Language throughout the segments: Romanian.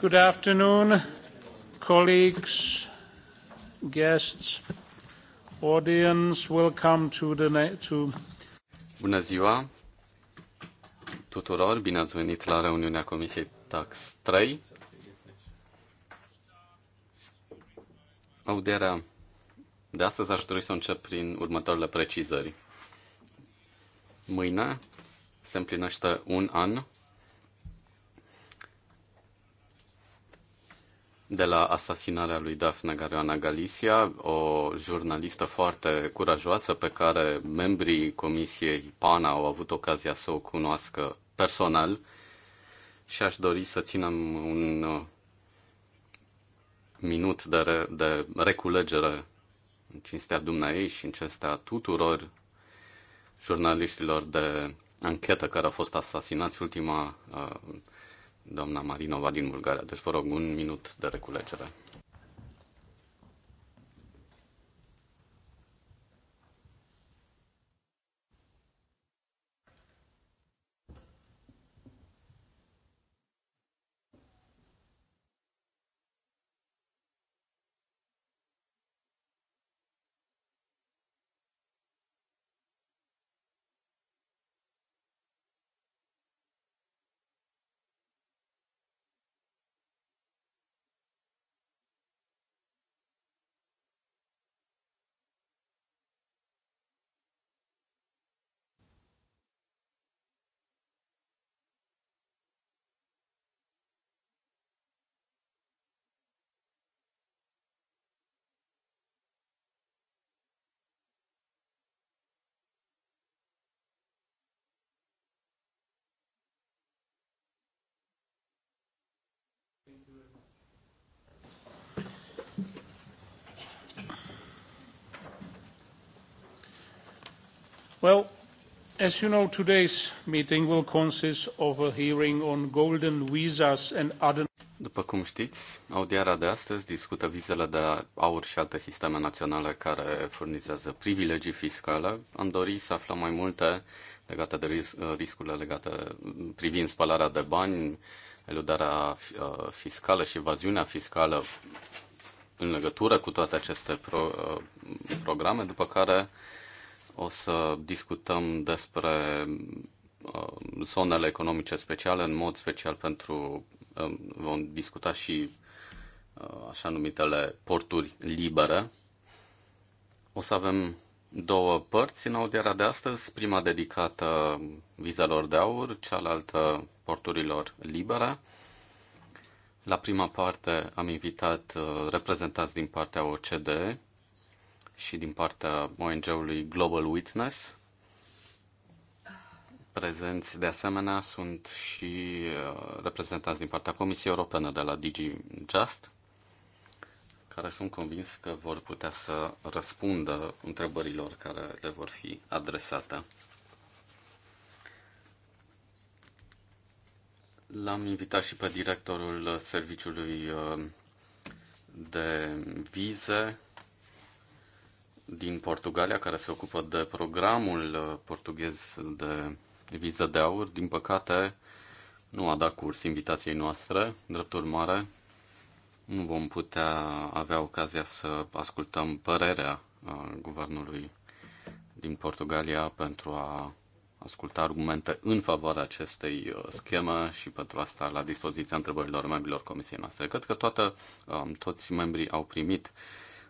Good afternoon, colleagues, guests, audience. Welcome to the to Bună ziua tuturor, bine ați venit la reuniunea Comisiei Tax 3. Audierea de astăzi aș dori să încep prin următoarele precizări. Mâine se împlinește un an de la asasinarea lui Daphne Garoana Galicia, o jurnalistă foarte curajoasă pe care membrii Comisiei PANA au avut ocazia să o cunoască personal și aș dori să ținem un uh, minut de, re, de reculegere în cinstea dumneai și în cinstea tuturor jurnaliștilor de anchetă care au fost asasinați. Ultima uh, doamna Marinova din Bulgaria. Deci vă rog un minut de reculegere. Well, as you know, today's meeting will consist of a hearing on golden visas and other după cum știți, audierea de astăzi discută vizele de aur și alte sisteme naționale care furnizează privilegii fiscale. Am dorit să aflăm mai multe legate de ris- riscurile legate privind spălarea de bani, eludarea uh, fiscală și evaziunea fiscală în legătură cu toate aceste pro, uh, programe, după care o să discutăm despre uh, zonele economice speciale, în mod special pentru um, vom discuta și așa numitele porturi libere. O să avem două părți în audierea de astăzi, prima dedicată vizelor de aur, cealaltă porturilor libere. La prima parte am invitat uh, reprezentanți din partea OCDE și din partea ONG-ului Global Witness. Prezenți de asemenea sunt și uh, reprezentanți din partea Comisiei Europene de la DG Just, care sunt convins că vor putea să răspundă întrebărilor care le vor fi adresate. L-am invitat și pe directorul uh, serviciului uh, de vize din Portugalia, care se ocupă de programul uh, portughez de viză de aur. Din păcate, nu a dat curs invitației noastre. Drept urmare, nu vom putea avea ocazia să ascultăm părerea guvernului din Portugalia pentru a asculta argumente în favoarea acestei uh, scheme și pentru asta la dispoziția întrebărilor membrilor comisiei noastre. Cred că toată, um, toți membrii au primit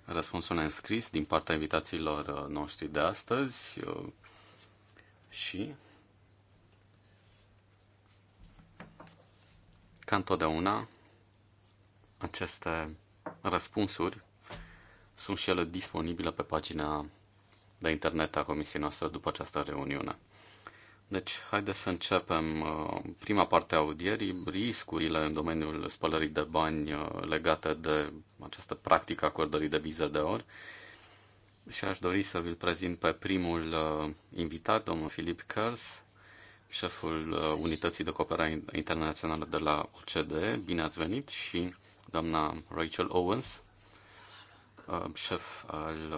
răspunsul scris din partea invitațiilor uh, noștri de astăzi uh, și ca întotdeauna aceste răspunsuri sunt și ele disponibile pe pagina de internet a comisiei noastre după această reuniune. Deci, haideți să începem uh, prima parte a audierii, riscurile în domeniul spălării de bani uh, legate de această practică acordării de vize de ori. Și aș dori să vi-l prezint pe primul uh, invitat, domnul Filip Kers, șeful Unității de Cooperare Internațională de la OCDE. Bine ați venit și doamna Rachel Owens, șef al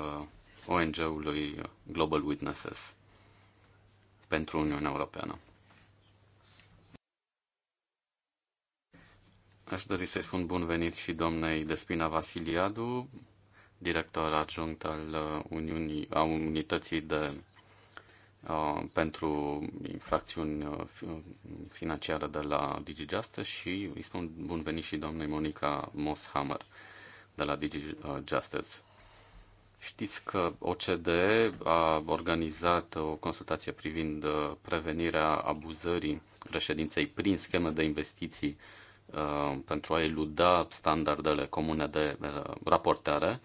ONG-ului Global Witnesses pentru Uniunea Europeană. Aș dori să-i spun bun venit și doamnei Despina Vasiliadu, director adjunct al uh, Uniunii, a Unității de, uh, pentru infracțiuni uh, uh, financiare de la DigiJustice și îi spun bun venit și doamnei Monica Mosshammer, de la DigiJustice. Știți că OCDE a organizat o consultație privind uh, prevenirea abuzării reședinței prin scheme de investiții uh, pentru a eluda standardele comune de uh, raportare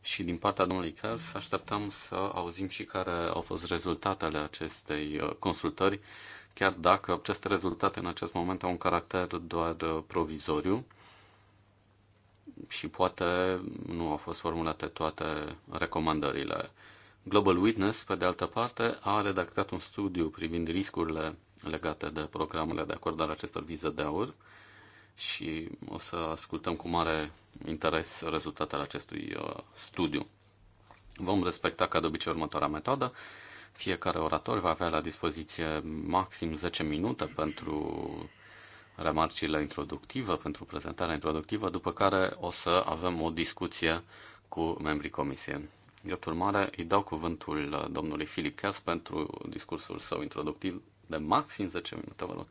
și din partea domnului Kers așteptăm să auzim și care au fost rezultatele acestei consultări, chiar dacă aceste rezultate în acest moment au un caracter doar provizoriu și poate nu au fost formulate toate recomandările. Global Witness, pe de altă parte, a redactat un studiu privind riscurile legate de programele de acordare acestor vize de aur și o să ascultăm cu mare interes rezultatele acestui uh, studiu. Vom respecta ca de obicei următoarea metodă. Fiecare orator va avea la dispoziție maxim 10 minute pentru remarcile introductive, pentru prezentarea introductivă, după care o să avem o discuție cu membrii comisiei. Drept urmare, îi dau cuvântul domnului Filip Cas pentru discursul său introductiv de maxim 10 minute, vă rog.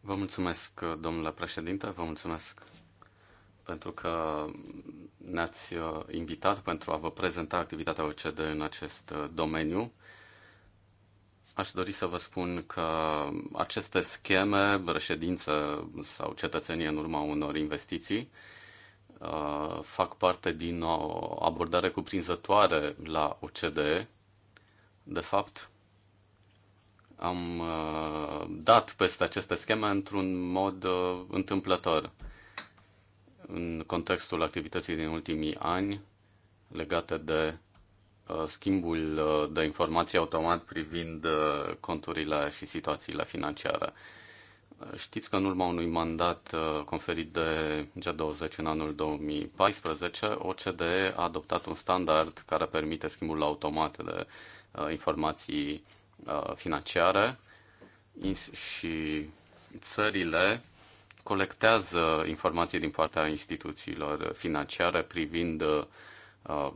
Vă mulțumesc, domnule președinte, vă mulțumesc pentru că ne-ați uh, invitat pentru a vă prezenta activitatea OCD în acest uh, domeniu. Aș dori să vă spun că aceste scheme, reședință sau cetățenie în urma unor investiții, uh, fac parte din o abordare cuprinzătoare la OCD. De fapt, am dat peste aceste scheme într-un mod întâmplător în contextul activității din ultimii ani legate de uh, schimbul uh, de informații automat privind uh, conturile și situațiile financiare. Știți că în urma unui mandat conferit de G20 în anul 2014, OCDE a adoptat un standard care permite schimbul automat de informații financiare și țările colectează informații din partea instituțiilor financiare privind uh,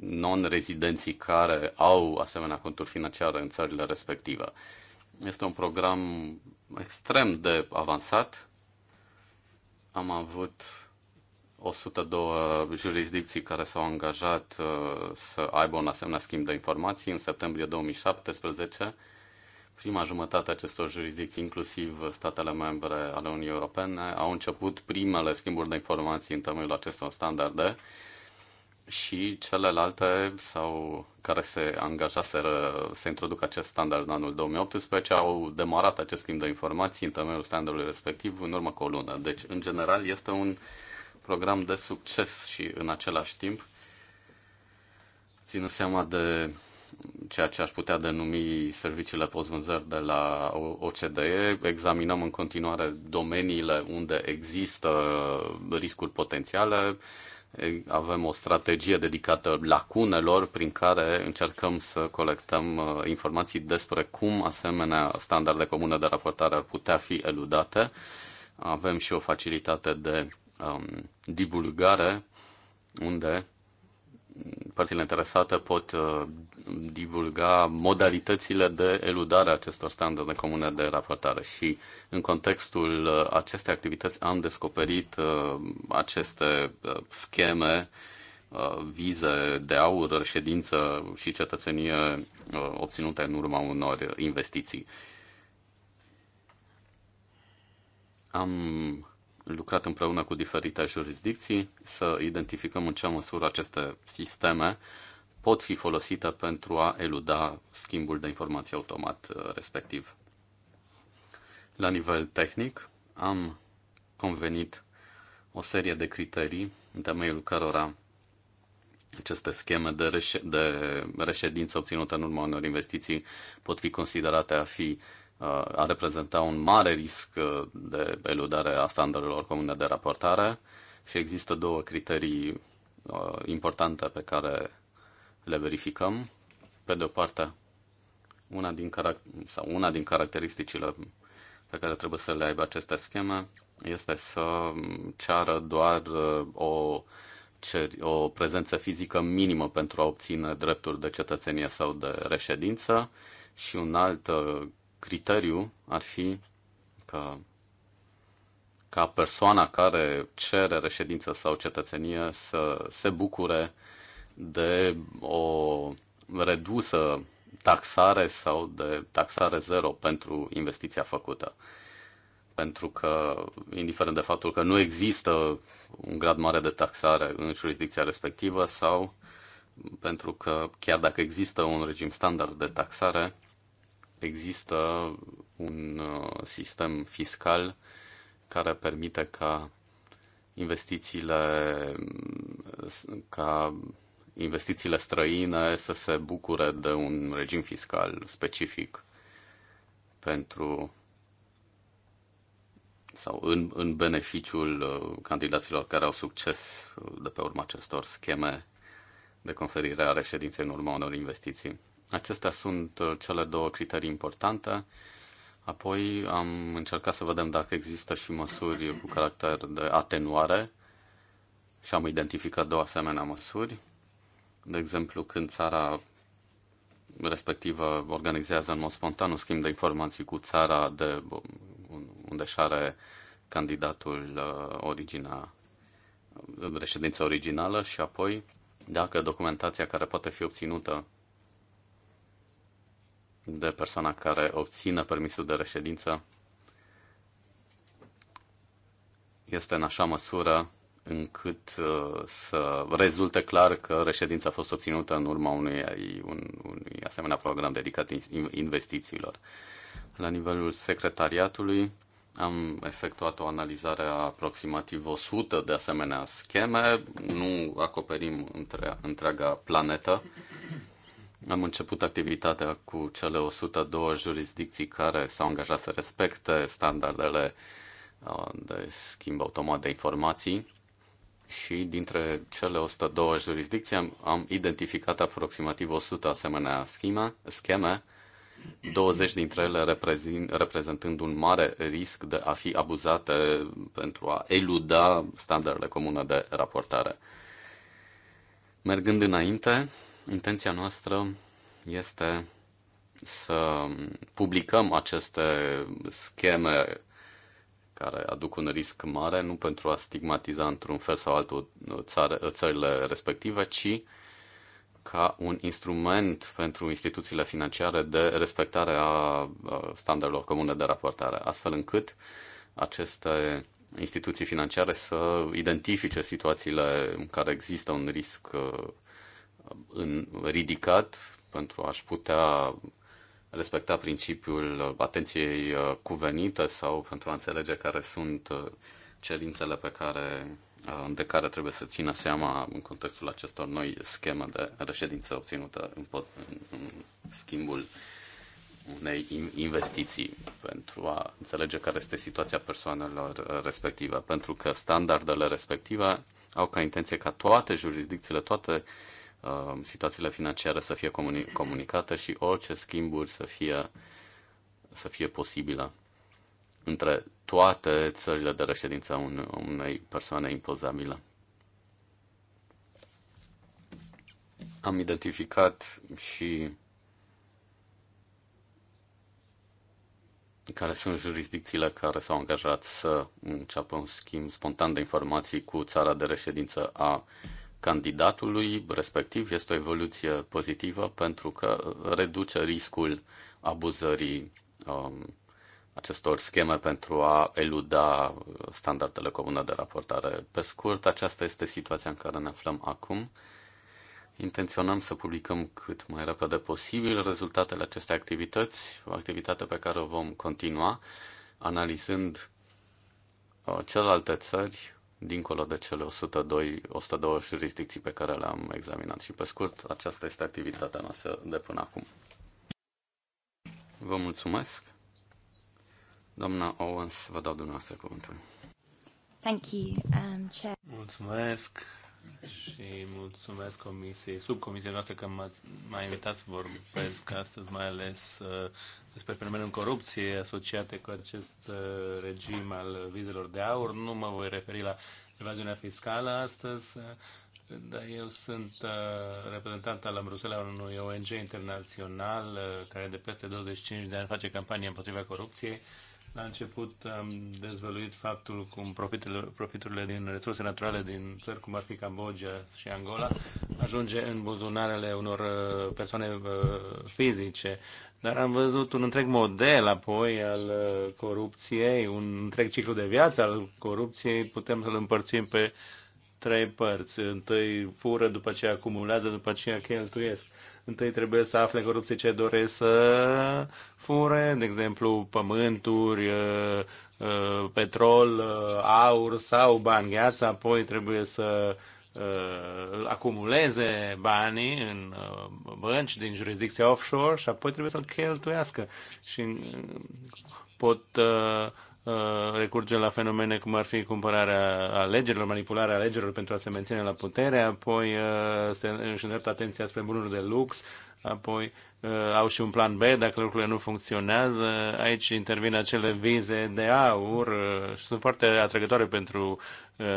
non-rezidenții care au asemenea conturi financiare în țările respective. Este un program extrem de avansat. Am avut 102 jurisdicții care s-au angajat uh, să aibă un asemenea schimb de informații. În septembrie 2017 prima jumătate a acestor jurisdicții, inclusiv statele membre ale Uniunii Europene, au început primele schimburi de informații în temeiul acestor standarde și celelalte sau care se angajaseră să introducă acest standard în anul 2018 au demarat acest schimb de informații în temeiul standardului respectiv în urmă cu o lună. Deci, în general, este un program de succes și în același timp, ținând seama de ceea ce aș putea denumi serviciile post-vânzări de la OCDE. Examinăm în continuare domeniile unde există riscuri potențiale. Avem o strategie dedicată lacunelor prin care încercăm să colectăm uh, informații despre cum asemenea standarde comune de raportare ar putea fi eludate. Avem și o facilitate de um, divulgare unde părțile interesate pot uh, divulga modalitățile de eludare a acestor standarde comune de raportare și în contextul uh, acestei activități am descoperit uh, aceste scheme vize de aur, reședință și cetățenie obținute în urma unor investiții. Am lucrat împreună cu diferite jurisdicții să identificăm în ce măsură aceste sisteme pot fi folosite pentru a eluda schimbul de informații automat uh, respectiv. La nivel tehnic, am convenit o serie de criterii în temeiul cărora aceste scheme de, reș- de reședință obținute în urma unor investiții pot fi considerate a fi a reprezenta un mare risc uh, de eludare a standardelor comune de raportare și există două criterii uh, importante pe care le verificăm. Pe de o parte, una din, carac- sau una din caracteristicile pe care trebuie să le aibă aceste scheme este să ceară doar uh, o, cer- o prezență fizică minimă pentru a obține drepturi de cetățenie sau de reședință și un alt criteriu ar fi că ca persoana care cere reședință sau cetățenie să se bucure de o redusă taxare sau de taxare zero pentru investiția făcută. Pentru că, indiferent de faptul că nu există un grad mare de taxare în jurisdicția respectivă sau pentru că, chiar dacă există un regim standard de taxare, există un uh, sistem fiscal care permite ca investițiile mm, ca investițiile străine să se bucure de un regim fiscal specific pentru sau în, în beneficiul uh, candidaților care au succes uh, de pe urma acestor scheme de conferire a reședinței în urma unor investiții. Acestea sunt uh, cele două criterii importante. Apoi am încercat să vedem dacă există și măsuri cu caracter de atenuare și am identificat două asemenea măsuri. De exemplu, când țara respectivă organizează în mod spontan un schimb de informații cu țara de unde și are candidatul uh, origina, uh, reședința originală și apoi dacă documentația care poate fi obținută de persoana care obține permisul de reședință este în așa măsură încât uh, să rezulte clar că reședința a fost obținută în urma unui, un, unui asemenea program dedicat investițiilor. La nivelul secretariatului am efectuat o analizare a aproximativ 100 de asemenea scheme, nu acoperim între, întreaga planetă, am început activitatea cu cele 102 jurisdicții care s-au angajat să respecte standardele uh, de schimb automat de informații și dintre cele 102 jurisdicții am, am identificat aproximativ 100 asemenea scheme, scheme 20 dintre ele reprezentând un mare risc de a fi abuzate pentru a eluda standardele comune de raportare. Mergând înainte, Intenția noastră este să publicăm aceste scheme care aduc un risc mare, nu pentru a stigmatiza într-un fel sau altul țară, țările respective, ci ca un instrument pentru instituțiile financiare de respectare a standardelor comune de raportare, astfel încât aceste instituții financiare să identifice situațiile în care există un risc uh, în, ridicat pentru a-și putea respecta principiul atenției uh, cuvenite sau pentru a înțelege care sunt uh, cerințele pe care, uh, de care trebuie să țină seama în contextul acestor noi scheme de reședință obținută în, pot, în schimbul unei investiții pentru a înțelege care este situația persoanelor respective, pentru că standardele respective au ca intenție ca toate jurisdicțiile, toate uh, Um, situațiile financiare să fie comuni- comunicate și orice schimburi să fie, să fie posibilă între toate țările de reședință a unei persoane impozabile. Am identificat și care sunt jurisdicțiile care s-au angajat să înceapă un schimb spontan de informații cu țara de reședință a uh, candidatului respectiv este o evoluție pozitivă pentru că reduce riscul abuzării um, acestor scheme pentru a eluda standardele comune de raportare. Pe scurt, aceasta este situația în care ne aflăm acum. Intenționăm să publicăm cât mai repede posibil rezultatele acestei activități, o activitate pe care o vom continua analizând uh, celelalte țări dincolo de cele 102, 102 jurisdicții pe care le-am examinat. Și pe scurt, aceasta este activitatea noastră de până acum. Vă mulțumesc. Doamna Owens, vă dau dumneavoastră cuvântul. Thank you, um, Chair. Mulțumesc, și mulțumesc comisiei, subcomisiei noastre că m-ați mai invitat să vorbesc astăzi, mai ales uh, despre fenomenul corupției asociate cu acest uh, regim al vizelor de aur. Nu mă voi referi la evaziunea fiscală astăzi, uh, dar eu sunt uh, reprezentant al Bruxelles al unui ONG internațional uh, care de peste 25 de ani face campanie împotriva corupției la început am dezvăluit faptul cum profiturile, profiturile din resurse naturale din țări cum ar fi Cambodgia și Angola ajunge în buzunarele unor uh, persoane uh, fizice. Dar am văzut un întreg model apoi al uh, corupției, un întreg ciclu de viață al corupției. Putem să-l împărțim pe trei părți. Întâi fură, după ce acumulează, după ce cheltuiesc întâi trebuie să afle corupții ce doresc să fure, de exemplu, pământuri, uh, uh, petrol, uh, aur sau bani gheață, apoi trebuie să acumuleze banii în bănci din jurisdicția offshore și apoi trebuie să-l cheltuiască. Și pot Uh, recurge la fenomene cum ar fi cumpărarea alegerilor, manipularea alegerilor pentru a se menține la putere, apoi uh, se își îndreaptă atenția spre bunuri de lux, apoi uh, au și un plan B dacă lucrurile nu funcționează. Aici intervin acele vize de aur și sunt foarte atrăgătoare pentru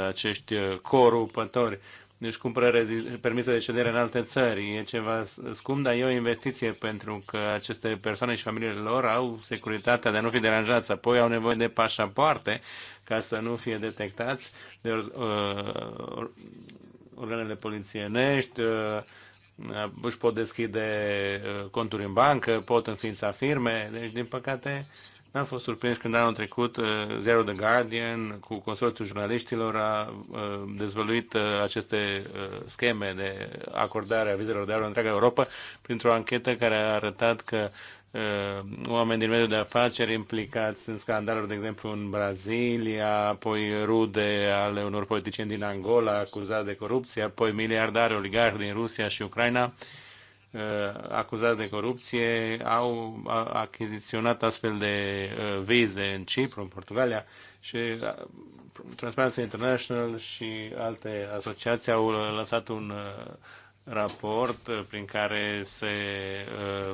acești corupători. Deci cumpără permise de ședere în alte țări. E ceva scump, dar e o investiție pentru că aceste persoane și familiile lor au securitatea de a nu fi deranjați. Apoi au nevoie de pașapoarte ca să nu fie detectați de uh, organele polițienești, uh, își pot deschide uh, conturi în bancă, pot înființa firme. Deci, din păcate, uh, N-am fost surprins când anul trecut uh, Zero The Guardian cu consorțiul jurnaliștilor a uh, dezvăluit uh, aceste scheme de acordare a vizelor de aur în întreaga Europa printr-o anchetă care a arătat că oameni din mediul de afaceri implicați în scandaluri, de exemplu, în Brazilia, apoi rude ale unor politicieni din Angola acuzați de corupție, apoi miliardari oligarhi din Rusia și Ucraina, Uh, acuzați de corupție au achiziționat astfel de uh, vize în Cipru, în Portugalia și uh, Transparency International și alte asociații au lăsat un raport prin care se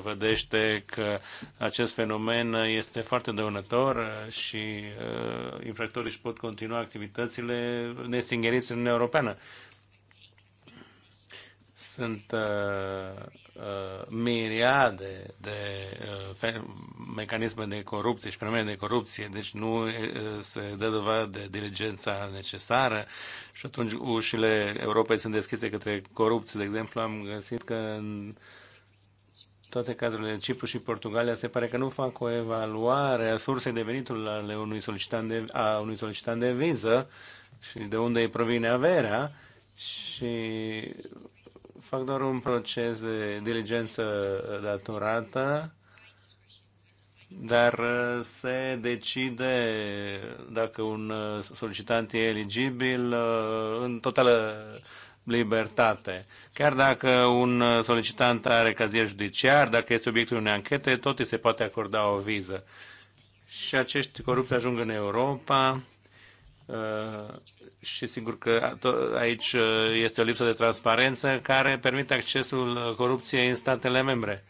vedește că acest fenomen este foarte dăunător și infractorii își pot continua activitățile nestingheriți în Uniunea Europeană. Sunt uh, uh, miriade de uh, mecanisme de corupție și fenomene de corupție, deci nu uh, se dă dovadă de diligența necesară și atunci ușile Europei sunt deschise către corupție. De exemplu, am găsit că în toate cadrele Cipru și Portugalia se pare că nu fac o evaluare a sursei de venitul ale unui solicitant de, a unui solicitant de viză și de unde îi provine averea și fac doar un proces de diligență datorată, dar uh, se decide dacă un uh, solicitant e eligibil uh, în totală libertate. Chiar dacă un solicitant are cazier judiciar, dacă este obiectul unei anchete, tot îi se poate acorda o viză. Și acești corupți ajung în Europa și sigur că aici uh, este o lipsă de transparență care permite accesul uh, corupției în statele membre.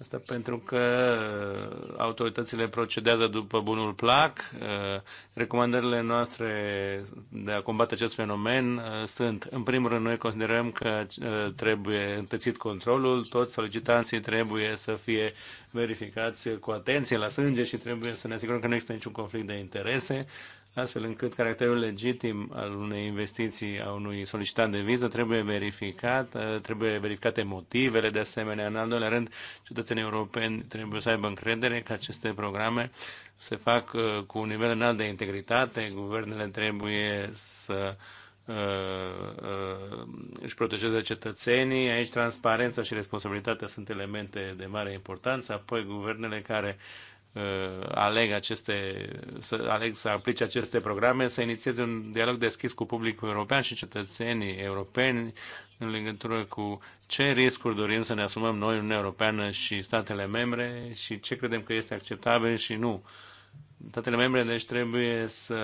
Asta pentru că uh, autoritățile procedează după bunul plac. Recomandările noastre de a combate acest fenomen sunt, în primul rând, noi considerăm că trebuie întățit controlul, toți solicitanții trebuie să fie verificați cu atenție la sânge și trebuie să ne asigurăm că nu există niciun conflict de interese astfel încât caracterul legitim al unei investiții a unui solicitant de viză trebuie verificat, uh, trebuie verificate motivele de asemenea. În al doilea rând, cetățenii europeni trebuie să aibă încredere că aceste programe se fac uh, cu un nivel înalt de integritate, guvernele trebuie să uh, își protejeze cetățenii. Aici transparența și responsabilitatea sunt elemente de mare importanță. Apoi guvernele care uh, Uh, aleg aceste, să, aleg să aplice aceste programe, să inițieze un dialog deschis cu publicul european și cetățenii europeni în legătură cu ce riscuri dorim să ne asumăm noi, Uniunea Europeană și statele membre și ce credem că este acceptabil și nu. Uh, statele membre deci trebuie să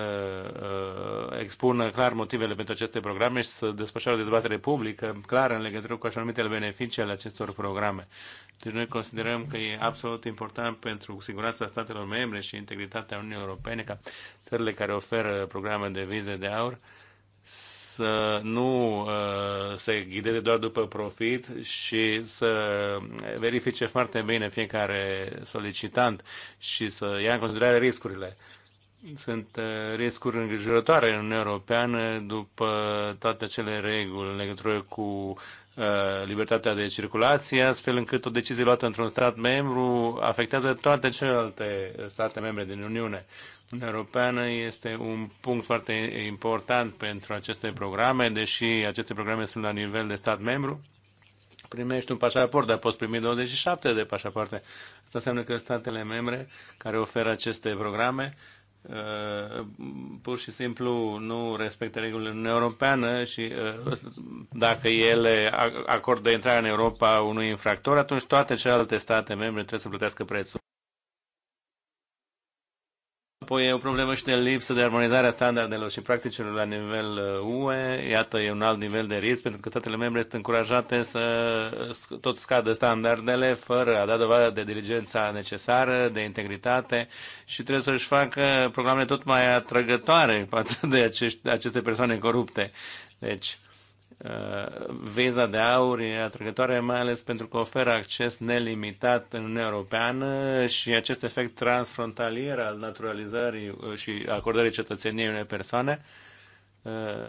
uh, expună clar motivele pentru aceste programe și să desfășoare o dezbatere publică clară în legătură cu așa numitele beneficii ale acestor programe. Deci noi considerăm că e absolut important pentru siguranța statelor membre și integritatea Uniunii Europene ca țările care oferă programe de vize de aur să nu uh, se ghideze doar după profit și să verifice foarte bine fiecare solicitant și să ia în considerare riscurile sunt uh, riscuri îngrijorătoare în Uniunea Europeană după toate acele reguli în legătură cu uh, libertatea de circulație, astfel încât o decizie luată într-un stat membru afectează toate celelalte state membre din Uniune. Uniunea Europeană este un punct foarte important pentru aceste programe, deși aceste programe sunt la nivel de stat membru. Primești un pașaport, dar poți primi 27 de pașapoarte. Asta înseamnă că statele membre care oferă aceste programe Uh, pur și simplu nu respectă regulile Uniunii Europeană și uh, dacă ele acordă intrarea în Europa unui infractor, atunci toate celelalte state membre trebuie să plătească prețul. Apoi e o problemă și de lipsă de armonizare a standardelor și practicilor la nivel UE. Uh, Iată, e un alt nivel de risc, pentru că statele membre sunt încurajate să tot scadă standardele fără a da dovadă de diligența necesară, de integritate și trebuie să-și facă programe tot mai atrăgătoare față de acești, aceste persoane corupte. Deci, Uh, Viza de aur e atrăgătoare mai ales pentru că oferă acces nelimitat în Uniunea Europeană și acest efect transfrontalier al naturalizării uh, și acordării cetățeniei unei persoane uh,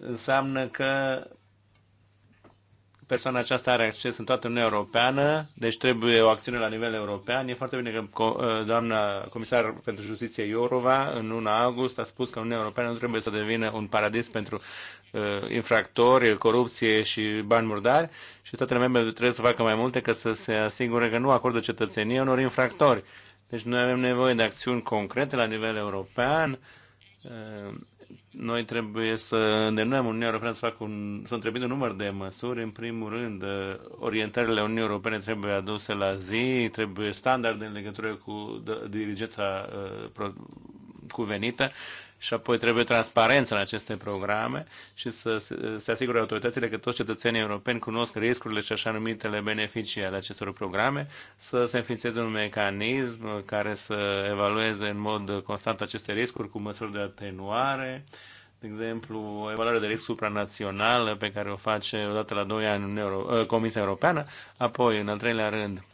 înseamnă că persoana aceasta are acces în toată Uniunea Europeană, deci trebuie o acțiune la nivel european. E foarte bine că uh, doamna comisar pentru justiție Iorova în 1 august a spus că Uniunea Europeană nu trebuie să devină un paradis pentru uh, infractori, corupție și bani murdari și statele membre trebuie să facă mai multe ca să se asigure că nu acordă cetățenie unor infractori. Deci noi avem nevoie de acțiuni concrete la nivel european. Uh, noi trebuie să îndemnăm Uniunea Europeană să facă un, să întrebim un număr de măsuri. În primul rând, orientările Uniunii Europene trebuie aduse la zi, trebuie standarde în legătură cu uh, cuvenită și apoi trebuie transparență în aceste programe și să se asigure autoritățile că toți cetățenii europeni cunosc riscurile și așa numitele beneficii ale acestor programe, să se înființeze un mecanism care să evalueze în mod constant aceste riscuri cu măsuri de atenuare, de exemplu, o evaluare de risc supranațională pe care o face odată la 2 ani în Euro- ă, Comisia Europeană, apoi, în al treilea rând,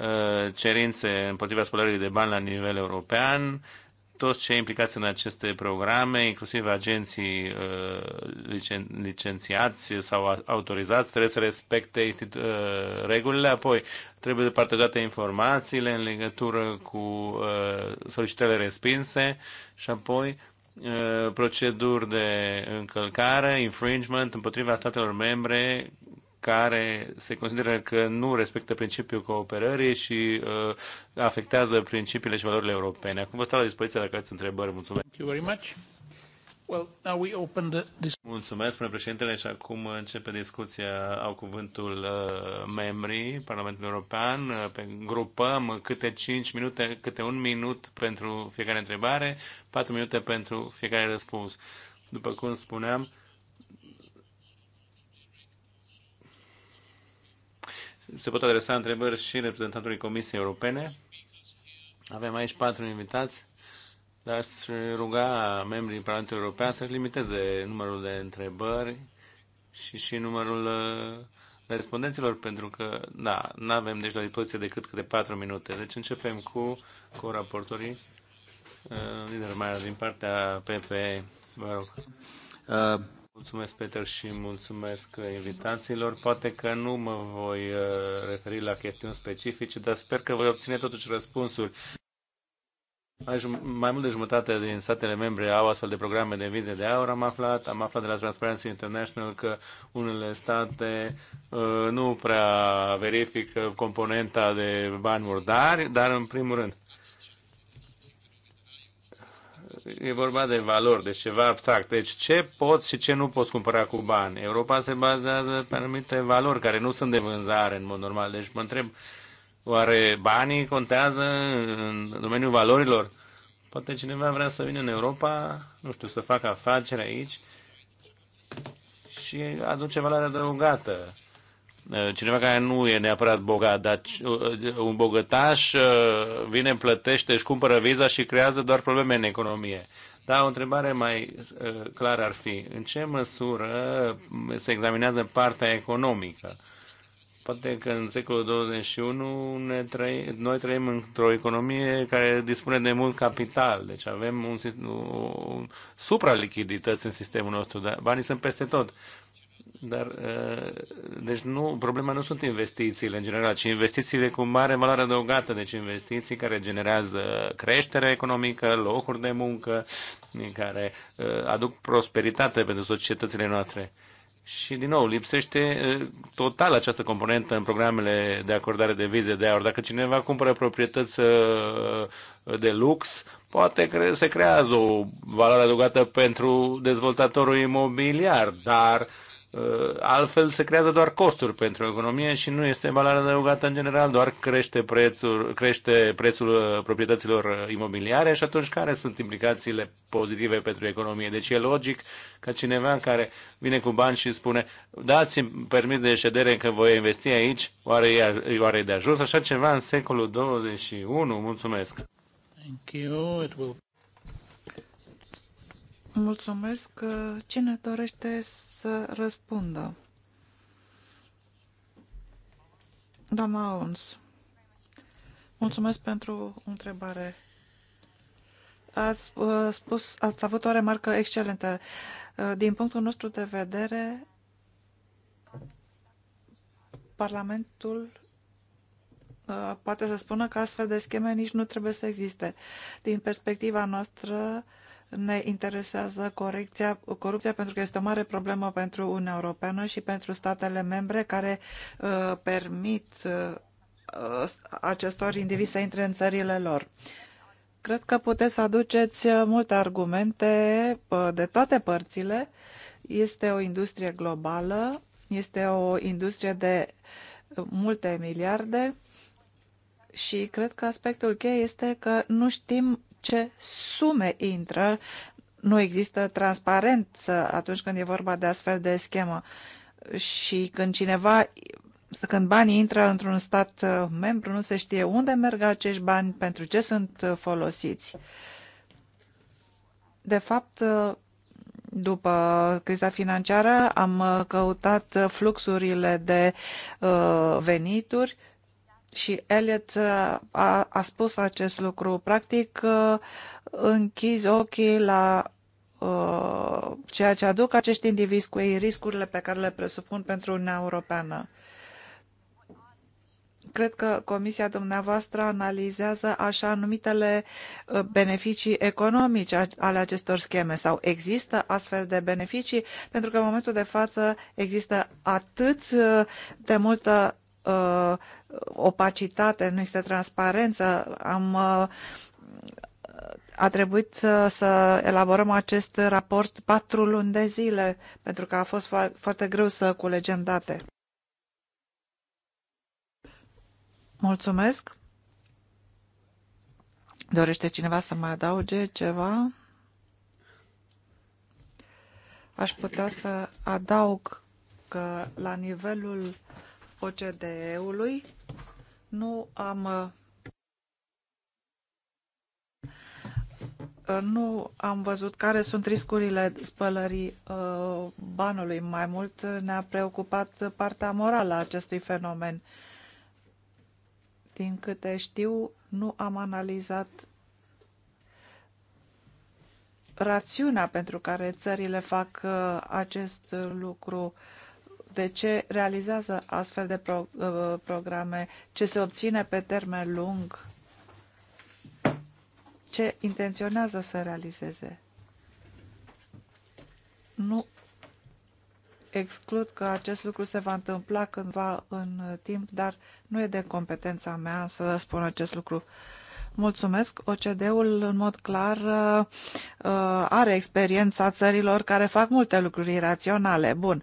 ă, cerințe împotriva spălării de bani la nivel european, toți cei implicați în aceste programe, inclusiv agenții uh, licen licențiați sau autorizați, trebuie să respecte uh, regulile, apoi trebuie partajate informațiile în legătură cu uh, solicitările respinse și apoi proceduri de încălcare, infringement împotriva statelor membre care se consideră că nu respectă principiul cooperării și uh, afectează principiile și valorile europene. Acum vă stau la dispoziție dacă aveți întrebări. Mulțumesc. Thank you very much. Well, now we open the... Mulțumesc, spune președintele, și acum începe discuția. Au cuvântul uh, membrii Parlamentului European. Uh, pe grupăm câte 5 minute, câte un minut pentru fiecare întrebare, 4 minute pentru fiecare răspuns. După cum spuneam, Se pot adresa întrebări și reprezentantului Comisiei Europene. Avem aici patru invitați, dar aș ruga membrii Parlamentului European să-și limiteze numărul de întrebări și și numărul uh, respondenților, pentru că, da, nu avem deci la dispoziție decât câte patru minute. Deci începem cu, cu raportorii. Uh, Lider mai din partea PP, vă rog. Uh. Mulțumesc, Peter, și mulțumesc invitațiilor. Poate că nu mă voi uh, referi la chestiuni specifice, dar sper că voi obține totuși răspunsuri. Mai mult de jumătate din statele membre au astfel de programe de vize de aur, am aflat. Am aflat de la Transparency International că unele state uh, nu prea verifică componenta de bani murdari, dar în primul rând e vorba de valori, de ceva abstract. Deci ce poți și ce nu poți cumpăra cu bani? Europa se bazează pe anumite valori care nu sunt de vânzare în mod normal. Deci mă întreb, oare banii contează în domeniul valorilor? Poate cineva vrea să vină în Europa, nu știu, să facă afaceri aici și aduce valoare adăugată. Eh, cineva care nu e neapărat bogat, dar eh, eh, un bogătaș vine, plătește, își cumpără viza și creează doar probleme în economie. Da, o întrebare mai clară ar fi, în ce măsură se examinează partea economică? Poate că în secolul 21 ne trăi, noi trăim într-o economie care dispune de mult capital, deci avem un, un, un în sistemul nostru, dar banii sunt peste tot. Dar, uh, deci nu, problema nu sunt investițiile în general, ci investițiile cu mare valoare adăugată, deci investiții care generează creștere economică, locuri de muncă, care uh, aduc prosperitate pentru societățile noastre. Și, din nou, lipsește uh, total această componentă în programele de acordare de vize de aur. Dacă cineva cumpără proprietăți de lux, poate se creează o valoare adăugată pentru dezvoltatorul imobiliar, dar uh, Uh, altfel se creează doar costuri pentru economie și nu este valoare adăugată în general, doar crește prețul, crește prețul uh, proprietăților uh, imobiliare și atunci care sunt implicațiile pozitive pentru economie? Deci e logic ca cineva care vine cu bani și spune dați-mi permis de ședere că voi investi aici, oare e, oare e de ajuns așa ceva în secolul 21? Mulțumesc! Thank you. It will... Mulțumesc. Cine dorește să răspundă? Doamna Ons, mulțumesc pentru întrebare. Ați, uh, spus, ați avut o remarcă excelentă. Uh, din punctul nostru de vedere, Parlamentul uh, poate să spună că astfel de scheme nici nu trebuie să existe. Din perspectiva noastră, ne interesează corecția, corupția pentru că este o mare problemă pentru Uniunea Europeană și pentru statele membre care uh, permit uh, acestor indivizi să intre în țările lor. Cred că puteți să aduceți uh, multe argumente uh, de toate părțile. Este o industrie globală, este o industrie de uh, multe miliarde și cred că aspectul cheie este că nu știm ce sume intră. Nu există transparență atunci când e vorba de astfel de schemă. Și când cineva când banii intră într-un stat uh, membru, nu se știe unde merg acești bani, pentru ce sunt uh, folosiți. De fapt, uh, după criza financiară am căutat fluxurile de venituri și Elliot uh, a, a spus acest lucru. Practic, uh, închizi ochii la uh, ceea ce aduc acești indivizi cu ei, riscurile pe care le presupun pentru Uniunea Europeană. Cred că comisia dumneavoastră analizează așa numitele uh, beneficii economice ale acestor scheme sau există astfel de beneficii pentru că în momentul de față există atât de multă uh, opacitate, nu există transparență. Am uh, a trebuit uh, să elaborăm acest raport patru luni de zile, pentru că a fost foarte greu să culegem date. Mulțumesc. Dorește cineva să mai adauge ceva? Aș putea să adaug că la nivelul OCDE-ului. Nu am nu am văzut care sunt riscurile spălării uh, banului. Mai mult ne-a preocupat partea morală a acestui fenomen. Din câte știu, nu am analizat rațiunea pentru care țările fac uh, acest lucru. Uh, de ce realizează astfel de pro, uh, programe, ce se obține pe termen lung, ce intenționează să realizeze. Nu exclud că acest lucru se va întâmpla cândva în timp, dar nu e de competența mea să spun acest lucru. Mulțumesc. OCD-ul, în mod clar, uh, are experiența țărilor care fac multe lucruri raționale. Bun.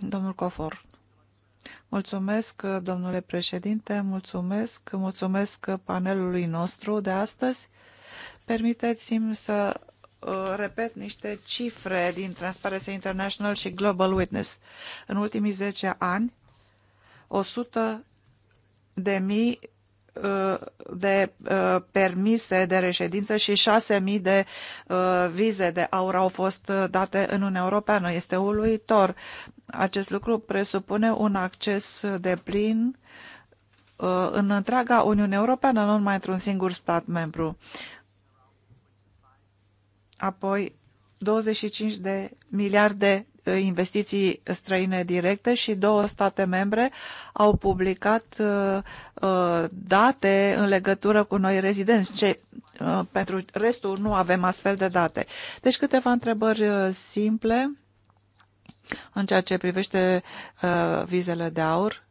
Domnul Cofor. Mulțumesc, domnule președinte, mulțumesc, mulțumesc panelului nostru de astăzi. Permiteți-mi să uh, repet niște cifre din Transparency International și Global Witness. În ultimii 10 ani, 100 de mii uh, de uh, permise de reședință și 6.000 de vize de aur au fost date în Uniunea Europeană. Este uluitor. Acest lucru presupune un acces de plin uh, în întreaga Uniune Europeană, nu numai într-un singur stat membru. Apoi, 25 de miliarde uh, investiții străine directe și două state membre au publicat uh, date în legătură cu noi rezidenți. Ce, pentru restul nu avem astfel de date. Deci câteva întrebări simple în ceea ce privește uh, vizele de aur,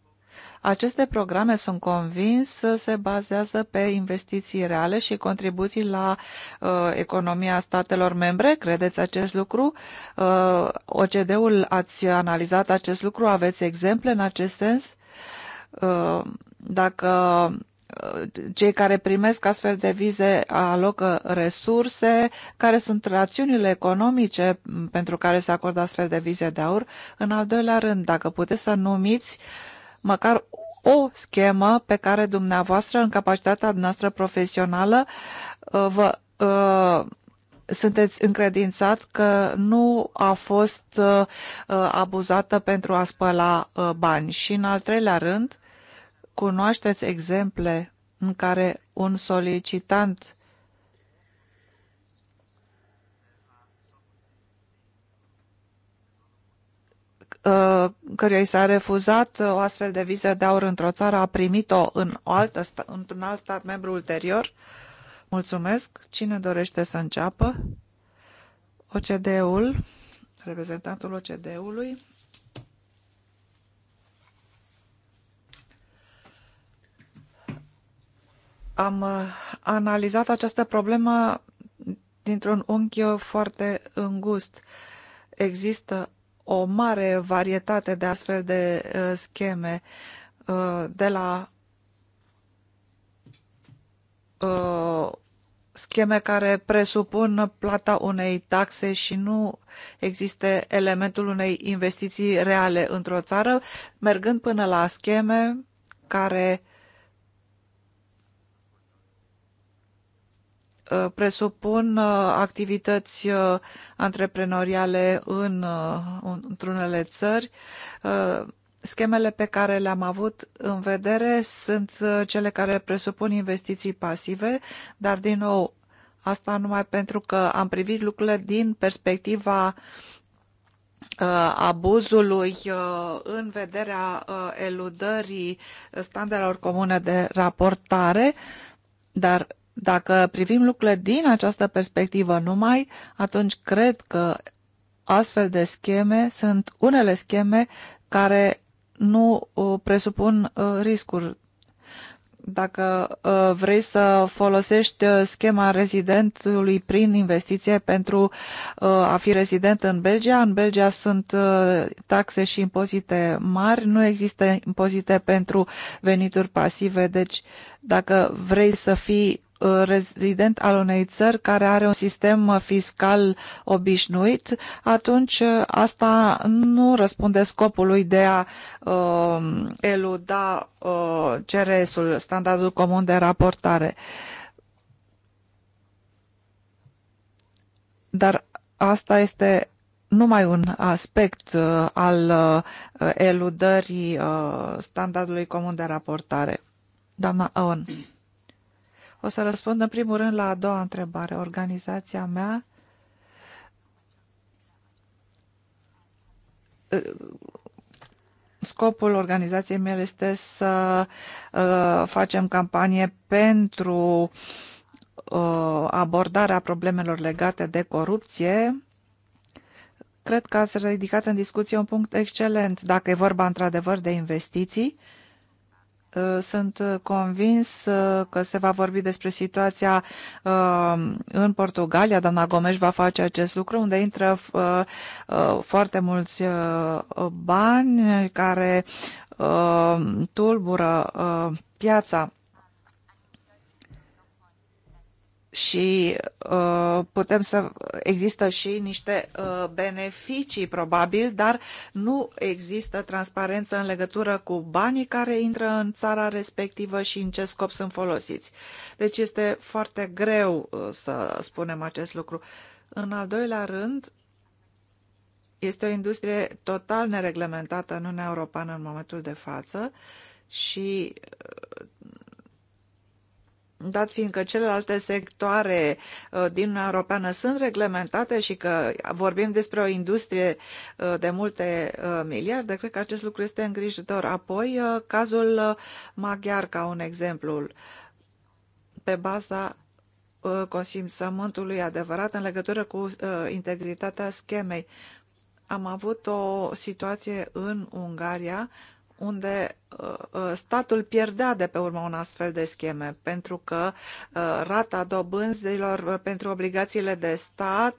aceste programe, sunt convins, se bazează pe investiții reale și contribuții la uh, economia statelor membre. Credeți acest lucru? Uh, OCD-ul ați analizat acest lucru? Aveți exemple în acest sens? Uh, dacă cei care primesc astfel de vize alocă resurse, care sunt rațiunile economice pentru care se acordă astfel de vize de aur. În al doilea rând, dacă puteți să numiți măcar o schemă pe care dumneavoastră, în capacitatea noastră profesională, vă uh, sunteți încredințat că nu a fost uh, abuzată pentru a spăla uh, bani. Și în al treilea rând, Cunoașteți exemple în care un solicitant uh, căruia i s-a refuzat o astfel de viză de aur într-o țară, a primit-o în într-un alt stat membru ulterior. Mulțumesc. Cine dorește să înceapă? OCD-ul, reprezentantul OCD-ului. Am uh, analizat această problemă dintr-un unghi foarte îngust. Există o mare varietate de astfel de uh, scheme, uh, de la scheme care presupun plata unei taxe și nu există elementul unei investiții reale într-o țară, mergând până la scheme care Uh, presupun uh, activități uh, antreprenoriale în, într-unele țări. Schemele pe care le-am avut în vedere sunt cele care presupun investiții pasive, dar din nou asta numai pentru că am privit lucrurile din perspectiva abuzului în vederea eludării standardelor comune de raportare, dar dacă privim lucrurile din această perspectivă numai, atunci cred că astfel de scheme sunt unele scheme care nu uh, presupun uh, riscuri. Dacă uh, vrei să folosești schema rezidentului prin investiție pentru a fi rezident în Belgia, în Belgia sunt taxe și impozite mari, nu există impozite pentru venituri pasive, deci dacă vrei să fii Uh, rezident al unei țări care are un sistem uh, fiscal obișnuit, atunci uh, asta nu răspunde scopului de a uh, eluda uh, CRS-ul, standardul comun de raportare. Dar asta este numai un aspect uh, al uh, eludării uh, standardului comun de raportare. Doamna Owen. O să răspund în primul rând la a doua întrebare. Organizația mea uh, Scopul organizației mele este să uh, facem campanie pentru uh, abordarea problemelor legate de corupție. Cred că ați ridicat în discuție un punct excelent, dacă e vorba într-adevăr de investiții. Uh, Uh, sunt uh, convins uh, că se va vorbi despre situația în Portugalia. Doamna Gomes va face acest lucru, unde intră foarte mulți bani care tulbură piața și uh, putem să există și niște uh, beneficii probabil, dar nu există transparență în legătură cu banii care intră în țara respectivă și în ce scop sunt folosiți. Deci este foarte greu uh, să spunem acest lucru. În al doilea rând, este o industrie total nereglementată în Uniunea Europeană în momentul de față și uh, dat fiindcă celelalte sectoare uh, din Uniunea Europeană sunt reglementate și că vorbim despre o industrie uh, de multe uh, miliarde, cred că acest lucru este îngrijorător. Apoi, cazul maghiar ca un exemplu, pe baza consimțământului adevărat în legătură cu integritatea schemei. Am avut o situație în Ungaria unde uh, uh, statul pierdea de pe urma un astfel de scheme, pentru că uh, rata dobânzilor pentru obligațiile de stat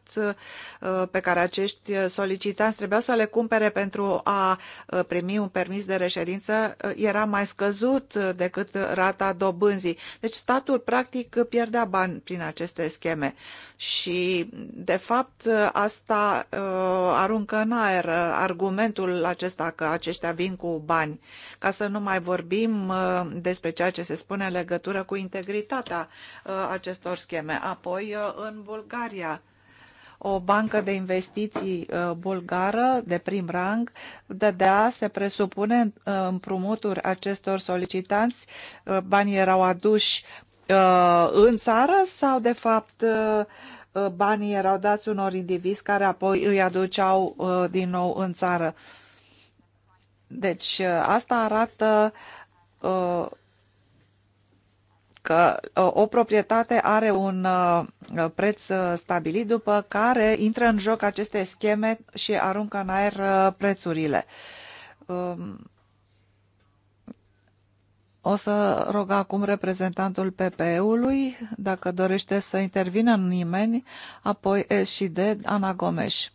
pe care acești solicitanți trebuiau să le cumpere pentru a primi un permis de reședință era mai scăzut decât rata dobânzii. Deci statul practic pierdea bani prin aceste scheme și de fapt asta aruncă în aer argumentul acesta că aceștia vin cu bani ani. Ca să nu mai vorbim uh, despre ceea ce se spune în legătură cu integritatea uh, acestor scheme. Apoi, uh, în Bulgaria, o bancă de investiții bulgară de prim rang dădea, se presupune, împrumuturi acestor solicitanți. Banii erau aduși în țară sau, de fapt, banii erau dați unor indivizi care apoi îi aduceau din nou în țară. Deci uh, asta arată uh, că uh, o proprietate are un preț stabilit, după care intră în joc aceste scheme și aruncă în aer prețurile. Um, o să rog acum reprezentantul PPE-ului, dacă dorește să intervină nimeni, apoi S și D, Ana Gomes.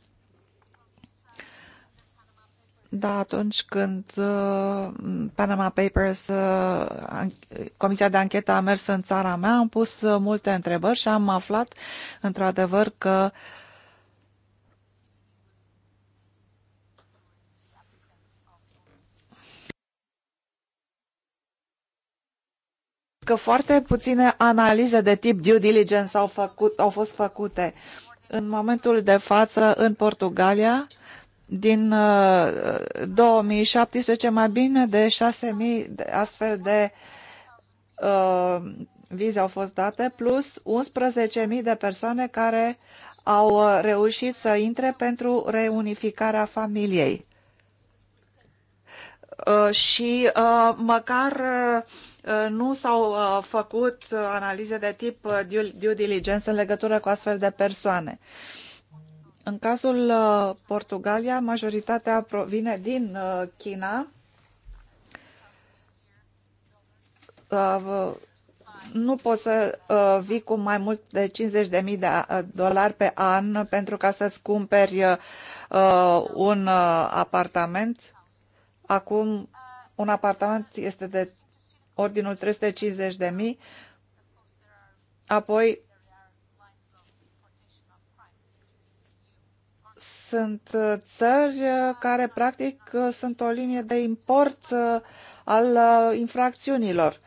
Da, atunci când uh, Panama Papers, uh, Comisia de Anchetă a mers în țara mea, am pus uh, multe întrebări și am aflat într-adevăr că că foarte puține analize de tip due diligence au, făcut, au fost făcute. În momentul de față, în Portugalia, uh, din 2017 uh, mai bine de 6.000 de astfel de uh, vize au fost date, plus 11.000 de persoane care au uh, reușit să intre pentru reunificarea familiei. Uh, și uh, măcar uh, nu s-au făcut analize de tip due, due diligence în legătură cu astfel de persoane. Uh, în cazul uh, Portugalia, majoritatea provine din uh, China. Uh, nu poți să vii cu mai mult de 50.000 de dolari pe an pentru ca să-ți cumperi un apartament. Acum un apartament este de ordinul 350.000, apoi Sunt uh, țări uh, care, practic, uh, sunt o linie de import al infracțiunilor.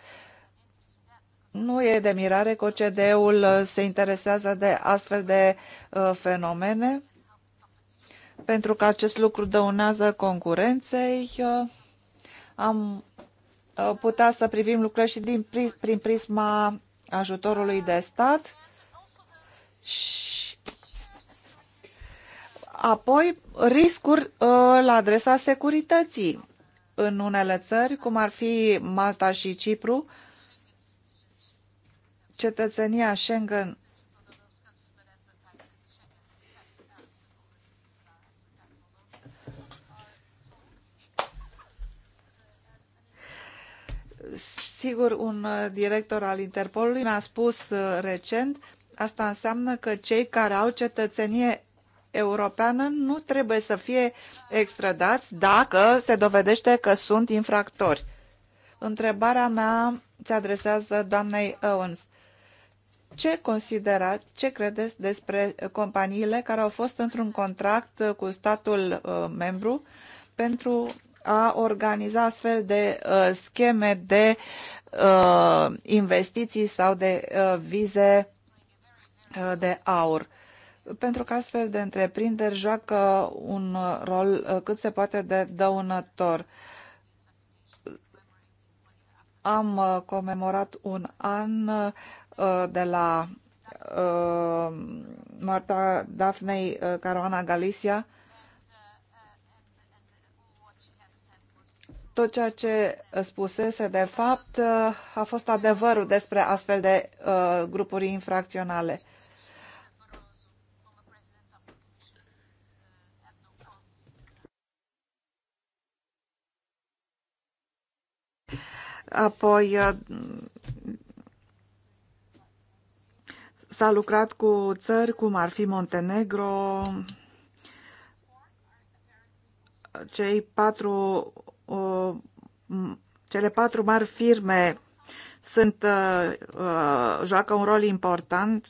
Nu e de mirare că OCDE-ul se interesează de astfel de fenomene, pentru că acest lucru dăunează concurenței. Am putea să privim lucrurile și din prin prisma ajutorului de stat și Apoi, riscuri uh, la adresa securității. În unele țări, cum ar fi Malta și Cipru, cetățenia Schengen Sigur, un uh, director al Interpolului mi-a spus uh, recent, asta înseamnă că cei care au cetățenie Europeană nu trebuie să fie extradați dacă se dovedește că sunt infractori. Întrebarea mea se adresează doamnei Owens. Ce considerați, ce credeți despre companiile care au fost într-un contract cu statul uh, membru pentru a organiza astfel de uh, scheme de uh, investiții sau de uh, vize uh, de aur? pentru că astfel de întreprinderi joacă un rol uh, cât se poate de dăunător. Am uh, comemorat un an uh, de la Marta Dafnei Caruana Galicia. Tot ceea ce spusese, de fapt, a fost adevărul despre astfel de grupuri infracționale Apoi uh, s-a lucrat cu țări cum ar fi Montenegro, cei patru, uh, cele patru mari firme sunt, uh, joacă un rol important.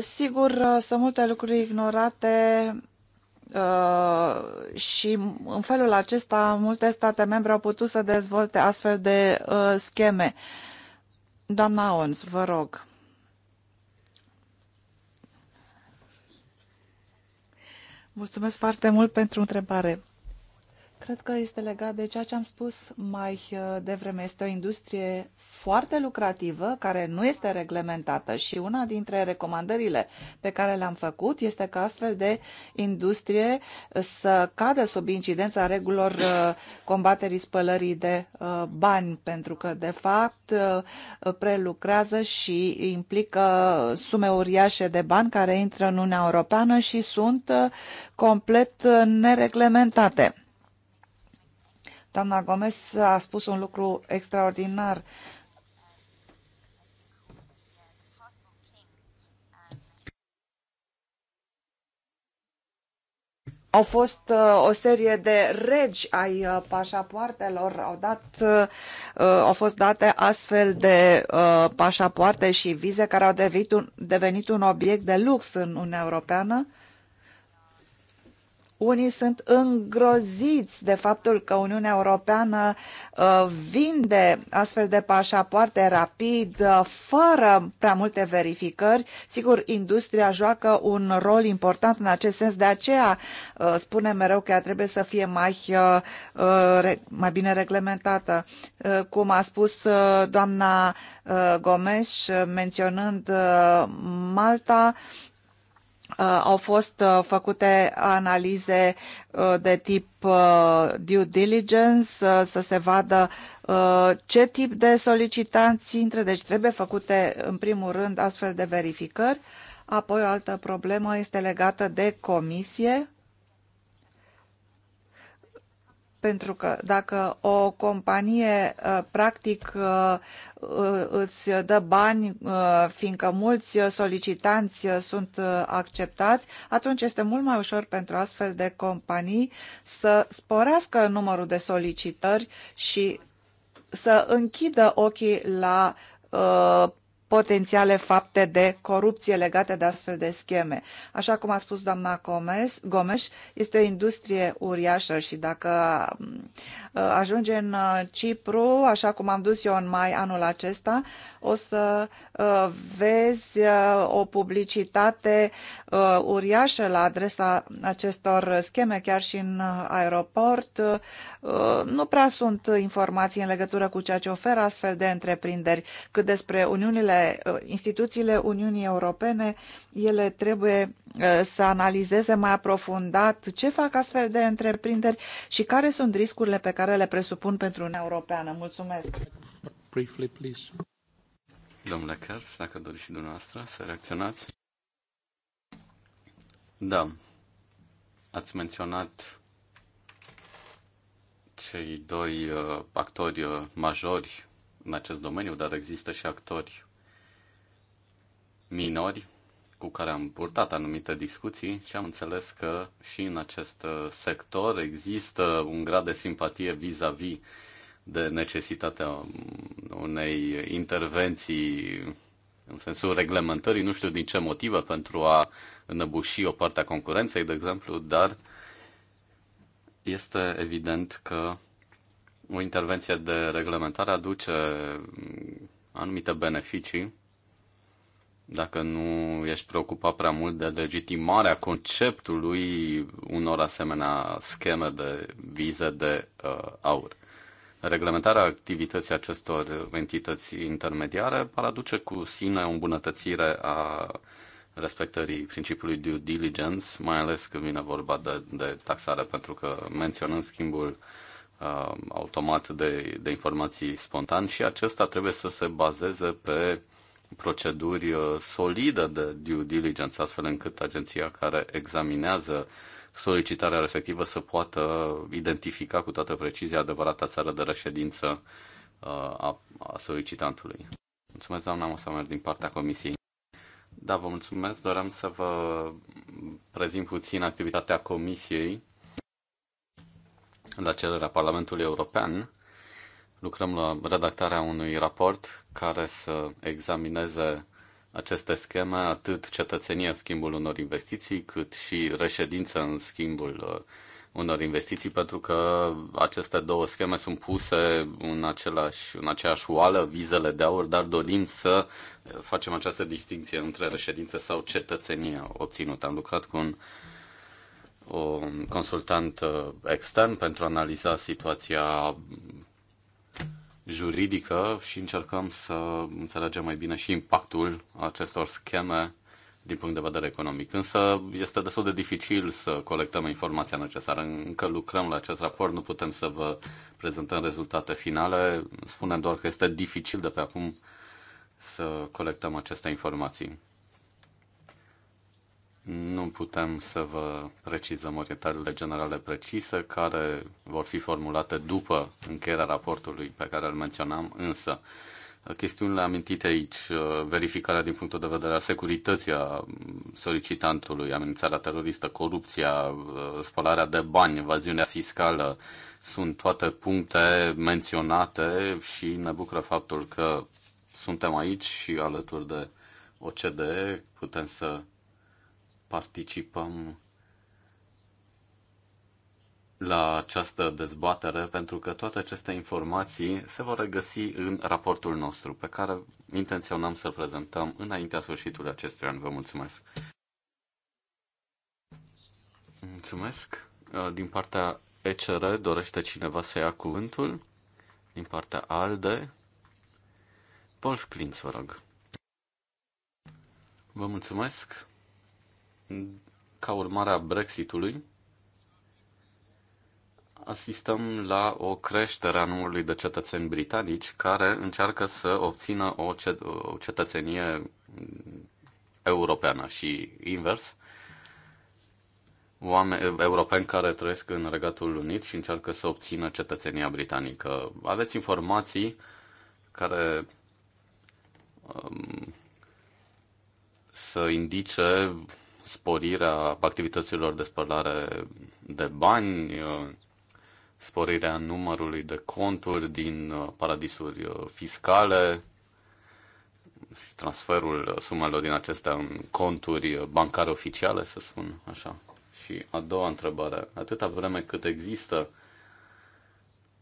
Sigur, sunt multe lucruri ignorate Uh, și în felul acesta multe state membre au putut să dezvolte astfel de uh, scheme. Doamna Ons, vă rog. Mulțumesc foarte mult pentru întrebare. Cred că este legat de ceea ce am spus mai uh, devreme. Este o industrie foarte lucrativă, care nu este reglementată și una dintre recomandările pe care le-am făcut este că astfel de industrie uh, să cadă sub incidența regulilor uh, combaterii spălării de bani, pentru că, de fapt, prelucrează și implică sume uriașe de bani care intră în Uniunea Europeană și sunt complet nereglementate. Doamna Gomez a spus un lucru extraordinar. Au fost uh, o serie de regi ai uh, pașapoartelor, au, dat, uh, au fost date astfel de uh, pașapoarte și vize care au devenit un, devenit un obiect de lux în Uniunea Europeană. Unii sunt îngroziți de faptul că Uniunea Europeană uh, vinde astfel de pașapoarte rapid, uh, fără prea multe verificări. Sigur, industria joacă un rol important în acest sens, de aceea uh, spunem mereu că ea trebuie să fie mai, mai bine reglementată. Cum a spus doamna Gomes, menționând Malta, Uh, au fost uh, făcute analize uh, de tip due diligence, să se vadă ce tip de solicitanți intră, deci trebuie făcute în primul rând astfel de verificări. Apoi o altă problemă este legată de comisie pentru că dacă o companie uh, practic uh, uh, îți dă bani fiindcă mulți solicitanți sunt acceptați, atunci este mult mai ușor pentru astfel de companii să sporească numărul de solicitări și să închidă ochii la potențiale fapte de corupție legate de astfel de scheme. Așa cum a spus doamna Gomes, Gomes este o industrie uriașă și dacă uh, ajunge în uh, Cipru, așa cum am dus eu în mai anul acesta, o să Uh, vezi uh, o publicitate uh, uriașă la adresa acestor scheme, chiar și în aeroport. Nu prea sunt informații în legătură cu ceea ce oferă astfel de întreprinderi. Cât despre Uniunile, instituțiile Uniunii Europene, ele trebuie să analizeze mai aprofundat ce fac astfel de întreprinderi și care sunt riscurile pe care le presupun pentru Uniunea Europeană. Mulțumesc! Briefly, please. Domnule Kers, dacă doriți și dumneavoastră să reacționați. Da, ați menționat cei doi uh, actori uh, majori în acest domeniu, dar există și actori minori cu care am purtat anumite discuții și am înțeles că și în acest uh, sector există un grad de simpatie vis-a-vis -vis de necesitatea um, unei intervenții în sensul reglementării, nu știu din ce motive, pentru a înăbuși o parte a concurenței, de exemplu, dar este evident că o intervenție de reglementare aduce um, anumite beneficii dacă nu ești preocupat prea mult de legitimarea conceptului unor asemenea scheme de vize de uh, aur reglementarea activității acestor entități intermediare ar aduce cu sine o îmbunătățire a respectării principiului due diligence, mai ales când vine vorba de, de taxare, pentru că menționând schimbul uh, automat de, de informații spontan și acesta trebuie să se bazeze pe proceduri uh, solide de due diligence, astfel încât agenția care examinează uh, solicitarea respectivă să poată identifica cu toată precizia adevărata țară de reședință uh, a, a solicitantului. Mulțumesc, doamna Mosamer, din partea comisiei. Da, vă mulțumesc. Doream să vă prezint puțin activitatea comisiei la cererea Parlamentului European. Lucrăm la redactarea unui raport care să examineze aceste scheme, atât cetățenia în schimbul unor investiții, cât și reședința în schimbul uh, unor investiții, pentru că aceste două scheme sunt puse în, același, în aceeași oală, vizele de aur, dar dorim să uh, facem această distinție între reședință sau cetățenie obținută. Am lucrat cu un o consultant uh, extern pentru a analiza situația juridică și încercăm să înțelegem mai bine și impactul acestor scheme din punct de vedere economic. Însă este destul de dificil să colectăm informația necesară. Încă lucrăm la acest raport, nu putem să vă prezentăm rezultate finale. Spunem doar că este dificil de pe acum să colectăm aceste informații. Nu putem să vă precizăm orientările generale precise care vor fi formulate după încheierea raportului pe care îl menționam, însă chestiunile amintite aici, verificarea din punctul de vedere a securității a solicitantului, amenințarea teroristă, corupția, spălarea de bani, evaziunea fiscală, sunt toate puncte menționate și ne bucură faptul că suntem aici și alături de OCDE putem să participăm la această dezbatere, pentru că toate aceste informații se vor regăsi în raportul nostru, pe care intenționăm să-l prezentăm înaintea sfârșitului acestui an. Vă mulțumesc! Mulțumesc! Din partea ECR dorește cineva să ia cuvântul? Din partea ALDE? Wolf Klintz, vă rog. Vă mulțumesc! ca urmare a Brexitului, asistăm la o creștere a numărului de cetățeni britanici care încearcă să obțină o, cet- o cetățenie europeană și invers. Oameni europeni care trăiesc în Regatul Unit și încearcă să obțină cetățenia britanică. Aveți informații care um, să indice sporirea activităților de spălare de bani, sporirea numărului de conturi din uh, paradisuri uh, fiscale și transferul uh, sumelor din acestea în conturi bancare oficiale, să spun așa. Și a doua întrebare, atâta vreme cât există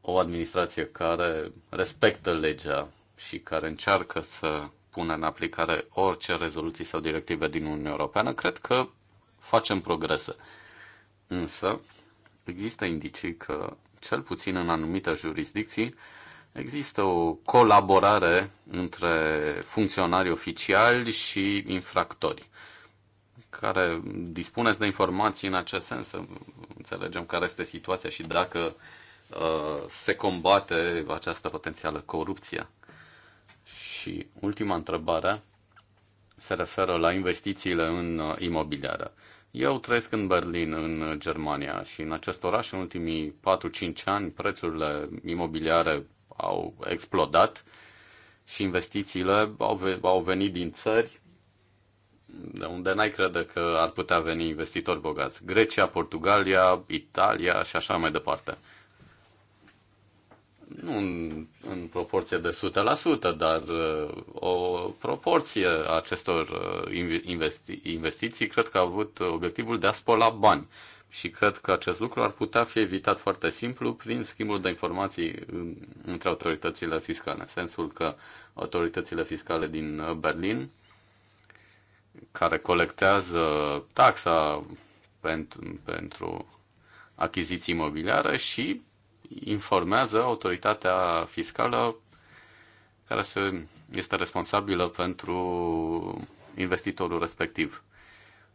o administrație care respectă legea și care încearcă să pune în aplicare orice rezoluții sau directive din Uniunea Europeană, cred că facem progrese. Însă, există indicii că, cel puțin în anumite jurisdicții, există o colaborare între funcționari oficiali și infractori care dispuneți de informații în acest sens, să înțelegem care este situația și dacă uh, se combate această potențială corupție. Și ultima întrebare se referă la investițiile în uh, imobiliară. Eu trăiesc în Berlin, în Germania, și în acest oraș, în ultimii 4-5 ani, prețurile imobiliare au explodat și investițiile au, au venit din țări de unde n-ai crede că ar putea veni investitori bogați. Grecia, Portugalia, Italia și așa mai departe nu în, în proporție de 100%, dar uh, o proporție a acestor uh, investi- investiții cred că a avut obiectivul de a spola bani. Și cred că acest lucru ar putea fi evitat foarte simplu prin schimbul de informații um, între autoritățile fiscale, în sensul că autoritățile fiscale din uh, Berlin, care colectează taxa pentru, pentru achiziții imobiliare și informează autoritatea fiscală care se, este responsabilă pentru investitorul respectiv.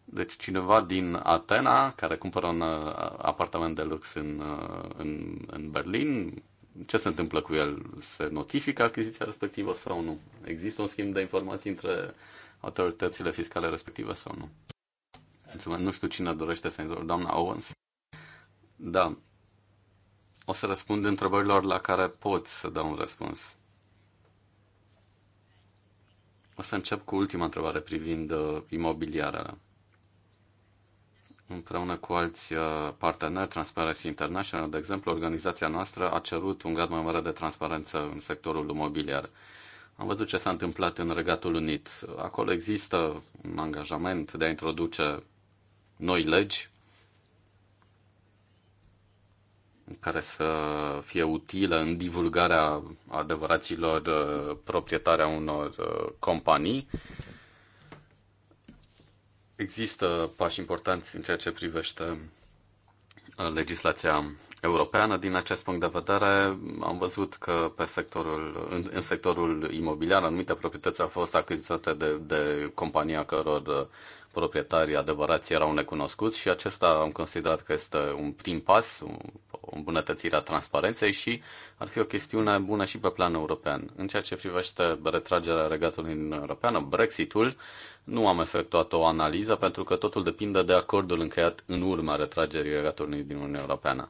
Deci cineva din Atena care cumpără un uh, apartament de lux în, uh, în, în Berlin, ce se întâmplă cu el? Se notifică achiziția respectivă sau nu? Există un schimb de informații între autoritățile fiscale respective sau nu? Mulțumesc. Nu știu cine dorește să intre. Doamna Owens? Da, o să răspund întrebărilor la care pot să dau un răspuns. O să încep cu ultima întrebare privind uh, imobiliarea. Împreună cu alți uh, parteneri, Transparency International, de exemplu, organizația noastră a cerut un grad mai mare de transparență în sectorul imobiliar. Am văzut ce s-a întâmplat în Regatul Unit. Acolo există un angajament de a introduce noi legi care să fie utilă în divulgarea adevăraților uh, proprietari a unor uh, companii. Există pași importanți în ceea ce privește uh, legislația europeană. Din acest punct de vedere, am văzut că pe sectorul, în, în sectorul imobiliar anumite proprietăți au fost achiziționate de, de compania căror proprietarii adevărați erau necunoscuți și acesta am considerat că este un prim pas, îmbunătățire a transparenței și ar fi o chestiune bună și pe plan european. În ceea ce privește retragerea regatului în Europeană, Brexitul, nu am efectuat o analiză pentru că totul depinde de acordul încheiat în urma retragerii regatului din Uniunea Europeană.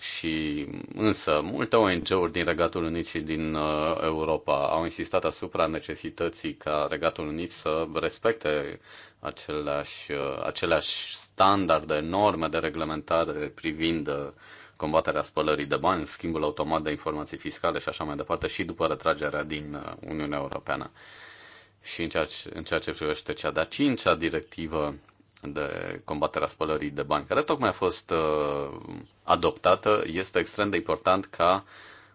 Și însă, multe ONG-uri din Regatul Unit și din uh, Europa au insistat asupra necesității ca Regatul Unit să respecte aceleași, uh, aceleași standarde, norme de reglementare privind uh, combaterea spălării de bani, schimbul automat de informații fiscale și așa mai departe, și după retragerea din uh, Uniunea Europeană. Și în ceea ce, în ceea ce privește cea de-a cincea directivă de combaterea spălării de bani, care tocmai a fost uh, adoptată, este extrem de important ca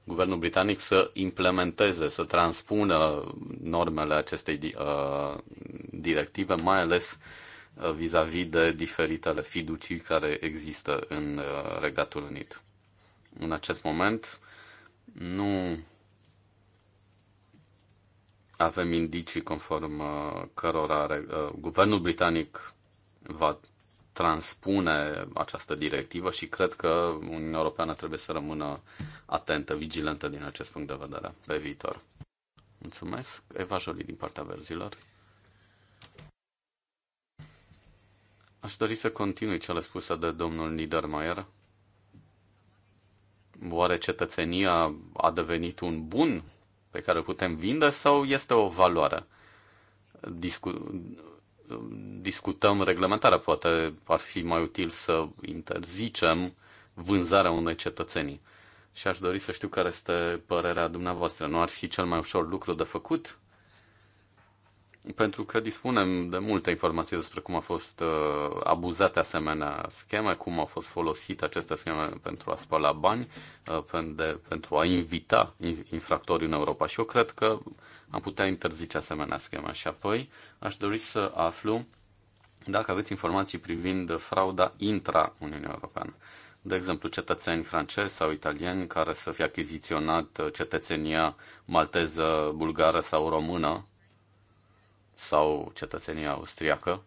guvernul britanic să implementeze, să transpună normele acestei uh, directive, mai ales uh, Uh, vis-a-vis de diferitele fiducii care există în uh, Regatul Unit. În acest moment nu avem indicii conform uh, cărora guvernul britanic va transpune această directivă și cred că Uniunea Europeană trebuie să rămână atentă, vigilentă din acest punct de vedere pe viitor. Mulțumesc. Eva Jolie din partea verzilor. Aș dori să continui cele spuse de domnul Niedermayer. Oare cetățenia a devenit un bun pe care îl putem vinde sau este o valoare? Discu- discutăm reglementarea, poate ar fi mai util să interzicem vânzarea unei cetățenii. Și aș dori să știu care este părerea dumneavoastră. Nu ar fi cel mai ușor lucru de făcut? pentru că dispunem de multe informații despre cum a fost uh, abuzate asemenea scheme, cum au fost folosite aceste scheme pentru a spăla bani, uh, de, pentru a invita infractorii în Europa. Și eu cred că am putea interzice asemenea scheme. Și apoi aș dori să aflu dacă aveți informații privind frauda intra-Uniunea Europeană. De exemplu, cetățeni francezi sau italieni care să fie achiziționat uh, cetățenia malteză, bulgară sau română sau cetățenia austriacă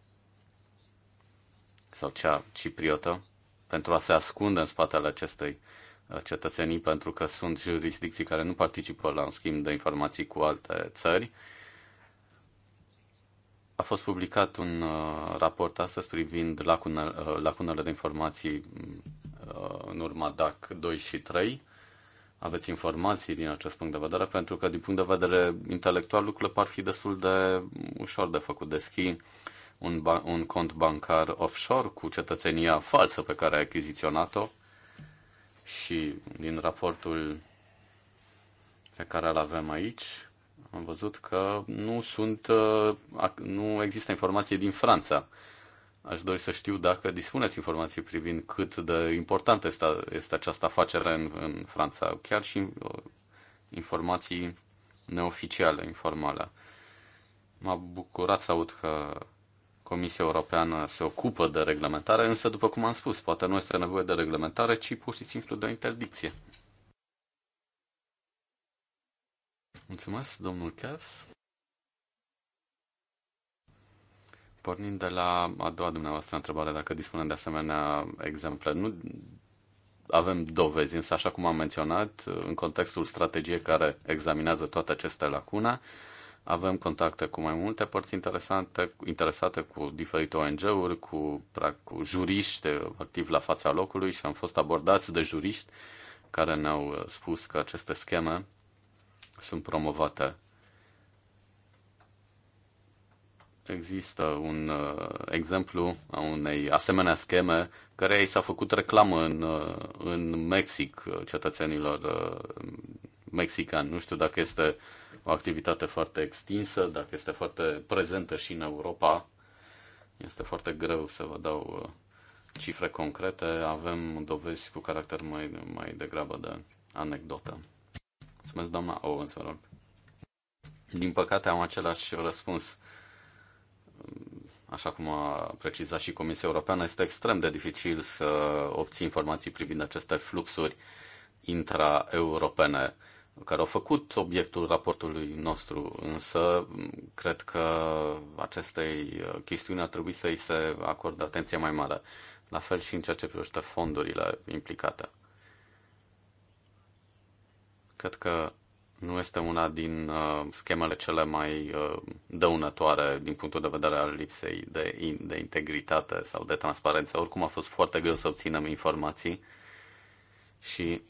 sau cea cipriotă pentru a se ascunde în spatele acestei uh, cetățenii pentru că sunt jurisdicții care nu participă la un schimb de informații cu alte țări. A fost publicat un uh, raport astăzi privind lacunele, uh, lacunele de informații mm, uh, în urma DAC 2 și 3 aveți informații din acest punct de vedere, pentru că din punct de vedere intelectual lucrurile par fi destul de ușor de făcut. Deschi un, ba- un cont bancar offshore cu cetățenia falsă pe care ai achiziționat-o și din raportul pe care îl avem aici am văzut că nu sunt, uh, nu există informații din Franța Aș dori să știu dacă dispuneți informații privind cât de importantă este, este această afacere în, în Franța, chiar și uh, informații neoficiale, informale. M-a bucurat să aud că Comisia Europeană se ocupă de reglementare, însă, după cum am spus, poate nu este nevoie de reglementare, ci pur și simplu de interdicție. Mulțumesc, domnul Kevs. Pornind de la a doua dumneavoastră întrebare, dacă dispunem de asemenea exemple, nu avem dovezi, însă așa cum am menționat, în contextul strategiei care examinează toate aceste lacune, avem contacte cu mai multe părți interesante, interesate cu diferite ONG-uri, cu, cu juriști activi la fața locului și am fost abordați de juriști care ne-au spus că aceste scheme sunt promovate există un uh, exemplu a unei asemenea scheme care i s-a făcut reclamă în, uh, în Mexic uh, cetățenilor mexicani. Nu știu dacă este o activitate foarte extinsă, dacă este foarte prezentă și în Europa. Este foarte greu să vă dau cifre concrete, avem dovezi cu caracter mai, mai degrabă de anecdotă. Mulțumesc, doamna Owens, vă rog. Din păcate am același răspuns așa cum a precizat și Comisia Europeană, este extrem de dificil să obții informații privind aceste fluxuri intra-europene care au făcut obiectul raportului nostru, însă cred că acestei chestiuni ar trebui să îi se acorde atenție mai mare. La fel și în ceea ce privește fondurile implicate. Cred că nu este una din uh, schemele cele mai uh, dăunătoare din punctul de vedere al lipsei de, in, de integritate sau de transparență. Oricum a fost foarte greu să obținem informații și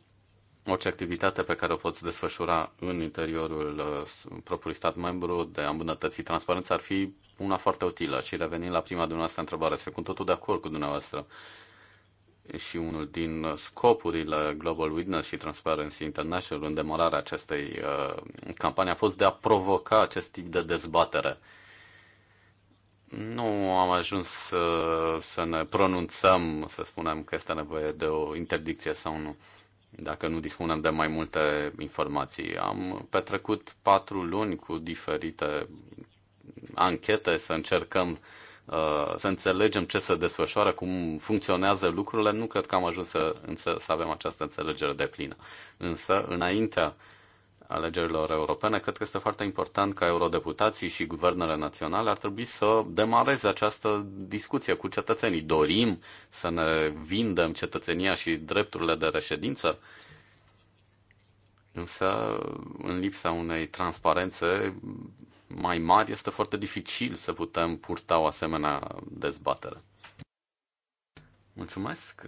orice activitate pe care o poți desfășura în interiorul uh, propriului stat membru de a îmbunătăți transparența ar fi una foarte utilă. Și revenind la prima dumneavoastră întrebare, sunt cu totul de acord cu dumneavoastră. Uh, și unul din scopurile Global Witness și Transparency International în demararea acestei uh, campanii a fost de a provoca acest tip de dezbatere. Nu am ajuns să, uh, să ne pronunțăm, să spunem că este nevoie de o interdicție sau nu, dacă nu dispunem de mai multe informații. Am petrecut patru luni cu diferite anchete să încercăm uh, Uh, să înțelegem ce se desfășoară, cum funcționează lucrurile, nu cred că am ajuns să, să avem această înțelegere de plină. Însă, înaintea alegerilor europene, cred că este foarte important ca eurodeputații și guvernele naționale ar trebui să demareze această discuție cu cetățenii. Dorim să ne vindem cetățenia și drepturile de reședință? Însă, în lipsa unei transparențe, mai mari, este foarte dificil să putem purta o asemenea dezbatere. Mulțumesc!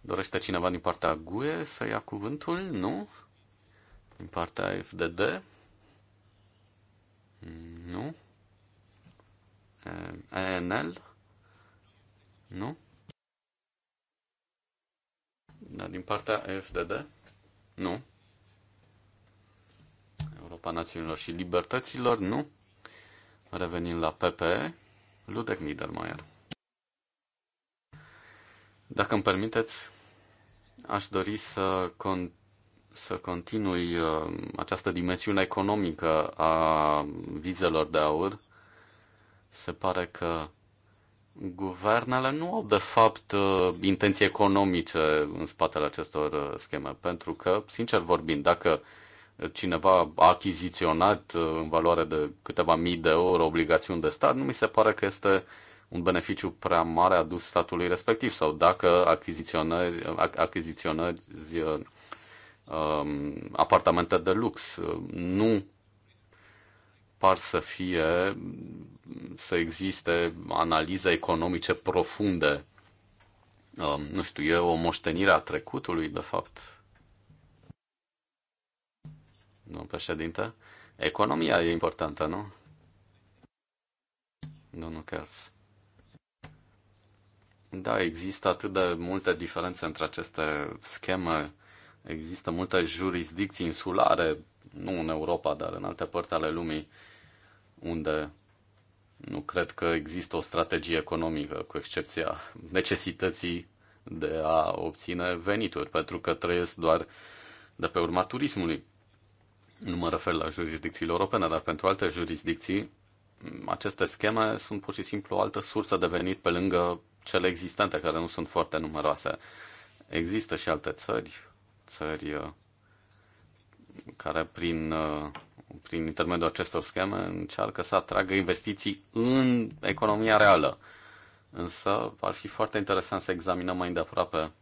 Dorește cineva din partea GUE să ia cuvântul? Nu? Din partea FDD? Nu? ENL? Nu? Da, din partea FDD? Nu? Europa Națiunilor și Libertăților, nu? Revenim la PPE, Ludek Niedermayer. Dacă îmi permiteți, aș dori să, con- să continui uh, această dimensiune economică a vizelor de aur. Se pare că guvernele nu au, de fapt, uh, intenții economice în spatele acestor uh, scheme, pentru că, sincer vorbind, dacă uh, cineva a achiziționat uh, în valoare de câteva mii de euro obligațiuni de stat, nu mi se pare că este un beneficiu prea mare adus statului respectiv sau dacă achiziționări, achiziționări uh, um, apartamente de lux. Uh, nu par să fie, să existe analize economice profunde. Um, nu știu, e o moștenire a trecutului, de fapt domnul președinte. Economia e importantă, nu? Domnul Kers. Da, există atât de multe diferențe între aceste scheme. Există multe jurisdicții insulare, nu în Europa, dar în alte părți ale lumii, unde nu cred că există o strategie economică, cu excepția necesității de a obține venituri, pentru că trăiesc doar de pe urma turismului. Nu mă refer la jurisdicțiile europene, dar pentru alte jurisdicții, aceste scheme sunt pur și simplu o altă sursă de venit pe lângă cele existente, care nu sunt foarte numeroase. Există și alte țări, țări uh, care prin, uh, prin intermediul acestor scheme încearcă să atragă investiții în economia reală. Însă ar fi foarte interesant să examinăm mai îndeaproape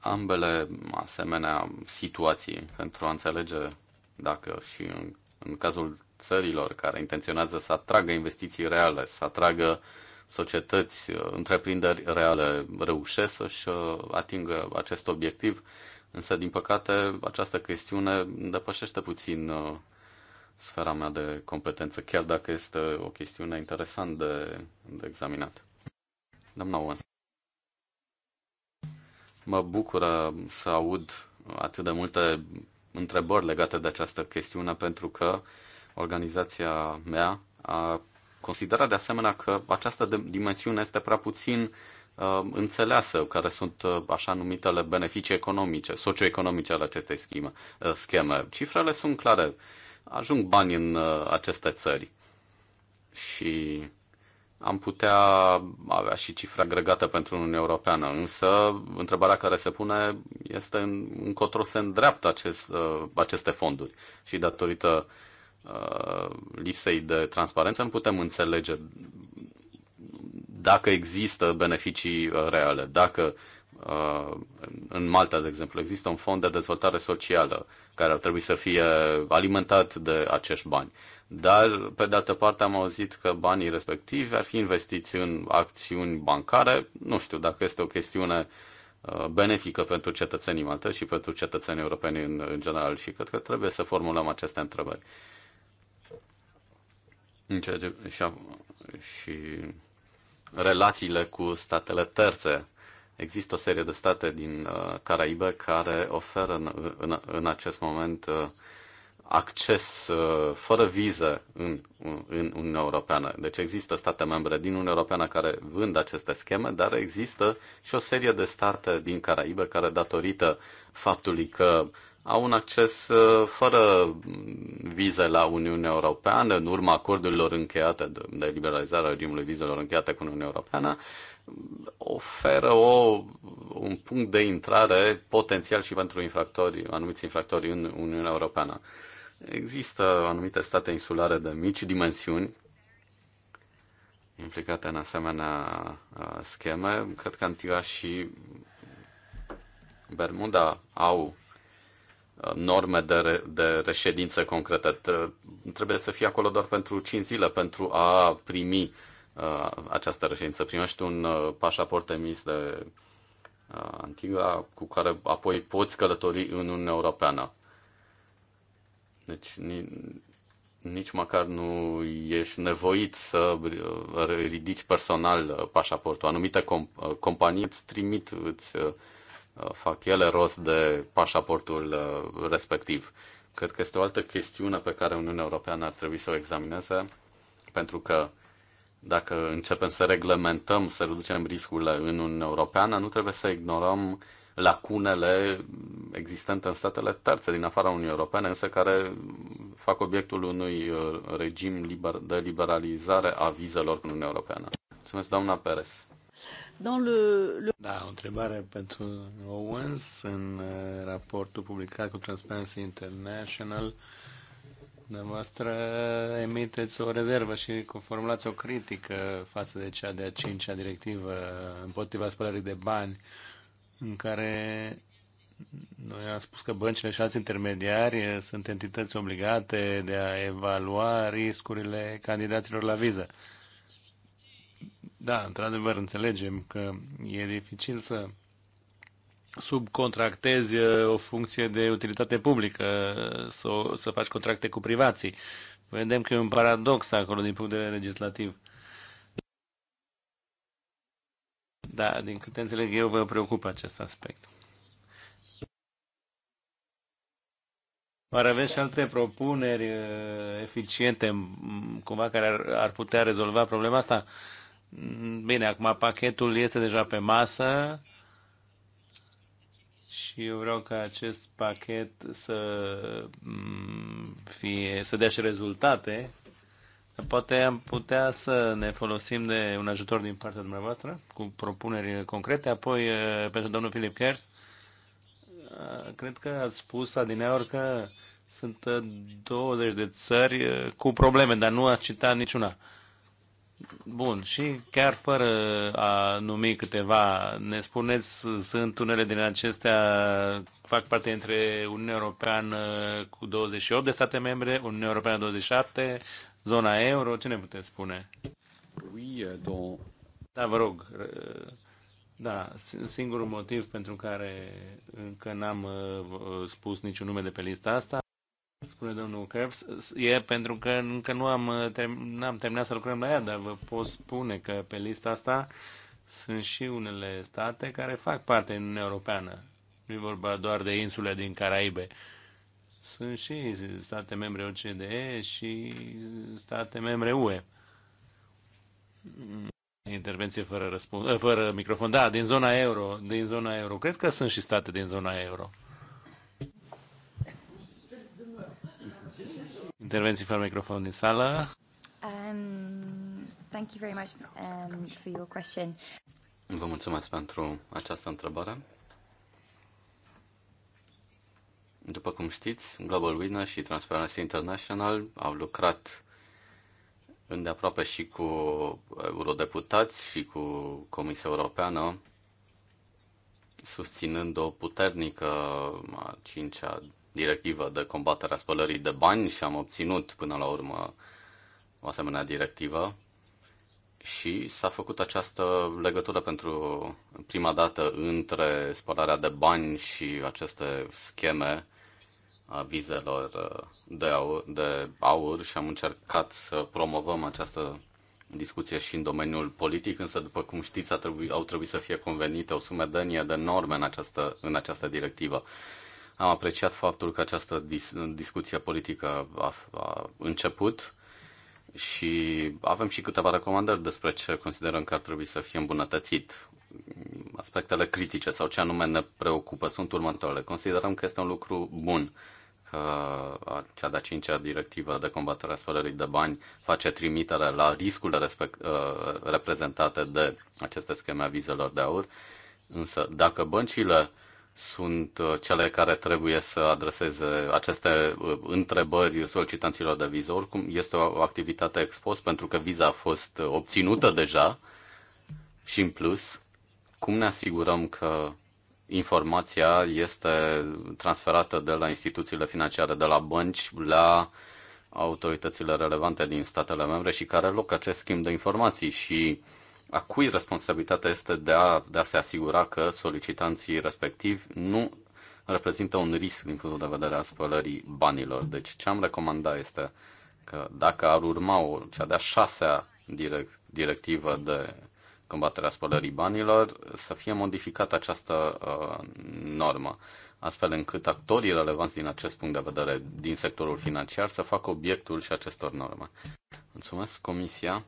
ambele asemenea situații pentru a înțelege dacă și în, în cazul țărilor care intenționează să atragă investiții reale, să atragă societăți, întreprinderi reale reușesc să-și uh, atingă acest obiectiv, însă, din păcate, această chestiune depășește puțin uh, sfera mea de competență, chiar dacă este o chestiune interesant de, de examinat. Doamna Oans. Mă bucură să aud atât de multe întrebări legate de această chestiune, pentru că organizația mea a considerat de asemenea că această dimensiune este prea puțin uh, înțeleasă, care sunt uh, așa numitele beneficii economice, socioeconomice ale acestei scheme, uh, scheme. Cifrele sunt clare. Ajung bani în uh, aceste țări. Și am putea avea și cifre agregate pentru Uniunea Europeană, însă întrebarea care se pune este încotro se îndreaptă acest, uh, aceste fonduri și datorită uh, lipsei de transparență nu putem înțelege dacă există beneficii uh, reale, dacă Uh, în Malta, de exemplu, există un fond de dezvoltare socială care ar trebui să fie alimentat de acești bani. Dar, pe de altă parte, am auzit că banii respectivi ar fi investiți în acțiuni bancare. Nu știu dacă este o chestiune uh, benefică pentru cetățenii maltezi și pentru cetățenii europeni în, în general și cred că trebuie să formulăm aceste întrebări. În ceea ce, și, și relațiile cu statele terțe Există o serie de state din uh, Caraibe care oferă în, în, în acest moment uh, acces uh, fără viză în, în Uniunea Europeană. Deci există state membre din Uniunea Europeană care vând aceste scheme, dar există și o serie de state din Caraibe care, datorită faptului că au un acces fără vize la Uniunea Europeană, în urma acordurilor încheiate de liberalizare a regimului vizelor încheiate cu Uniunea Europeană, oferă o, un punct de intrare potențial și pentru infractori, anumiți infractori în Uniunea Europeană. Există anumite state insulare de mici dimensiuni implicate în asemenea scheme. Cred că Antigua și Bermuda au norme de, re, de reședință concrete. Trebuie să fie acolo doar pentru 5 zile pentru a primi Uh, această reședință. Primești un uh, pașaport emis de uh, Antigua cu care apoi poți călători în Uniunea Europeană. Deci nici măcar nu ești nevoit să ridici personal pașaportul. Anumite comp- companii îți trimit, îți fac ele rost de pașaportul respectiv. Cred că este o altă chestiune pe care Uniunea Europeană ar trebui să o examineze, pentru că dacă începem să reglementăm, să reducem riscurile în Uniunea Europeană, nu trebuie să ignorăm lacunele existente în statele terțe din afara Uniunii Europene, însă care fac obiectul unui uh, regim liber, de liberalizare a vizelor în Uniunea Europeană. Mulțumesc, doamna Perez. Da, o întrebare pentru Owens în uh, raportul publicat cu Transparency International. Uh, Dumneavoastră emiteți o rezervă și formulați o critică față de cea de-a cincea directivă împotriva spălării de bani, în care noi am spus că băncile și alți intermediari sunt entități obligate de a evalua riscurile candidaților la viză. Da, într-adevăr, înțelegem că e dificil să subcontractezi uh, o funcție de utilitate publică, uh, să, să faci contracte cu privații. Vedem că e un paradox acolo din punct de vedere legislativ. Da, din câte înțeleg eu, vă preocupă acest aspect. Oare aveți și alte propuneri uh, eficiente, cumva, care ar, ar putea rezolva problema asta? Bine, acum pachetul este deja pe masă și eu vreau ca acest pachet să mm, fie, să dea și rezultate. Poate am putea să ne folosim de un ajutor din partea dumneavoastră cu propuneri concrete. Apoi, eh, pentru domnul Filip Kers, eh, cred că ați spus adineaori că sunt 20 eh, de țări cu probleme, dar nu ați citat niciuna. Bun, și chiar fără a numi câteva, ne spuneți, sunt unele din acestea, fac parte între Uniunea Europeană cu 28 de state membre, Uniunea Europeană 27, zona euro, ce ne puteți spune? Oui, euh, don... Da, vă rog. Da, singurul motiv pentru care încă n-am uh, spus niciun nume de pe lista asta spune domnul Krebs, e pentru că încă nu am, uh, term- am terminat să lucrăm la ea, dar vă pot spune că pe lista asta sunt și unele state care fac parte din Uniunea Europeană. Nu e vorba doar de insule din Caraibe. Sunt și state membre OCDE și state membre UE. Intervenție fără, răspuns, fără microfon. Da, din zona euro. Din zona euro. Cred că sunt și state din zona euro. Intervenții fără microfon din sală. Um, thank you very much um, for your question. Vă mulțumesc pentru această întrebare. După cum știți, Global Witness și Transparency International au lucrat îndeaproape și cu eurodeputați și cu Comisia Europeană, susținând o puternică a cincea directivă de combatere a spălării de bani și am obținut până la urmă o asemenea directivă și s-a făcut această legătură pentru prima dată între spălarea de bani și aceste scheme a vizelor uh, de aur, de aur și am încercat să promovăm această discuție și în domeniul politic, însă, după cum știți, a trebui, au trebuit să fie convenite o sumedenie de norme în această, în această directivă. Am apreciat faptul că această dis- discuție politică a, a început și avem și câteva recomandări despre ce considerăm că ar trebui să fie îmbunătățit. Aspectele critice sau ce anume ne preocupă sunt următoarele. Considerăm că este un lucru bun că cea de-a cincea directivă de combatere a spălării de bani face trimitere la riscurile respect, ă, reprezentate de aceste scheme a vizelor de aur. Însă, dacă băncile uh, sunt uh, cele care trebuie să adreseze aceste uh, întrebări solicitanților de viză. Oricum, este o activitate expus pentru că viza a fost uh, obținută deja și în plus, cum ne asigurăm că informația este transferată de la instituțiile financiare, de la bănci, la autoritățile relevante din statele membre și care loc acest schimb de informații și uh, a cui responsabilitatea este de a, de a se asigura că solicitanții respectivi nu reprezintă un risc din punctul de vedere a spălării banilor. Deci ce am recomandat este că dacă ar urma o, cea de-a șasea direct, directivă de combaterea spălării banilor, să fie modificată această uh, normă, astfel încât actorii relevanți din acest punct de vedere din sectorul financiar să facă obiectul și acestor norme. Mulțumesc, Comisia.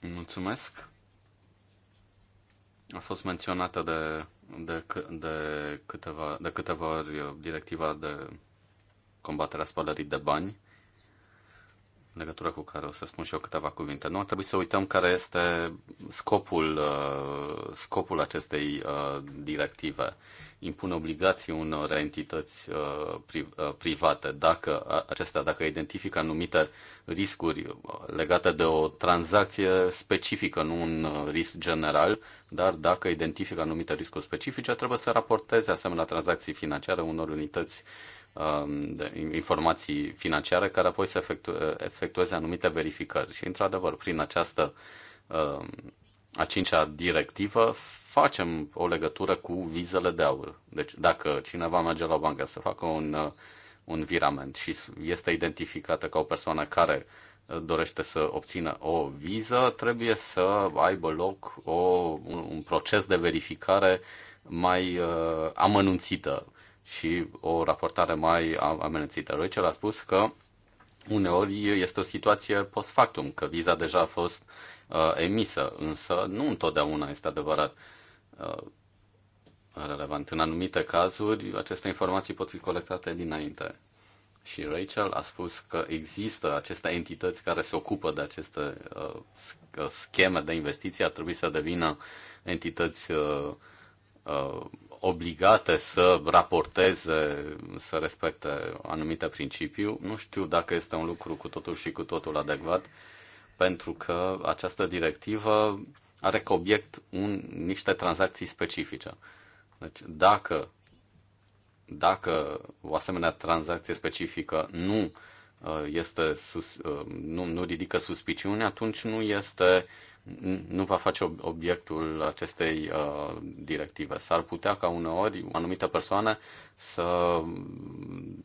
Mulțumesc. A fost menționată de, de, de, câteva, de câteva ori directiva de combaterea spălării de bani în legătură cu care o să spun și eu câteva cuvinte. Nu ar trebui să uităm care este scopul, uh, scopul acestei uh, directive. Impune obligații unor entități uh, private dacă acestea, dacă identifică anumite riscuri legate de o tranzacție specifică, nu un risc general, dar dacă identifică anumite riscuri specifice, trebuie să raporteze asemenea tranzacții financiare unor unități Um, de informații financiare care apoi să efectu- efectueze anumite verificări. Și, într-adevăr, prin această um, a cincea directivă facem o legătură cu vizele de aur. Deci, dacă cineva merge la o bancă să facă un, uh, un virament și este identificată ca o persoană care uh, dorește să obțină o viză, trebuie să aibă loc o, un, un proces de verificare mai uh, amănunțită și o raportare mai amenințită. Rachel a spus că uneori este o situație post factum, că viza deja a fost uh, emisă, însă nu întotdeauna este adevărat uh, relevant. În anumite cazuri, aceste informații pot fi colectate dinainte. Și Rachel a spus că există aceste entități care se ocupă de aceste uh, uh scheme de investiții, ar trebui să devină entități uh, uh, obligate să raporteze, să respecte anumite principii. Nu știu dacă este un lucru cu totul și cu totul adecvat, pentru că această directivă are ca obiect un, niște tranzacții specifice. Deci dacă, dacă o asemenea tranzacție specifică nu uh, este sus, uh, nu, nu ridică suspiciune, atunci nu este nu va face obiectul acestei uh, directive. S-ar putea ca uneori anumită persoană să mm,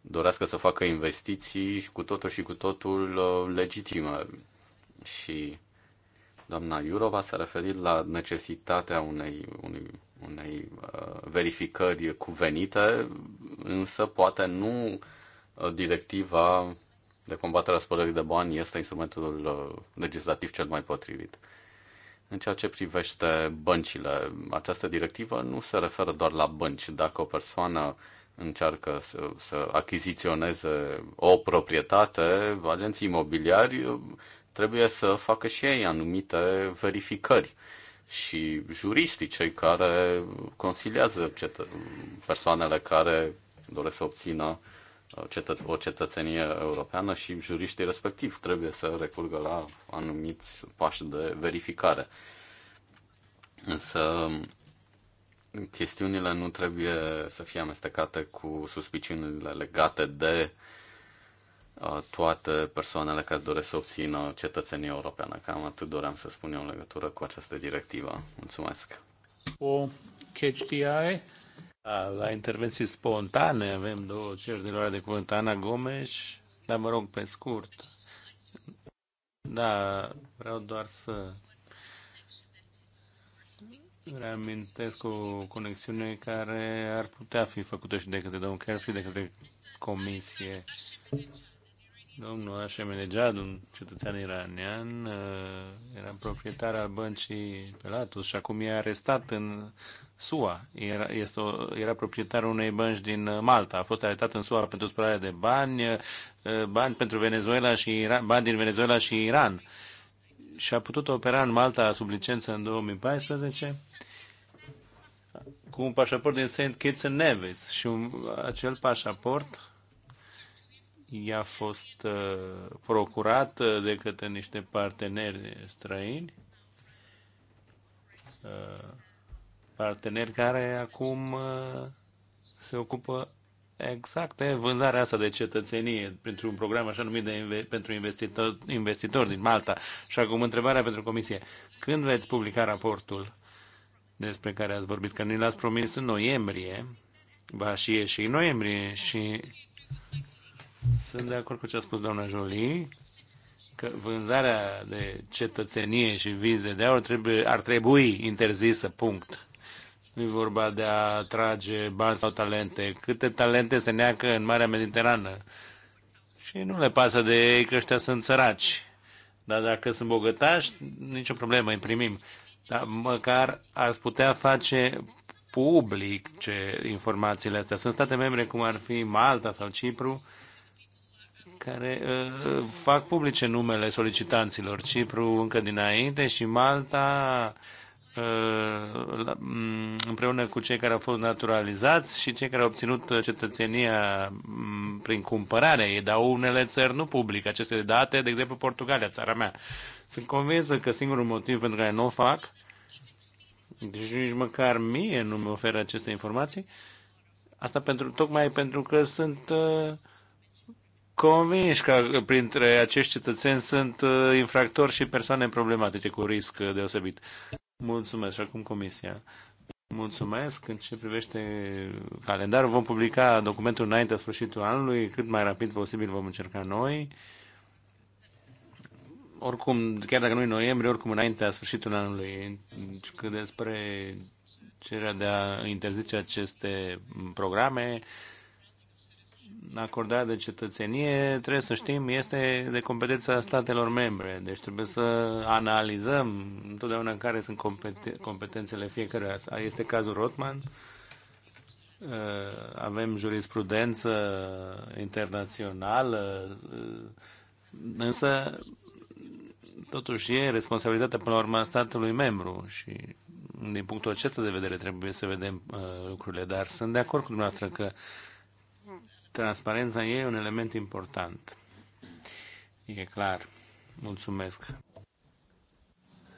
dorească să facă investiții cu totul și cu totul uh, legitime. Și doamna Iurova s-a referit la necesitatea unei, unei, unei uh, verificări cuvenite, însă poate nu uh, directiva de combaterea spălării de bani este instrumentul uh, legislativ cel mai potrivit. În ceea ce privește băncile, această directivă nu se referă doar la bănci. Dacă o persoană încearcă să, să achiziționeze o proprietate, agenții imobiliari uh, trebuie să facă și ei anumite verificări și juriștii, cei care consiliază persoanele care doresc să obțină o cetățenie europeană și juriștii respectiv trebuie să recurgă la anumiți pași de verificare. Însă chestiunile nu trebuie să fie amestecate cu suspiciunile legate de toate persoanele care doresc să obțină cetățenie europeană. Cam atât doream să spun eu în legătură cu această directivă. Mulțumesc! O catch da, la intervenții spontane avem două ceri de luare de cuvânt. Ana Gomes, dar mă rog, pe scurt. Da, vreau doar să reamintesc o conexiune care ar putea fi făcută și de către domnul chiar și de către comisie. Domnul Hashem Nejad, un cetățean iranian, uh, era proprietar al băncii Pelatus și acum e arestat în SUA. Era, este o, era proprietarul unei bănci din uh, Malta. A fost arestat în SUA pentru spălare de bani, uh, bani pentru Venezuela și Iran, bani din Venezuela și Iran. Și a putut opera în Malta sub licență în 2014 cu un pașaport din St. Kitts and Nevis și un, acel pașaport i a fost uh, procurată de către niște parteneri străini, uh, parteneri care acum uh, se ocupă exact de vânzarea asta de cetățenie pentru un program așa numit de, pentru investitori, investitor din Malta. Și acum întrebarea pentru Comisie. Când veți publica raportul despre care ați vorbit? Că ni l-ați promis în noiembrie, va și ieși în noiembrie și sunt de acord cu ce a spus doamna Jolie, că vânzarea de cetățenie și vize de aur trebuie, ar trebui interzisă, punct. Nu e vorba de a trage bani sau talente. Câte talente se neacă în Marea Mediterană? Și nu le pasă de ei că ăștia sunt săraci. Dar dacă sunt bogătași, nicio problemă, îi primim. Dar măcar ar putea face public ce informațiile astea. Sunt state membre cum ar fi Malta sau Cipru, care uh, fac publice numele solicitanților. Cipru încă dinainte și Malta uh, mm, împreună cu cei care au fost naturalizați și cei care au obținut cetățenia mm, prin cumpărare. ei, dau unele țări nu publică aceste date, de exemplu Portugalia, țara mea. Sunt convins că singurul motiv pentru care nu o fac, deci nici măcar mie nu mi oferă aceste informații, asta pentru, tocmai pentru că sunt uh, convinși că printre acești cetățeni sunt uh, infractori și persoane problematice cu risc uh, deosebit. Mulțumesc și acum Comisia. Mulțumesc. În ce privește calendarul, vom publica documentul înainte de sfârșitul anului, cât mai rapid posibil vom încerca noi. Oricum, chiar dacă nu e noiembrie, oricum înaintea sfârșitul anului, cât despre cererea de a interzice aceste programe, acordat de cetățenie, trebuie să știm, este de competența statelor membre. Deci trebuie să analizăm întotdeauna în care sunt competen- competențele fiecăruia. Este cazul Rotman. Uh, avem jurisprudență internațională, uh, însă totuși e responsabilitatea până la urmă a statului membru și din punctul acesta de vedere trebuie să vedem uh, lucrurile, dar sunt de acord cu dumneavoastră că uh, transparența e un element important. E clar. Mulțumesc.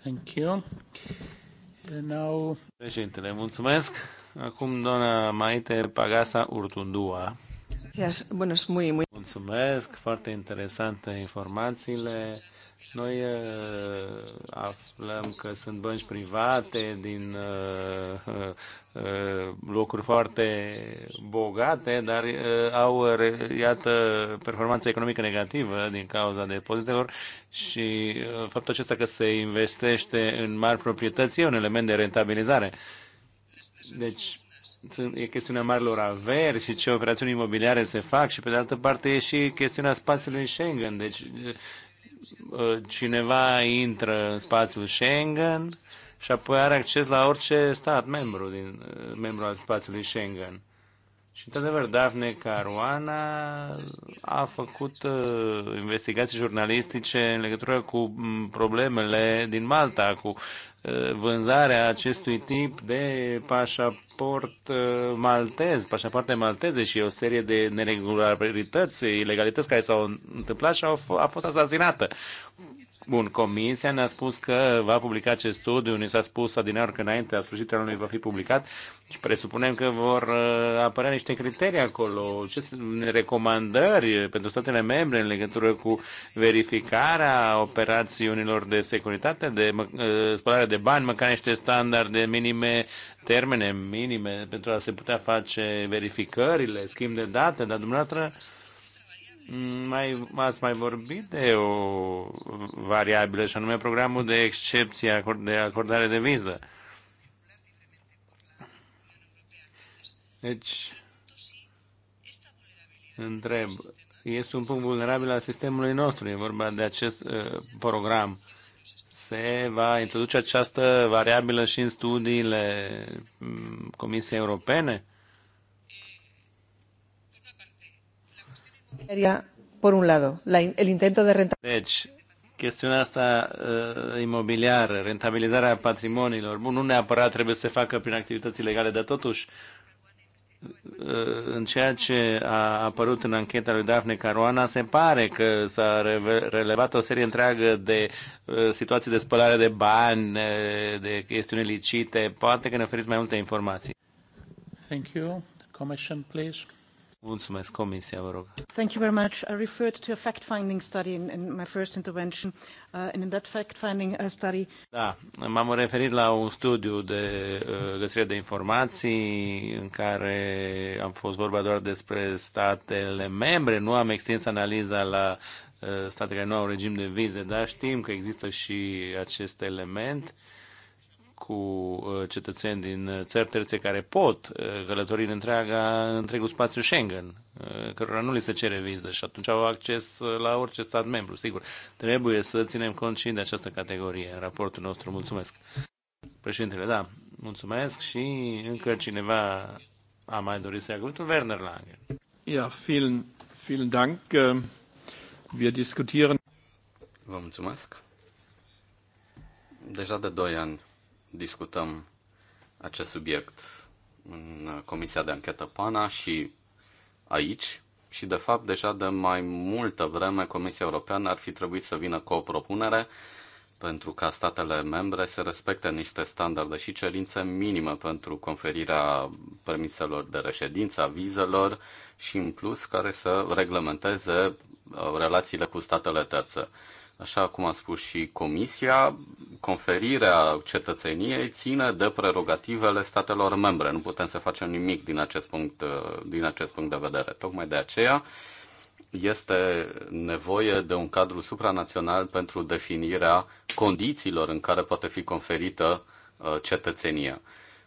Thank you. And now... Președintele, mulțumesc. Acum doamna Maite Pagasa Urtundua. Yes. Bună, muy, muy... Mulțumesc, foarte interesante informațiile. Noi uh, aflăm că sunt bănci private din uh, uh, uh locuri foarte bogate, dar uh, au, iată, performanță economică negativă din cauza depozitelor și uh, faptul acesta că se investește în mari proprietăți e un element de rentabilizare. Deci, e chestiunea marilor averi și ce operațiuni imobiliare se fac și pe de altă parte e și chestiunea spațiului Schengen. Deci uh, Uh, cineva intră în spațiul Schengen și apoi are acces la orice stat membru, din, uh, membru al spațiului Schengen. Și, într-adevăr, Daphne Caruana a făcut uh, investigații jurnalistice în legătură cu mm, problemele din Malta, cu uh, vânzarea acestui tip de pașaport uh, maltez, pașaporte malteze și o serie de neregularități, ilegalități care s-au întâmplat și au a fost asasinată. Bun, comisia ne-a spus că va publica acest studiu, ne s-a spus adineori că înainte, a sfârșitul anului va fi publicat și presupunem că vor uh, apărea niște criterii acolo, ce recomandări pentru statele membre în legătură cu verificarea operațiunilor de securitate, de uh, spălare de bani, măcar niște standarde minime, termene minime pentru a se putea face verificările, schimb de date, dar dumneavoastră mai, ați mai vorbit de o variabilă, și anume programul de excepție de acordare de viză. Deci, întreb, este un punct vulnerabil al sistemului nostru, e vorba de acest uh, program. Se va introduce această variabilă și în studiile mm, Comisiei Europene? Uh, Por un lado, la, el intento de renta. Deci, chestiunea asta uh, imobiliară, rentabilizarea patrimoniilor, nu neapărat trebuie să se facă prin activități legale, dar totuși, uh, în ceea ce a apărut în ancheta lui Dafne Caruana, se pare că s-a relevat o serie întreagă de uh, situații de spălare de bani, uh, de chestiuni licite. Poate că ne oferiți mai multe informații. Thank you. Commission, please. Mulțumesc, Comisia, vă rog. Thank you very much. I referred to a fact-finding study in, in my first intervention. Uh, and in that fact-finding uh, study... Da, m-am referit la un studiu de uh, găsire de informații în care am fost vorba doar despre statele membre. Nu am extins analiza la uh, state care nu au regim de vize, dar știm că există și acest element. Uh, cu uh, cetățeni din uh, țări terțe care pot uh, călători în întreaga, întregul spațiu Schengen, cărora nu li se cere viză și atunci au acces la orice stat membru, sigur. Trebuie să ținem cont și de această categorie în raportul nostru. Mulțumesc. Președintele, da, mulțumesc și încă cineva a mai dorit să ia cuvântul, Werner Lange. Ja, vielen, vielen Dank. Ähm, wir diskutieren. Vă mulțumesc. Deja de doi ani discutăm acest subiect în Comisia de Anchetă PANA și aici. Și, de fapt, deja de mai multă vreme Comisia Europeană ar fi trebuit să vină cu o propunere pentru ca statele membre să respecte niște standarde și cerințe minime pentru conferirea permiselor de reședință, a vizelor și, în plus, care să reglementeze uh, relațiile cu statele terțe. Așa cum a spus și Comisia, conferirea cetățeniei ține de prerogativele statelor membre. Nu putem să facem nimic din acest punct, uh, din acest punct de vedere. Tocmai de aceea este nevoie de un cadru supranațional pentru definirea condițiilor în care poate fi conferită uh, cetățenia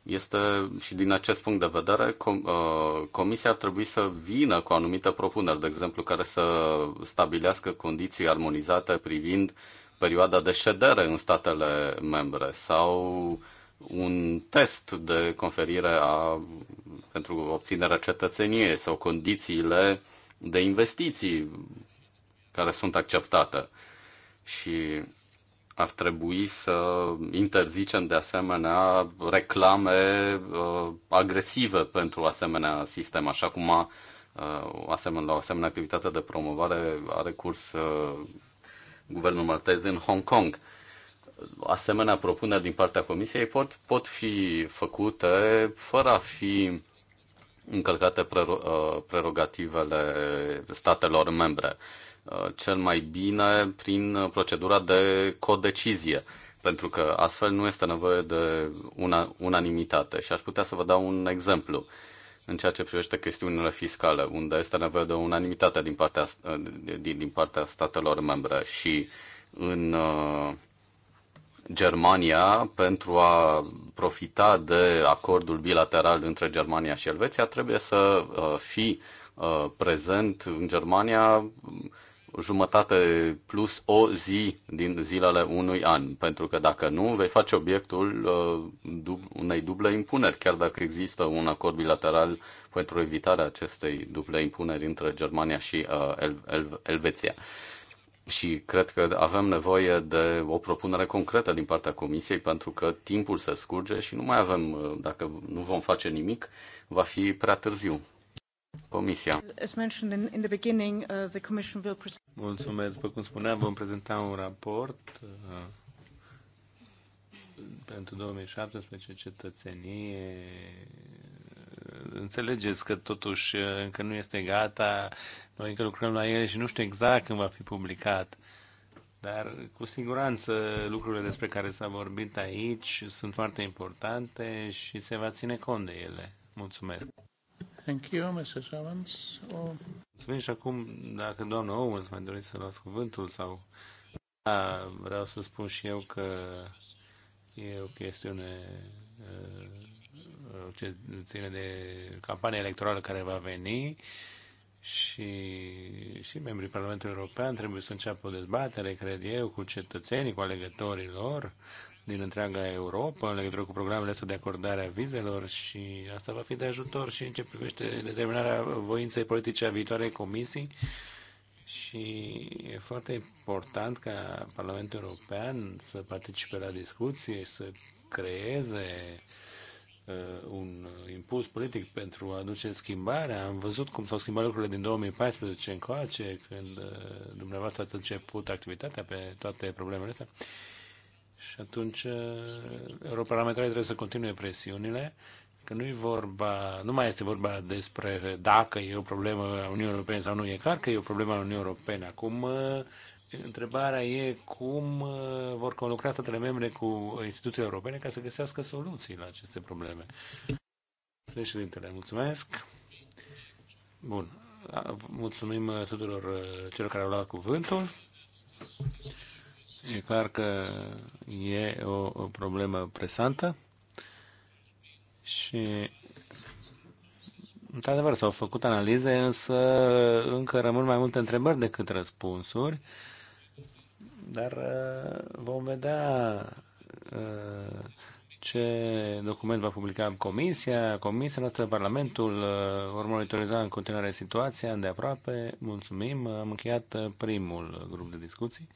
este și din acest punct de vedere, com, uh, Comisia ar trebui să vină cu anumite propuneri, de exemplu, care să stabilească condiții armonizate privind perioada de ședere în statele membre sau un test de conferire a, pentru obținerea cetățeniei sau condițiile de investiții care sunt acceptate. Și ar trebui să interzicem de asemenea reclame uh, agresive pentru asemenea sistem, așa cum a, uh, asemenea, la o asemenea activitate de promovare a recurs uh, guvernul maltez în Hong Kong. Asemenea propuneri din partea Comisiei pot, pot fi făcute fără a fi încălcate uh, prerogativele statelor membre. Uh, Uh, cel mai bine prin uh, procedura de codecizie, pentru că astfel nu este nevoie de una, unanimitate. Și aș putea să vă dau un exemplu în ceea ce privește chestiunile fiscale, unde este nevoie de unanimitate din partea, uh, din, din partea statelor membre și în Germania, pentru a profita de acordul bilateral între Germania și Elveția, trebuie să fi fii prezent în Germania jumătate plus o zi din zilele unui an, pentru că dacă nu, vei face obiectul uh, unei duble impuneri, chiar dacă există un acord bilateral pentru evitarea acestei duble impuneri între Germania și uh, El- El- Elveția. Și cred că avem nevoie de o propunere concretă din partea Comisiei, pentru că timpul se scurge și nu mai avem, uh, dacă nu vom face nimic, va fi prea târziu. Comisia. Mulțumesc. După cum spuneam, vom prezenta un raport uh, pentru 2017 cetățenie. Înțelegeți că totuși uh, încă nu este gata, noi încă lucrăm la el și nu știu exact când va fi publicat. Dar cu siguranță lucrurile despre care s-a vorbit aici sunt foarte importante și se va ține cont de ele. Mulțumesc! Thank you, Mrs. Owens. Or... Mulțumim și acum, dacă doamna Owens mai doriți să luați cuvântul sau... Da, vreau să spun și eu că e o chestiune uh, ce ține de campania electorală care va veni și, și membrii Parlamentului European trebuie să înceapă o dezbatere, cred eu, cu cetățenii, cu alegătorii lor, din întreaga Europa în legătură cu programele astea de acordare a vizelor și asta va fi de ajutor și în ce privește determinarea voinței politice a viitoarei comisii și e foarte important ca Parlamentul European să participe la discuție, să creeze uh, un impuls politic pentru a aduce schimbarea. Am văzut cum s-au schimbat lucrurile din 2014 încoace, când uh, dumneavoastră ați început activitatea pe toate problemele astea. Și atunci eh, europarlamentarii trebuie să continue presiunile, că nu vorba, nu mai este vorba despre dacă e o problemă a Uniunii Europene sau nu. E clar că e o problemă a Uniunii Europene. Acum eh, Întrebarea e cum eh, vor conlucra toate membre cu instituțiile europene ca să găsească soluții la aceste probleme. Președintele, mulțumesc. Bun. Mulțumim tuturor celor care au luat cuvântul. E clar că e o, o problemă presantă și Într-adevăr, s-au făcut analize, însă încă rămân mai multe întrebări decât răspunsuri, dar uh, vom vedea uh, ce document va publica Comisia, Comisia noastră, Parlamentul, vor uh, monitoriza în continuare situația de aproape. Mulțumim, am încheiat primul grup de discuții.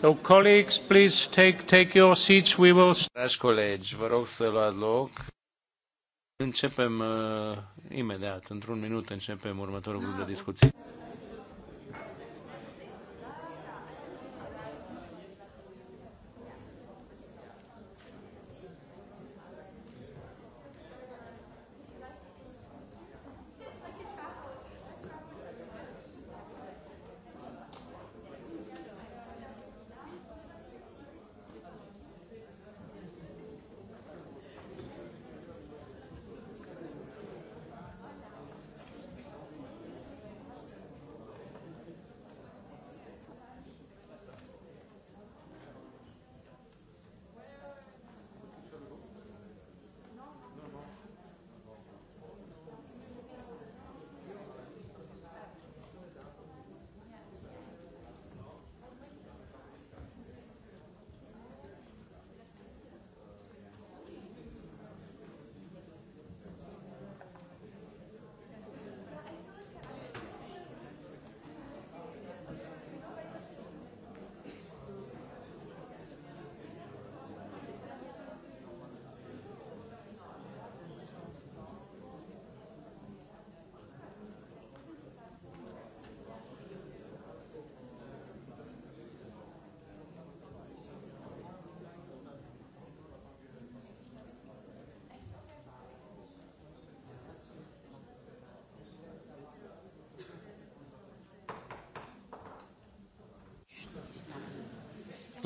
So, colleagues, please take, take your seats. We will... Dragi colegi, vă rog să luați loc. Începem uh, imediat, într-un minut începem următorul grup de discuții.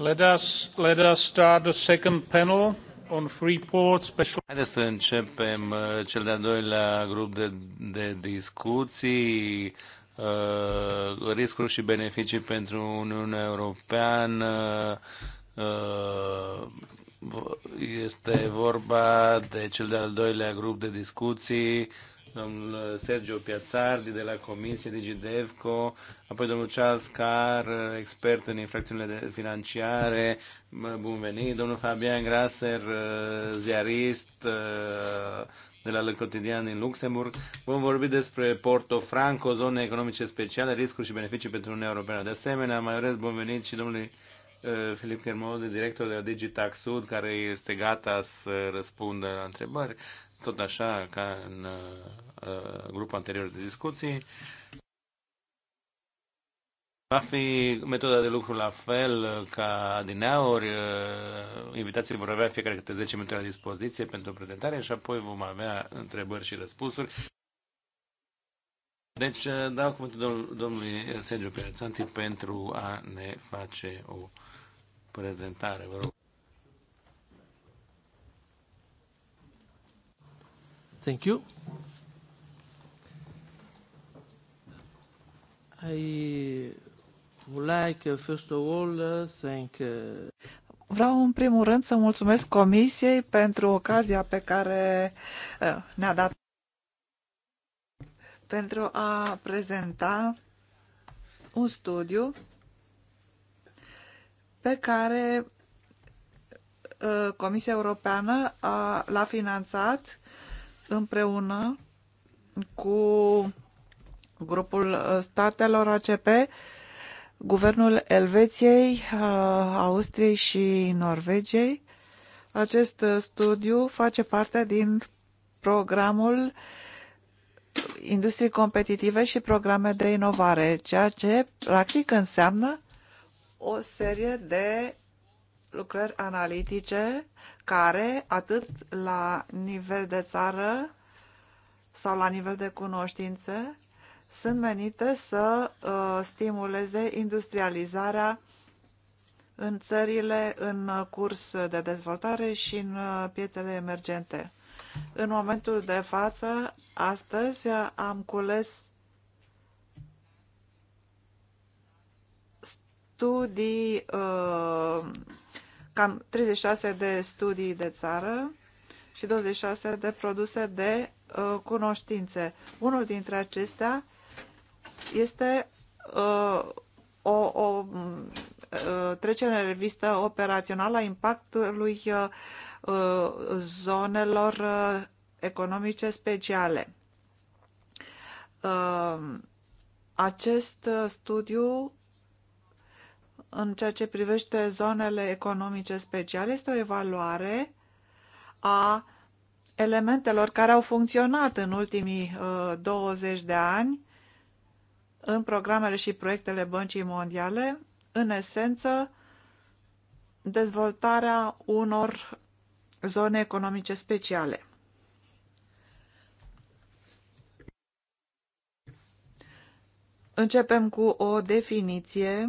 Let us, let us start the second panel on Freeport special. Haideți să începem uh, cel de-al doilea grup de, de discuții, uh, riscuri și beneficii pentru Uniunea Europeană. Uh, este vorba de cel de-al doilea grup de discuții domnul Sergio Piazzardi de la Comisie DigiDevco, apoi domnul Charles Carr, expert în infracțiunile financiare, bun venit, domnul Fabian Grasser, uh, ziarist uh, de la Le Cotidian din Luxemburg. Vom vorbi despre Porto Franco, zone economice speciale, riscuri și beneficii pentru Uniunea Europeană. De asemenea, mai urez bun venit și domnului uh, Filip Chermode, director de la Digitax Sud, care este gata să răspundă la întrebări tot așa ca în uh, uh, grupul anterior de discuții, Va fi metoda de lucru la fel uh, ca adineauri, invitații vor avea fiecare câte 10 minute la dispoziție pentru prezentare și apoi vom avea întrebări și răspunsuri. Deci dau cuvântul domn domnului Sergio Pirețanti pentru a ne face o prezentare. Vă rog. Thank you. I would like, uh, first of all, uh, thank... Uh, Vreau în primul rând să mulțumesc Comisiei pentru ocazia pe care ne-a dat pentru a prezenta un studiu pe care Comisia Europeană l-a finanțat împreună cu grupul uh, statelor ACP, guvernul Elveției, uh, Austriei și Norvegiei. Acest uh, studiu face parte din programul industrii competitive și programe de inovare, ceea ce practic înseamnă o serie de lucrări analitice care, atât la nivel de țară sau la nivel de cunoștințe, sunt menite să uh, stimuleze industrializarea în țările în curs de dezvoltare și în uh, piețele emergente. În momentul de față, astăzi, am cules studii uh, cam 36 de studii de țară și 26 de produse de uh, cunoștințe. Unul dintre acestea este uh, o, o uh, trecere în revistă operațională a impactului uh, zonelor uh, economice speciale. Uh, acest uh, studiu în ceea ce privește zonele economice speciale este o evaluare a elementelor care au funcționat în ultimii uh, 20 de ani în programele și proiectele Băncii Mondiale, în esență, dezvoltarea unor zone economice speciale. Începem cu o definiție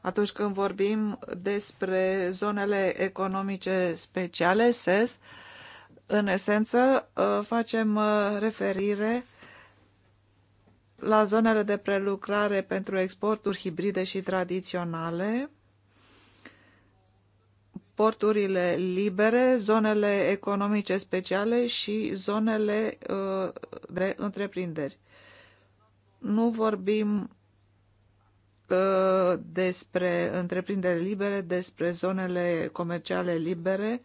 atunci când vorbim despre zonele economice speciale, SES, în esență uh, facem uh, referire la zonele de prelucrare pentru exporturi hibride și tradiționale, porturile libere, zonele economice speciale și zonele uh, de întreprinderi. Nu vorbim Uh, despre întreprinderi libere, despre zonele comerciale libere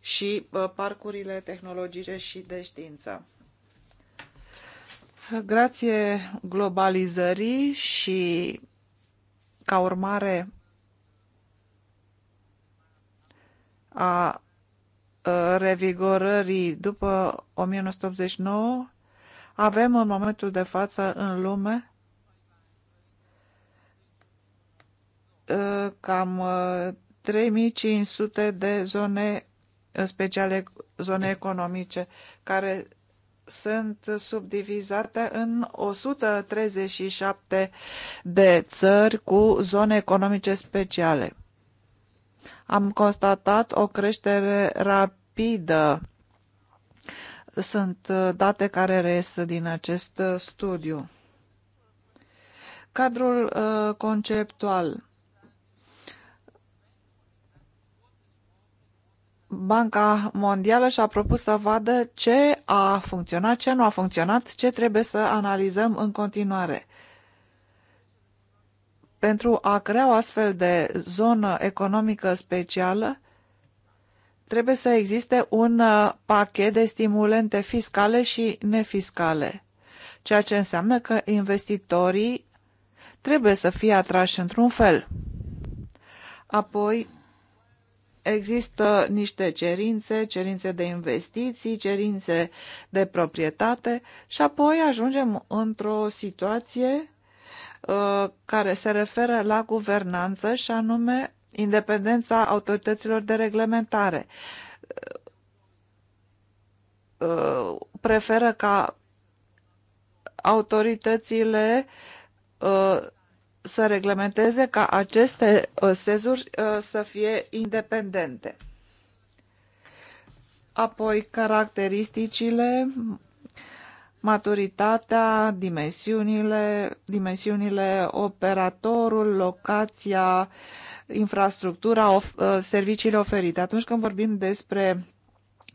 și uh, parcurile tehnologice și de știință. Grație globalizării și ca urmare a uh, revigorării după 1989, avem în momentul de față în lume Uh, cam 3500 uh, de zone uh, speciale, zone economice, care sunt subdivizate în 137 de țări cu zone economice speciale. Am constatat o creștere rapidă. Sunt date care reies din acest studiu. Cadrul conceptual Banca Mondială și-a propus să vadă ce a funcționat, ce nu a funcționat, ce trebuie să analizăm în continuare. Pentru a crea o astfel de zonă economică specială, trebuie să existe un uh, pachet de stimulente fiscale și nefiscale, ceea ce înseamnă că investitorii trebuie să fie atrași într-un fel. Apoi, există niște cerințe, cerințe de investiții, cerințe de proprietate și apoi ajungem într-o situație uh, care se referă la guvernanță și anume independența autorităților de reglementare. Uh, uh, preferă ca autoritățile să reglementeze ca aceste uh, sezuri uh, să fie independente. Apoi, caracteristicile, maturitatea, dimensiunile, dimensiunile, operatorul, locația, infrastructura, of, uh, serviciile oferite. Atunci când vorbim despre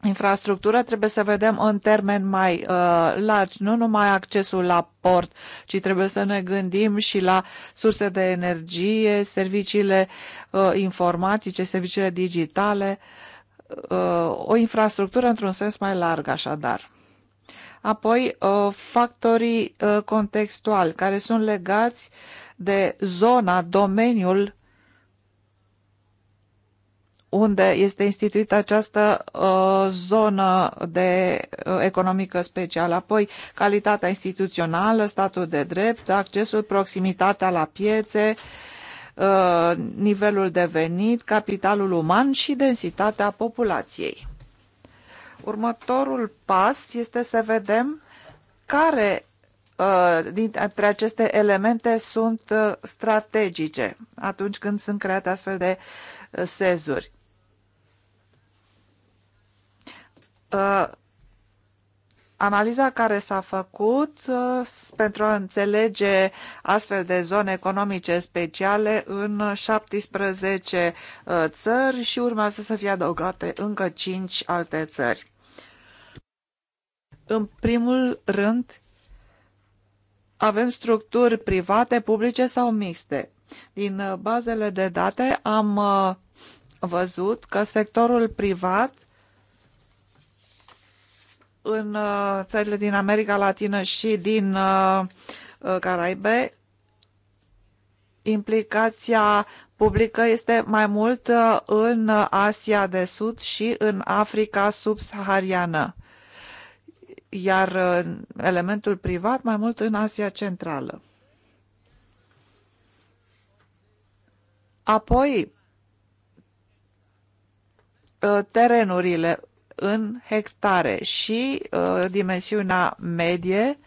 infrastructură, trebuie să vedem în termen mai uh, largi, nu numai accesul la port, ci trebuie să ne gândim și la surse de energie, serviciile uh, informatice, serviciile digitale, uh, o infrastructură într-un sens mai larg așadar. Apoi, uh, factorii uh, contextuali care sunt legați de zona, domeniul unde este instituită această uh, zonă de uh, economică specială. Apoi, calitatea instituțională, statul de drept, accesul, proximitatea la piețe, uh, nivelul de venit, capitalul uman și densitatea populației. Următorul pas este să vedem care uh, dintre aceste elemente sunt uh, strategice atunci când sunt create astfel de uh, sezuri. Uh, analiza care s-a făcut uh, pentru a înțelege astfel de zone economice speciale în 17 uh, țări și urmează să fie adăugate încă 5 alte țări. În primul rând, avem structuri private, publice sau mixte. Din bazele de date am văzut că sectorul privat în uh, țările din America Latină și din uh, uh, Caraibe, implicația publică este mai mult în Asia de Sud și în Africa subsahariană, iar elementul privat mai mult în Asia Centrală. Apoi, terenurile în hectare și uh, dimensiunea medie,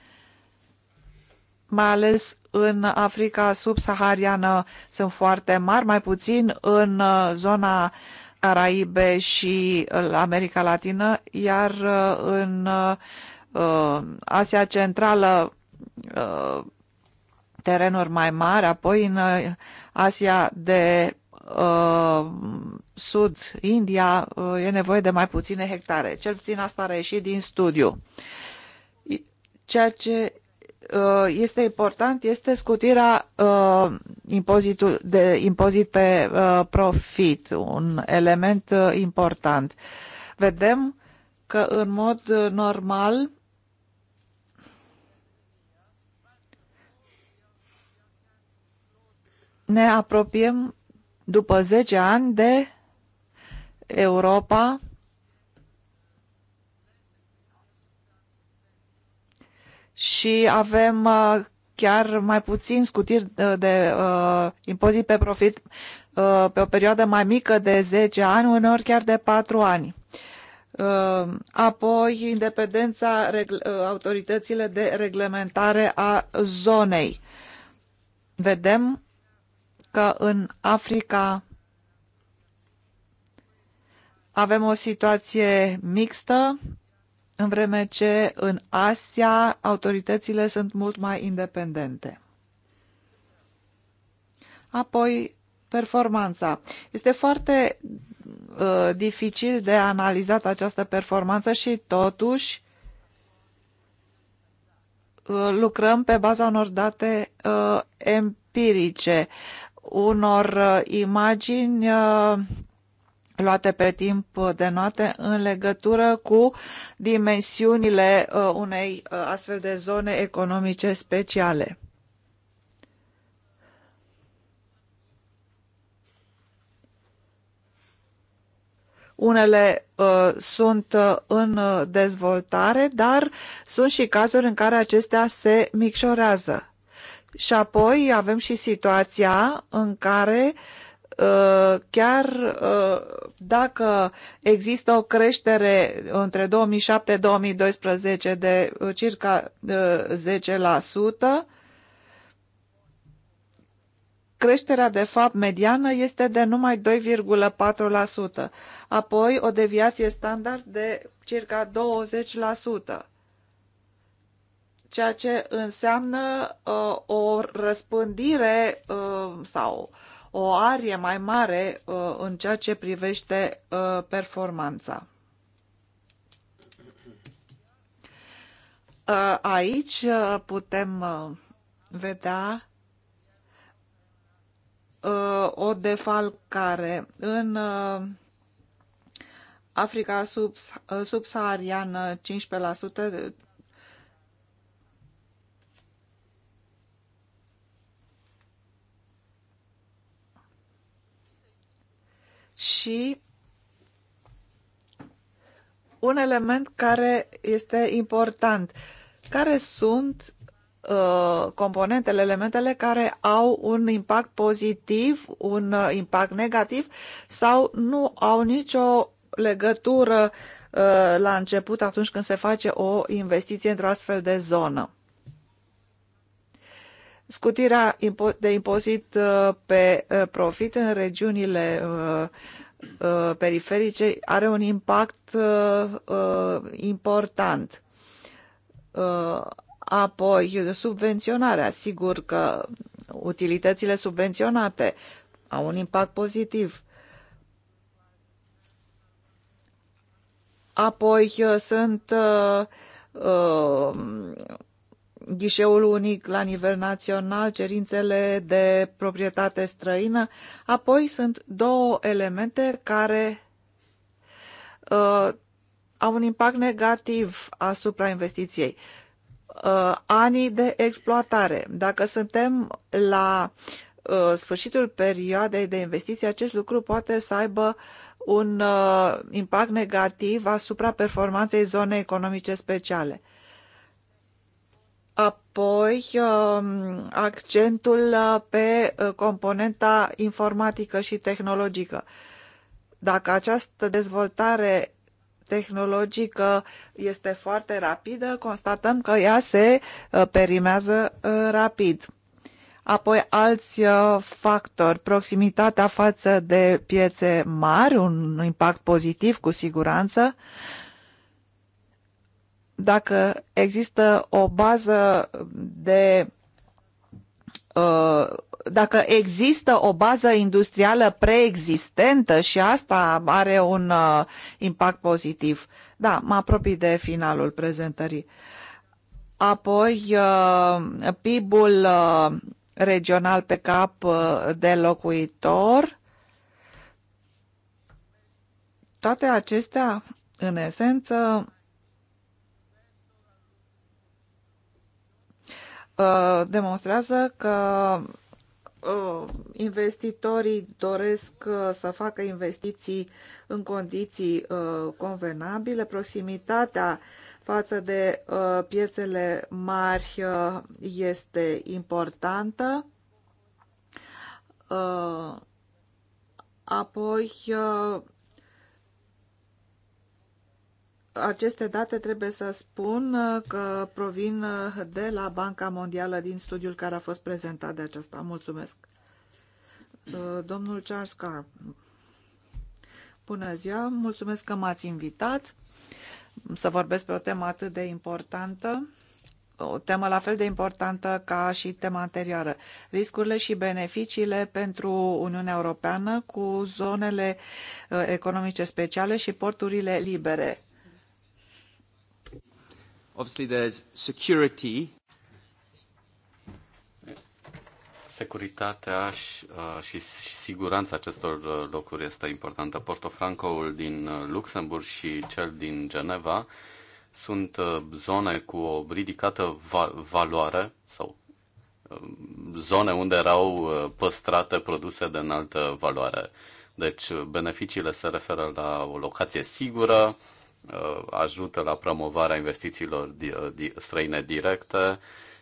mai ales în Africa subsahariană sunt foarte mari, mai puțin în uh, zona Caraibe și uh, America Latină, iar uh, în uh, uh, Asia Centrală terenuri mai mari, apoi în Asia de uh, sud, India, uh, e nevoie de mai puține hectare. Cel puțin asta a reieșit din studiu. Ceea ce uh, este important este scutirea uh, impozitul de impozit pe uh, profit, un element uh, important. Vedem că în mod uh, normal ne apropiem după 10 ani de Europa și avem uh, chiar mai puțin scutiri de, uh, de uh, impozit pe profit uh, pe o perioadă mai mică de 10 ani, uneori chiar de 4 ani. Uh, apoi, independența uh, autorităților de reglementare a zonei. Vedem că în Africa avem o situație mixtă, în vreme ce în Asia autoritățile sunt mult mai independente. Apoi, performanța. Este foarte uh, dificil de analizat această performanță și totuși uh, lucrăm pe baza unor date uh, empirice. Uh, unor uh, imagini uh, luate pe timp de noapte în legătură cu dimensiunile uh, unei astfel de zone economice speciale. Unele uh, sunt în dezvoltare, dar sunt și cazuri în care acestea se micșorează. Și apoi avem și situația în care uh, chiar uh, dacă există o creștere între 2007-2012 de uh, circa 10%, creșterea de fapt mediană este de numai 2,4%, apoi o deviație standard de circa 20% ceea ce înseamnă uh, o răspândire uh, sau o arie mai mare uh, în ceea ce privește uh, performanța. Uh, aici uh, putem uh, vedea uh, o defalcare în uh, Africa uh, subsahariană 15%, și un element care este important. Care sunt uh, componentele, elementele care au un impact pozitiv, un uh, impact negativ sau nu au nicio legătură uh, la început atunci când se face o investiție într-o astfel de zonă scutirea de impozit uh, pe uh, profit în regiunile uh, periferice are un impact important. Apoi, subvenționarea, sigur că utilitățile subvenționate au un impact pozitiv. Apoi sunt uh, uh, ghișeul unic la nivel național, cerințele de proprietate străină. Apoi sunt două elemente care uh, au un impact negativ asupra investiției. Uh, anii de exploatare. Dacă suntem la uh, sfârșitul perioadei de investiție, acest lucru poate să aibă un uh, impact negativ asupra performanței zonei economice speciale. Apoi, um, accentul uh, pe uh, componenta informatică și tehnologică. Dacă această dezvoltare tehnologică este foarte rapidă, constatăm că ea se uh, perimează rapid. Apoi alți factori, proximitatea față de piețe mari, un impact pozitiv cu siguranță, dacă există o bază de uh, dacă există o bază industrială preexistentă și asta are un uh, impact pozitiv. Da, mă apropii de finalul prezentării. Apoi, uh, PIB-ul regional pe cap de locuitor. Toate acestea, în esență, Uh, demonstrează că uh, investitorii doresc uh, să facă investiții în condiții convenabile, proximitatea față de piețele mari este importantă. Apoi aceste date trebuie să spun uh, că provin uh, de la Banca Mondială din studiul care a fost prezentat de aceasta. Mulțumesc. Uh, domnul Charles Carr. Bună ziua, mulțumesc că m-ați invitat să vorbesc pe o temă atât de importantă, o temă la fel de importantă ca și tema anterioară. Riscurile și beneficiile pentru Uniunea Europeană cu zonele economice speciale și porturile libere Obviously there's security. Securitatea și, uh, și siguranța acestor uh, locuri este importantă. Portofrancoul din uh, Luxemburg și cel din Geneva sunt uh, zone cu o ridicată va- valoare sau zone unde erau păstrate produse de înaltă valoare. Deci beneficiile se referă la o locație sigură, Uh, ajută la promovarea investițiilor uh, străine directe,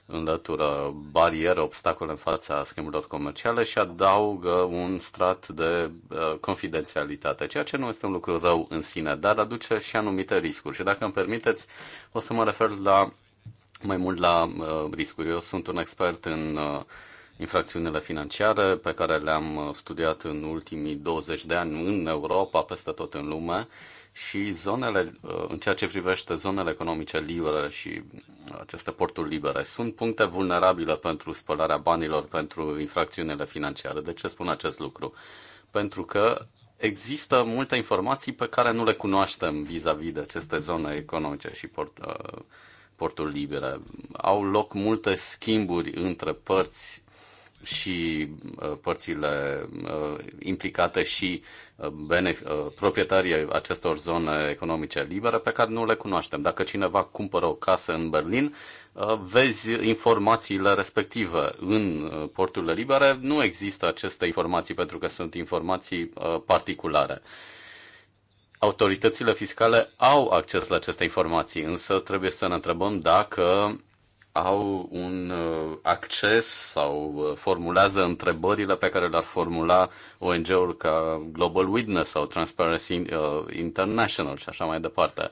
înlătură bariere, obstacole în fața schimburilor comerciale și adaugă un strat de uh, confidențialitate, ceea ce nu este un lucru rău în sine, dar aduce și anumite riscuri. Și dacă îmi permiteți, o să mă refer la mai mult la uh, riscuri. Eu sunt un expert în uh, infracțiunile financiare pe care le-am studiat în ultimii 20 de ani în Europa, peste tot în lume. Uh, și zonele, uh, în ceea ce privește zonele economice libere și uh, aceste porturi libere, sunt puncte vulnerabile pentru spălarea banilor, pentru infracțiunile financiare. De ce spun acest lucru? Pentru că există multe informații pe care nu le cunoaștem vis-a-vis -vis de aceste zone economice și port, uh, porturi libere. Au loc multe schimburi între părți și uh, părțile uh, implicate și uh, proprietarii acestor zone economice libere pe care nu le cunoaștem. Dacă cineva cumpără o casă în Berlin, vezi informațiile respective în porturile libere, nu există aceste informații pentru că sunt informații particulare. Autoritățile fiscale au acces la aceste informații, însă trebuie să ne întrebăm dacă au un uh, acces sau uh, formulează întrebările pe care le-ar formula ONG-uri ca Global Witness sau Transparency uh, International și așa mai departe.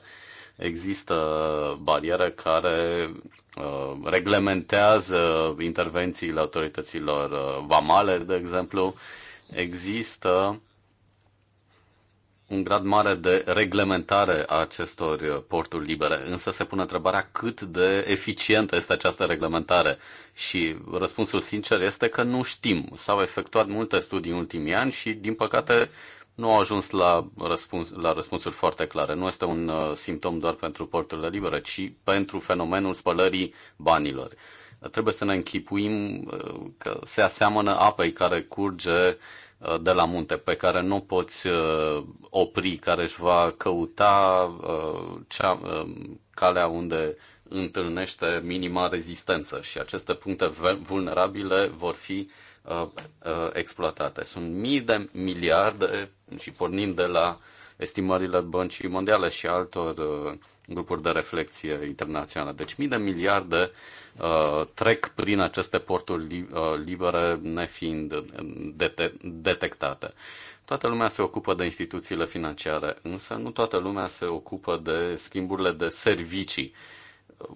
Există bariere care reglementează intervențiile autorităților vamale, de exemplu. Există un grad mare de reglementare a acestor porturi libere, însă se pune întrebarea cât de eficientă este această reglementare și răspunsul sincer este că nu știm. S-au efectuat multe studii în ultimii ani și, din păcate, nu au ajuns la, răspuns, la răspunsuri foarte clare. Nu este un uh, simptom doar pentru porturile libere, ci pentru fenomenul spălării banilor. Trebuie să ne închipuim uh, că se aseamănă apei care curge Uh, de la munte pe care nu poți uh, opri, care își va căuta uh, cea, calea unde întâlnește minima rezistență și aceste puncte vulnerabile vor fi exploatate. Sunt mii de miliarde și pornind de la estimările băncii mondiale și altor grupuri de reflexie internaționale. Deci mii de miliarde uh, Uh, trec prin aceste porturi uh, libere nefiind dete- detectate. Toată lumea se ocupă de instituțiile financiare, însă nu toată lumea se ocupă de schimburile de servicii.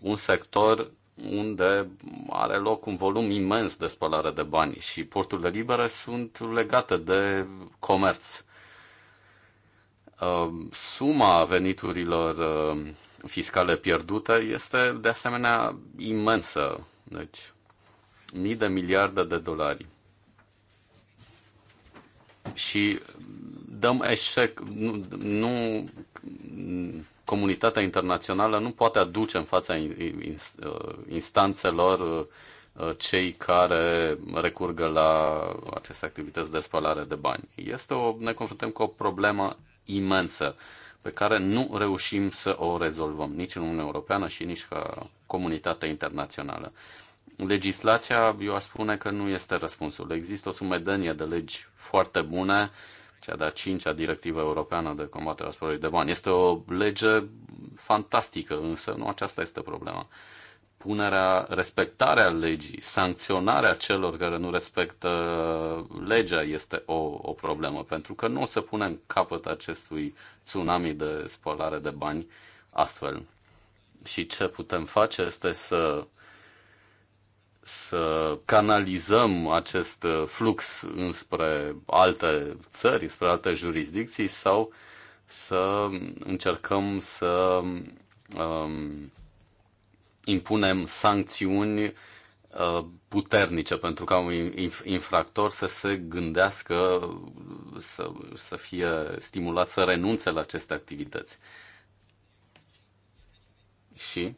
Un sector unde are loc un volum imens de spălare de bani și porturile libere sunt legate de comerț. Uh, suma veniturilor fiscală pierdută, este de asemenea imensă. Deci, mii de miliarde de dolari. Și dăm eșec, nu, nu comunitatea internațională nu poate aduce în fața uh, instanțelor uh, cei care recurgă la aceste activități de spălare de bani. Este o, ne confruntăm cu o problemă imensă pe care nu reușim să o rezolvăm, nici în Uniunea Europeană și nici ca comunitate internațională. Legislația, eu aș spune că nu este răspunsul. Există o sumedenie de legi foarte bune, cea de-a cincea directivă europeană de combatere a spălării de bani. Este o lege fantastică, însă nu aceasta este problema punerea, respectarea legii, sancționarea celor care nu respectă legea este o, o problemă, pentru că nu o să punem capăt acestui tsunami de spălare de bani astfel. Și ce putem face este să să canalizăm acest flux înspre alte țări, spre alte jurisdicții sau să încercăm să um, impunem sancțiuni uh, puternice pentru ca un infractor să se gândească, să, să fie stimulat să renunțe la aceste activități. Și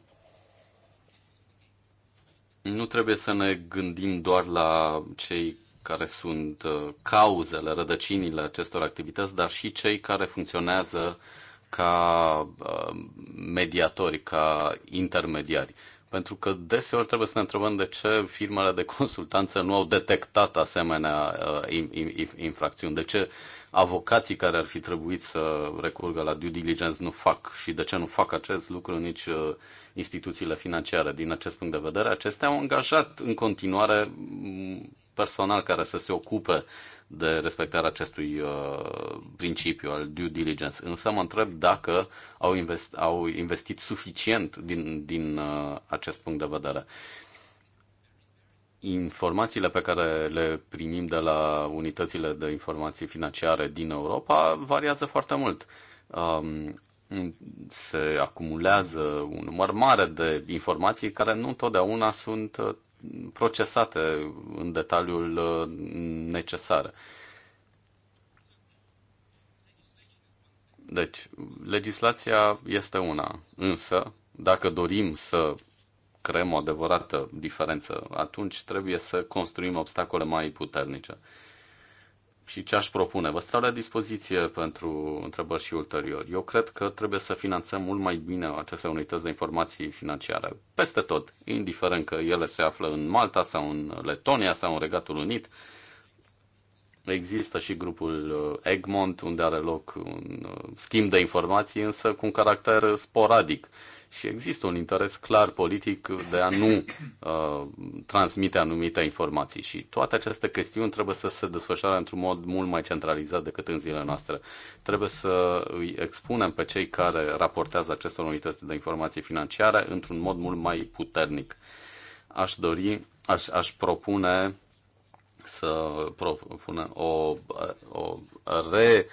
nu trebuie să ne gândim doar la cei care sunt uh, cauzele, rădăcinile acestor activități, dar și cei care funcționează uh, ca uh, mediatori, ca intermediari. Pentru că deseori trebuie să ne întrebăm de ce firmele de consultanță nu au detectat asemenea uh, infracțiuni, de ce avocații care ar fi trebuit să recurgă la due diligence nu fac și de ce nu fac acest lucru nici uh, instituțiile financiare. Din acest punct de vedere, acestea au angajat în continuare mm, personal care să se ocupe de respectarea acestui uh, principiu al due diligence. Însă mă întreb dacă au, invest, au investit suficient din, din uh, acest punct de vedere. Informațiile pe care le primim de la unitățile de informații financiare din Europa variază foarte mult. Um, se acumulează un număr mare de informații care nu întotdeauna sunt uh, procesate în detaliul uh, necesar. Deci, legislația este una, însă, dacă dorim să creăm o adevărată diferență, atunci trebuie să construim obstacole mai puternice și ce aș propune? Vă stau la dispoziție pentru întrebări și ulterior. Eu cred că trebuie să finanțăm mult mai bine aceste unități de informații financiare peste tot, indiferent că ele se află în Malta sau în Letonia sau în Regatul Unit. Există și grupul uh, Egmont, unde are loc un uh, schimb de informații, însă cu un caracter sporadic și există un interes clar politic de a nu uh, transmite anumite informații și toate aceste chestiuni trebuie să se desfășoare într-un mod mult mai centralizat decât în zilele noastre. Trebuie să îi expunem pe cei care raportează aceste unități de informații financiare într-un mod mult mai puternic. Aș dori, aș, aș propune să propună o, o re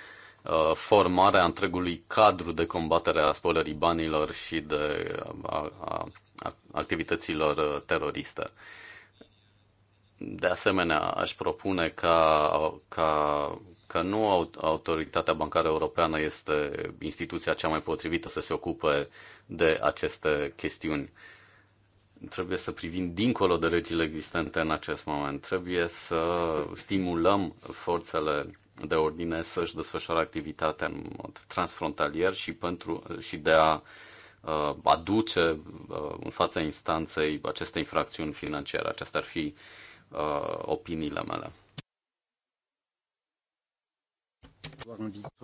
Uh, formarea întregului cadru de combatere a spălării banilor și de a, a, a, activităților uh, teroriste. De asemenea, aș propune ca, ca, că nu autoritatea bancară europeană este instituția cea mai potrivită să se ocupe de aceste chestiuni. Trebuie să privim dincolo de legile existente în acest moment. Trebuie să stimulăm forțele de ordine să-și desfășoare activitatea în mod transfrontalier și, pentru, și de a uh, aduce uh, în fața instanței aceste infracțiuni financiare. Acestea ar fi uh, opiniile mele.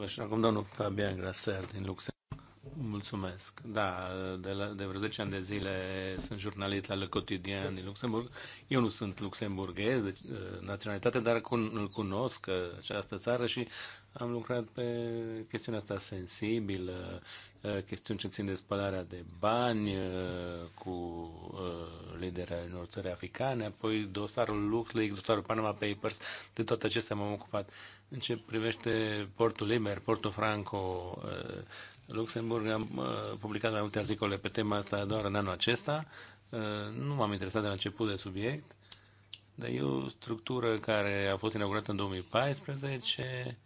Și acum domnul Fabian Grasser din Luxemburg. Mulțumesc. Da, de, la, de vreo 10 ani de zile sunt jurnalist la Le Cotidien din Luxemburg. Eu nu sunt luxemburghez de deci, ă, naționalitate, dar cun, îl cunosc ă, această țară și am lucrat pe chestiunea asta sensibilă, ă, chestiuni ce țin de spălarea de bani cu liderii ale unor țări africane, apoi dosarul LuxLeaks, dosarul Panama Papers, de toate acestea m-am ocupat. În ce privește portul liber, portul franco, Luxemburg am uh, publicat mai multe articole pe tema asta doar în anul acesta. Uh, nu m-am interesat de la început de subiect, dar e o structură care a fost inaugurată în 2014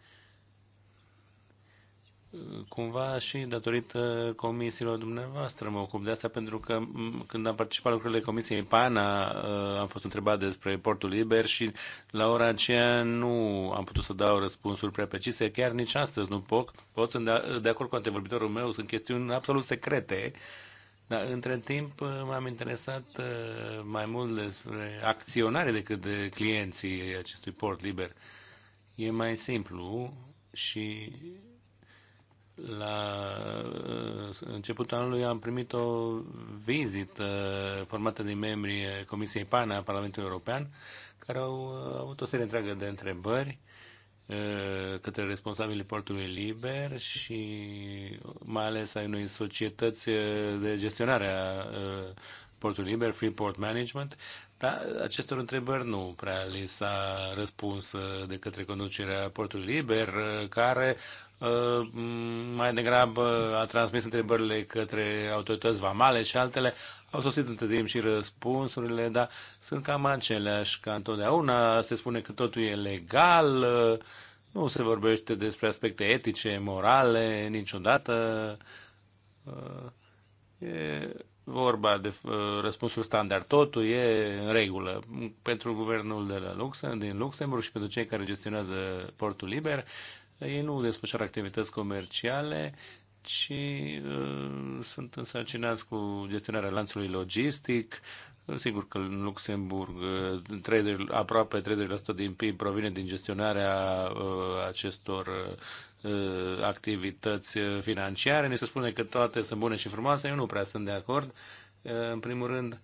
cumva și datorită comisiilor dumneavoastră mă ocup de asta, pentru că când am participat la lucrurile comisiei PANA, uh, am fost întrebat despre portul liber și la ora aceea nu am putut să dau răspunsuri prea precise, chiar nici astăzi nu pot. Pot să de acord cu antevorbitorul meu, sunt chestiuni absolut secrete, dar între timp uh, m-am interesat uh, mai mult despre acționare decât de clienții acestui port liber. E mai simplu și la uh, începutul anului am primit o vizită formată din membrii Comisiei PANA a Parlamentului European, care au uh, avut o serie întreagă de întrebări uh, către responsabilii portului liber și mai ales ai unei societăți de gestionare a portului liber, Freeport Management, dar acestor întrebări nu prea li s-a răspuns de către conducerea portului liber, care Uh, mai degrabă a transmis întrebările către autorități vamale și altele. Au sosit între timp și răspunsurile, dar sunt cam aceleași ca întotdeauna. Se spune că totul e legal, uh, nu se vorbește despre aspecte etice, morale, niciodată. Uh, e vorba de răspunsul standard. Totul e în regulă pentru guvernul de la Luxem, din Luxemburg și pentru cei care gestionează portul liber ei nu desfășoară activități comerciale, ci uh, sunt însărcinați cu gestionarea lanțului logistic. Uh, sigur că în Luxemburg 30, uh, aproape 30% din PIB provine din gestionarea uh, acestor uh, activități uh, financiare. Ne se spune că toate sunt bune și frumoase. Eu nu prea sunt de acord. Uh, în primul rând, uh,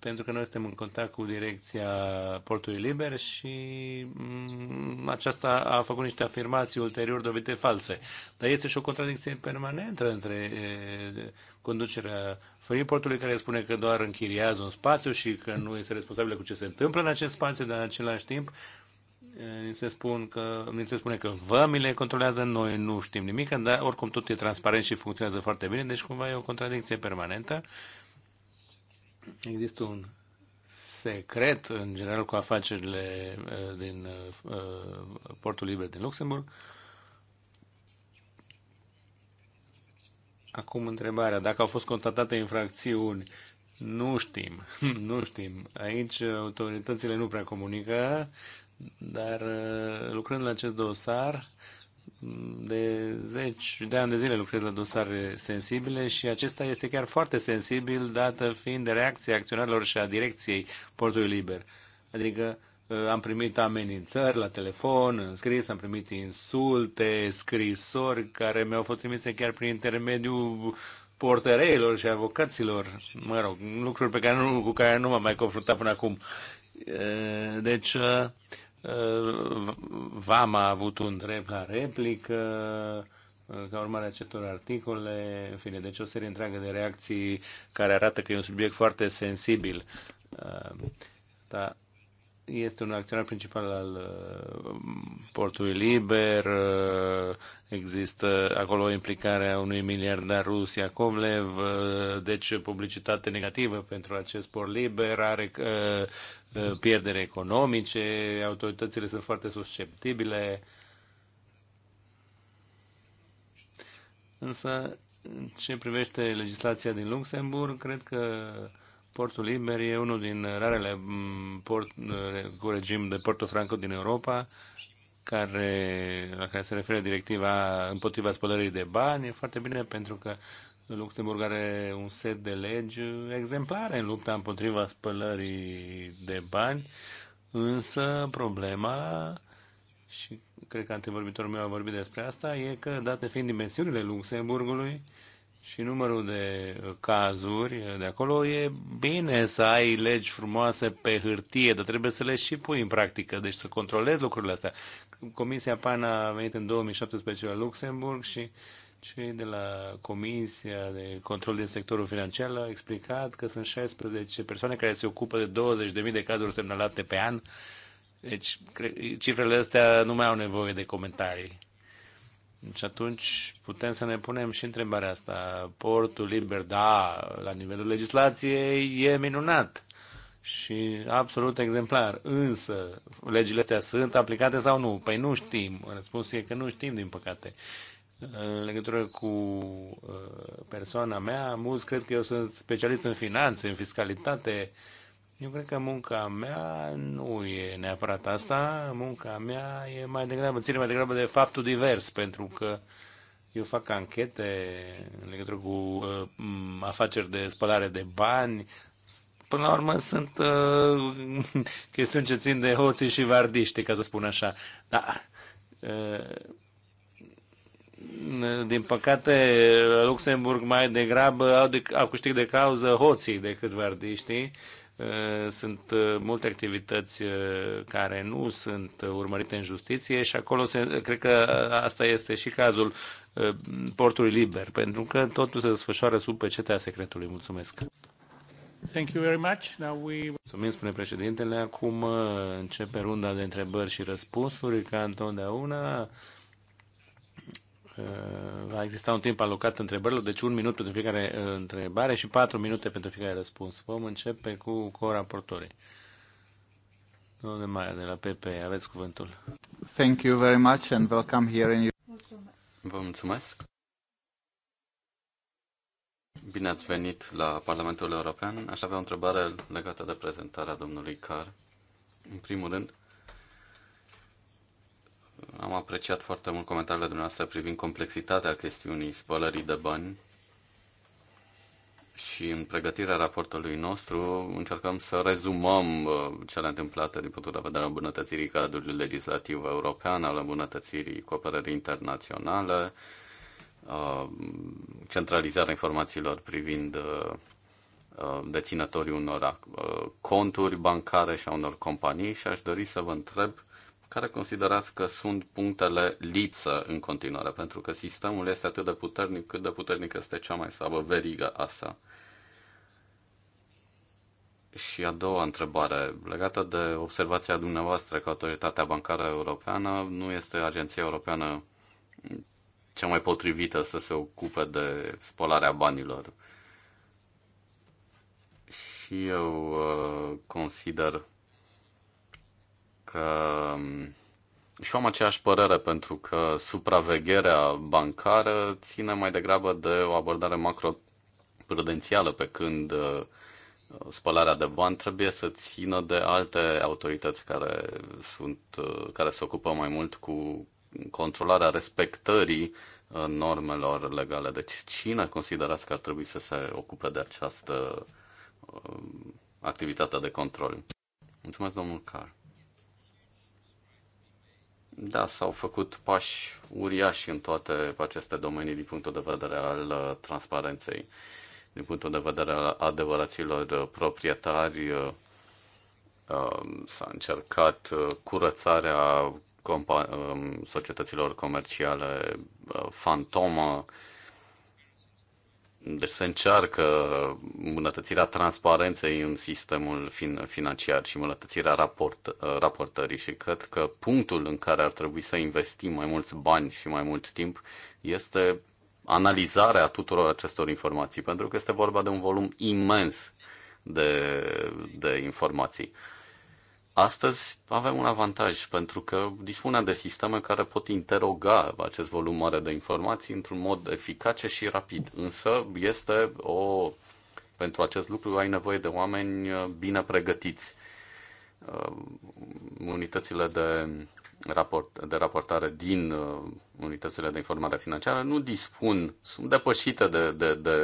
pentru că noi suntem în contact cu direcția Portului Liber și mm, aceasta a făcut niște afirmații ulterior dovedite false. Dar este și o contradicție permanentă între conducerea Free Portului, care spune că doar închiriază un spațiu și că nu este responsabilă cu ce se întâmplă în acest spațiu, dar în același timp ni se, spun că, ni se spune că vămile controlează, noi nu știm nimic, dar oricum tot e transparent și funcționează foarte bine, deci cumva e o contradicție permanentă. Uh, Există un secret, în general, cu afacerile uh, din uh, uh, portul liber din Luxemburg. Acum întrebarea, dacă au fost constatate infracțiuni, nu știm, nu știm. Aici autoritățile nu prea comunică, dar lucrând la acest dosar, uh, de zeci de ani de zile lucrez la dosare sensibile și acesta este chiar foarte sensibil, dată fiind de reacția acționarilor și a direcției Portului Liber. Adică uh, am primit amenințări la telefon, în scris, am primit insulte, scrisori care mi-au fost trimise chiar prin intermediul portereilor și avocaților, mă rog, lucruri pe care nu, cu care nu m-am mai confruntat până acum. Uh, deci, uh, Vama a avut un drept la replică, ca urmare acestor articole, în fine, deci o serie întreagă de reacții care arată că e un subiect foarte sensibil. Uh, da, este un acționar principal al uh, portului liber, uh, există acolo implicarea unui miliardar rus Iacovlev, uh, deci publicitate negativă pentru acest port liber, are pierdere economice, autoritățile sunt foarte susceptibile. Însă, în ce privește legislația din Luxemburg, cred că uh, Portul Liber e unul din rarele mm, port, eh, cu regim de Porto Franco din Europa, care, la care se referă directiva împotriva spălării de bani. E foarte bine pentru că Luxemburg are un set de legi exemplare în lupta împotriva spălării de bani, însă problema, și cred că antevorbitorul meu a vorbit despre asta, e că, date fiind dimensiunile Luxemburgului, uh, și numărul de uh, cazuri uh, de acolo, e bine să ai legi frumoase pe hârtie, dar trebuie să le și pui în practică, deci să controlezi lucrurile astea. Comisia PAN a venit în 2017 la Luxemburg și cei de la Comisia de Control din Sectorul Financiar au explicat că sunt 16 persoane care se ocupă de 20.000 de cazuri semnalate pe an. Deci, cifrele astea nu mai au nevoie de comentarii. Și atunci putem să ne punem și întrebarea asta. Portul liber, da, la nivelul legislației e minunat și absolut exemplar. Însă, legile astea sunt aplicate sau nu? Păi nu știm. Răspunsul e că nu știm, din păcate. În legătură cu uh, persoana mea, mulți cred că eu sunt specialist în finanțe, în fiscalitate, uh, eu cred că munca mea nu e neapărat asta, munca mea e mai degrabă, ține mai degrabă de faptul divers, pentru că eu fac anchete în legătură cu uh, afaceri de spălare de bani, până la urmă sunt uh, chestiuni ce țin de hoții și vardiști, ca să spun așa. Da, uh, din păcate, Luxemburg mai degrabă au, de, au câștig de cauză hoții decât vardiștii Eh, sunt eh, multe activități eh, care nu sunt urmărite în justiție și acolo se, cred că asta este și cazul portului liber, pentru că totul se desfășoară sub pecetea secretului. Mulțumesc! Thank you very much. Now we... Mulțumim, spune președintele. Acum începe runda de întrebări și răspunsuri, ca întotdeauna va exista un timp alocat întrebărilor, deci un minut pentru fiecare uh, întrebare și patru minute pentru fiecare răspuns. Vom începe cu co-raportorii. Domnule Maia de la PP, aveți cuvântul. Thank you very much and welcome here in Vă mulțumesc. Bine ați venit la Parlamentul European. Aș avea o întrebare legată de prezentarea domnului Car. În primul rând, am apreciat foarte mult comentariile dumneavoastră privind complexitatea chestiunii spălării de bani și în pregătirea raportului nostru încercăm să rezumăm uh, cele întâmplate din punctul de vedere al îmbunătățirii cadrului legislativ european, al îmbunătățirii cooperării internaționale, uh, centralizarea informațiilor privind uh, deținătorii unor conturi bancare și a unor companii și aș dori să vă întreb care considerați că sunt punctele lipsă în continuare, pentru că sistemul este atât de puternic cât de puternic este cea mai slabă verigă a sa. Și a doua întrebare, legată de observația dumneavoastră că Autoritatea Bancară Europeană nu este agenția europeană cea mai potrivită să se ocupe de spălarea banilor. Și eu uh, consider că um, și eu am aceeași părere pentru că supravegherea bancară ține mai degrabă de o abordare macroprudențială, pe când uh, spălarea de bani trebuie să țină de alte autorități care, sunt, uh, care se ocupă mai mult cu controlarea respectării uh, normelor legale. Deci cine considerați că ar trebui să se ocupe de această um, activitate de control? Mulțumesc, domnul Car. Da, s-au făcut pași uriași în toate aceste domenii din punctul de vedere al uh, transparenței, din punctul de vedere al adevăraților uh, proprietari. Uh, s-a încercat curățarea um, societăților comerciale fantomă, deci se încearcă îmbunătățirea transparenței în sistemul fin- financiar și îmbunătățirea raport- raportării și cred că punctul în care ar trebui să investim mai mulți bani și mai mult timp este analizarea tuturor acestor informații, pentru că este vorba de un volum imens de, de informații. Astăzi avem un avantaj pentru că dispunem de sisteme care pot interoga acest volum mare de informații într-un mod eficace și rapid. Însă este o pentru acest lucru ai nevoie de oameni uh, bine pregătiți. Uh, unitățile de, raport, de raportare din uh, unitățile de informare financiară nu dispun, sunt depășite de, de, de,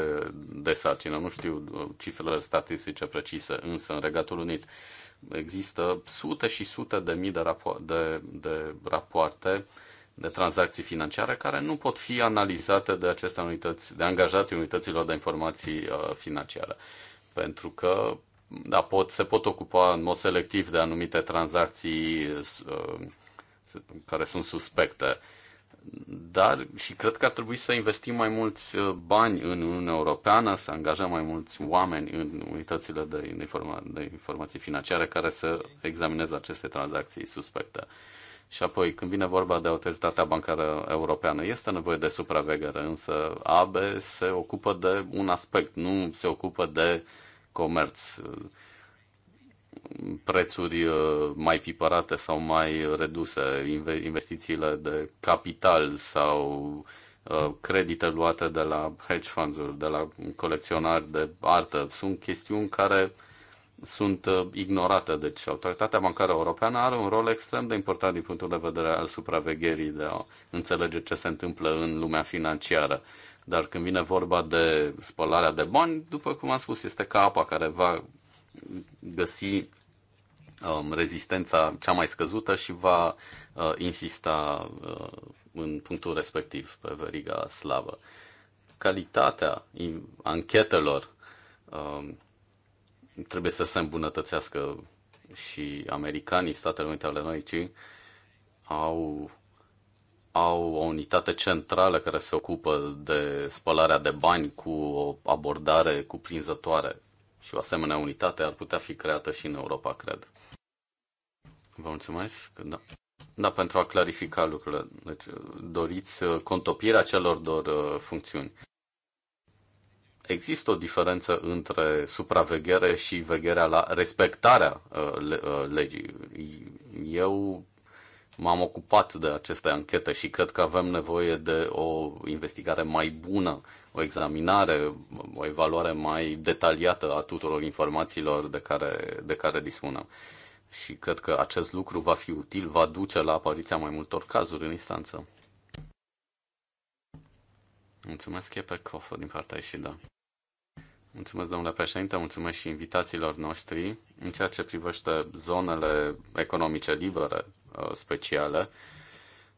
de sarcină, nu știu cifrele statistice precise, însă în Regatul Unit Există sute și sute de mii de, rapo- de, de rapoarte de tranzacții financiare care nu pot fi analizate de aceste unități, de angajații unităților de informații uh, financiare. Pentru că da, pot, se pot ocupa în mod selectiv de anumite tranzacții uh, care sunt suspecte dar și cred că ar trebui să investim mai mulți uh, bani în Uniunea Europeană, să angajăm mai mulți oameni în unitățile de, informa- de informații financiare care să examineze aceste tranzacții suspecte. Și apoi, când vine vorba de autoritatea bancară europeană, este nevoie de supraveghere, însă AB se ocupă de un aspect, nu se ocupă de comerț prețuri uh, mai pipărate sau mai reduse, investițiile de capital sau uh, credite luate de la hedge funds-uri, de la colecționari de artă. Sunt chestiuni care sunt uh, ignorate. Deci Autoritatea Bancară Europeană are un rol extrem de important din punctul de vedere al supravegherii, de a înțelege ce se întâmplă în lumea financiară. Dar când vine vorba de spălarea de bani, după cum am spus, este ca apa care va găsi um, rezistența cea mai scăzută și va uh, insista uh, în punctul respectiv pe veriga slabă. Calitatea anchetelor uh, trebuie să se îmbunătățească și americanii, Statele Unite ale Americii, au, au o unitate centrală care se ocupă de spălarea de bani cu o abordare cuprinzătoare și o asemenea unitate ar putea fi creată și în Europa, cred. Vă mulțumesc. Da. Da, pentru a clarifica lucrurile. Deci, doriți uh, contopirea celor două uh, funcțiuni. Există o diferență între supraveghere și vegherea la respectarea uh, legii. Eu m-am ocupat de aceste anchete și cred că avem nevoie de o investigare mai bună, o examinare, o evaluare mai detaliată a tuturor informațiilor de care, de care dispunem. Și cred că acest lucru va fi util, va duce la apariția mai multor cazuri în instanță. Mulțumesc, Chepe că din partea și da. Mulțumesc, domnule președinte, mulțumesc și invitațiilor noștri. În ceea ce privește zonele economice libere uh, speciale,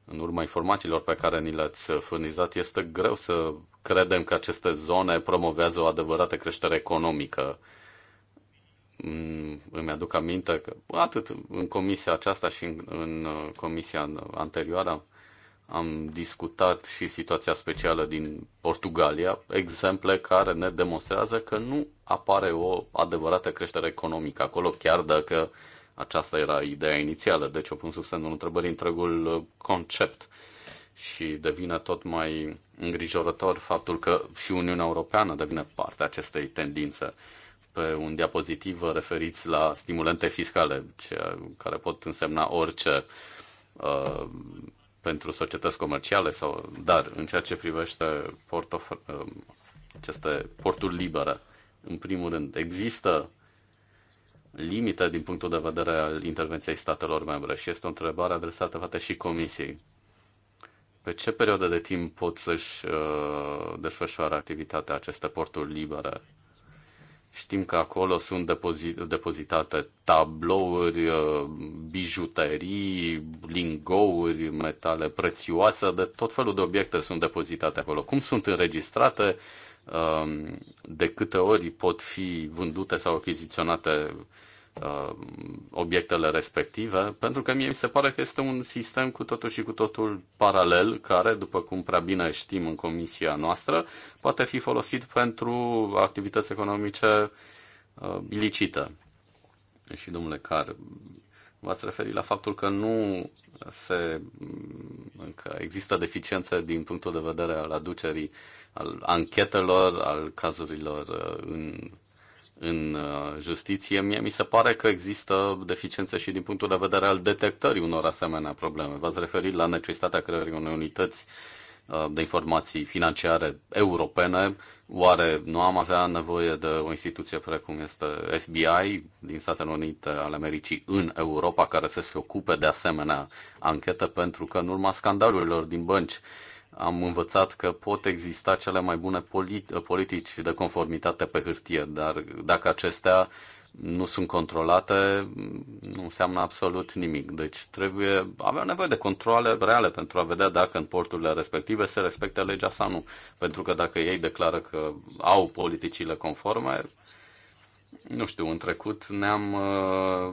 în urma informațiilor pe care ni le-ați furnizat, este greu să credem că aceste zone promovează o adevărată creștere economică. Mm, îmi aduc aminte că atât în comisia aceasta și în, în uh, comisia anterioară am discutat și situația specială din Portugalia, exemple care ne demonstrează că nu apare o adevărată creștere economică acolo, chiar dacă aceasta era ideea inițială. Deci o pun sub semnul întrebării întregul uh, concept și devine tot mai îngrijorător faptul că și Uniunea Europeană devine parte a acestei tendințe. Pe un diapozitiv vă referiți la stimulente fiscale, ce, care pot însemna orice uh, pentru societăți comerciale, sau, dar în ceea ce privește portof- um, aceste porturi libere, în primul rând, există limite din punctul de vedere al intervenției statelor membre și este o întrebare adresată poate și Comisiei. Pe ce perioadă de timp pot să-și uh, desfășoare activitatea aceste porturi libere Știm că acolo sunt depozitate tablouri, uh, bijuterii, lingouri, metale prețioase, de tot felul de obiecte sunt depozitate acolo. Cum sunt înregistrate? Um, de câte ori pot fi vândute sau achiziționate uh, obiectele respective, pentru că mie mi se pare că este un sistem cu totul și cu totul paralel, care, după cum prea bine știm în comisia noastră, poate fi folosit pentru activități economice uh, ilicite. Și, domnule Car, v-ați referit la faptul că nu se, că există deficiențe din punctul de vedere al aducerii al anchetelor, al cazurilor uh, în în uh, justiție, mie mi se pare că există deficiențe și din punctul de vedere al detectării unor asemenea probleme. V-ați referit la necesitatea creării unei unități uh, de informații financiare europene. Oare nu am avea nevoie de o instituție precum este FBI din Statele Unite ale Americii în Europa care să se ocupe de asemenea anchetă pentru că în urma scandalurilor din bănci am învățat că pot exista cele mai bune polit- politici de conformitate pe hârtie, dar dacă acestea nu sunt controlate, nu înseamnă absolut nimic. Deci trebuie, avem nevoie de controle reale pentru a vedea dacă în porturile respective se respectă legea sau nu. Pentru că dacă ei declară că au politicile conforme, nu știu, în trecut ne-am uh,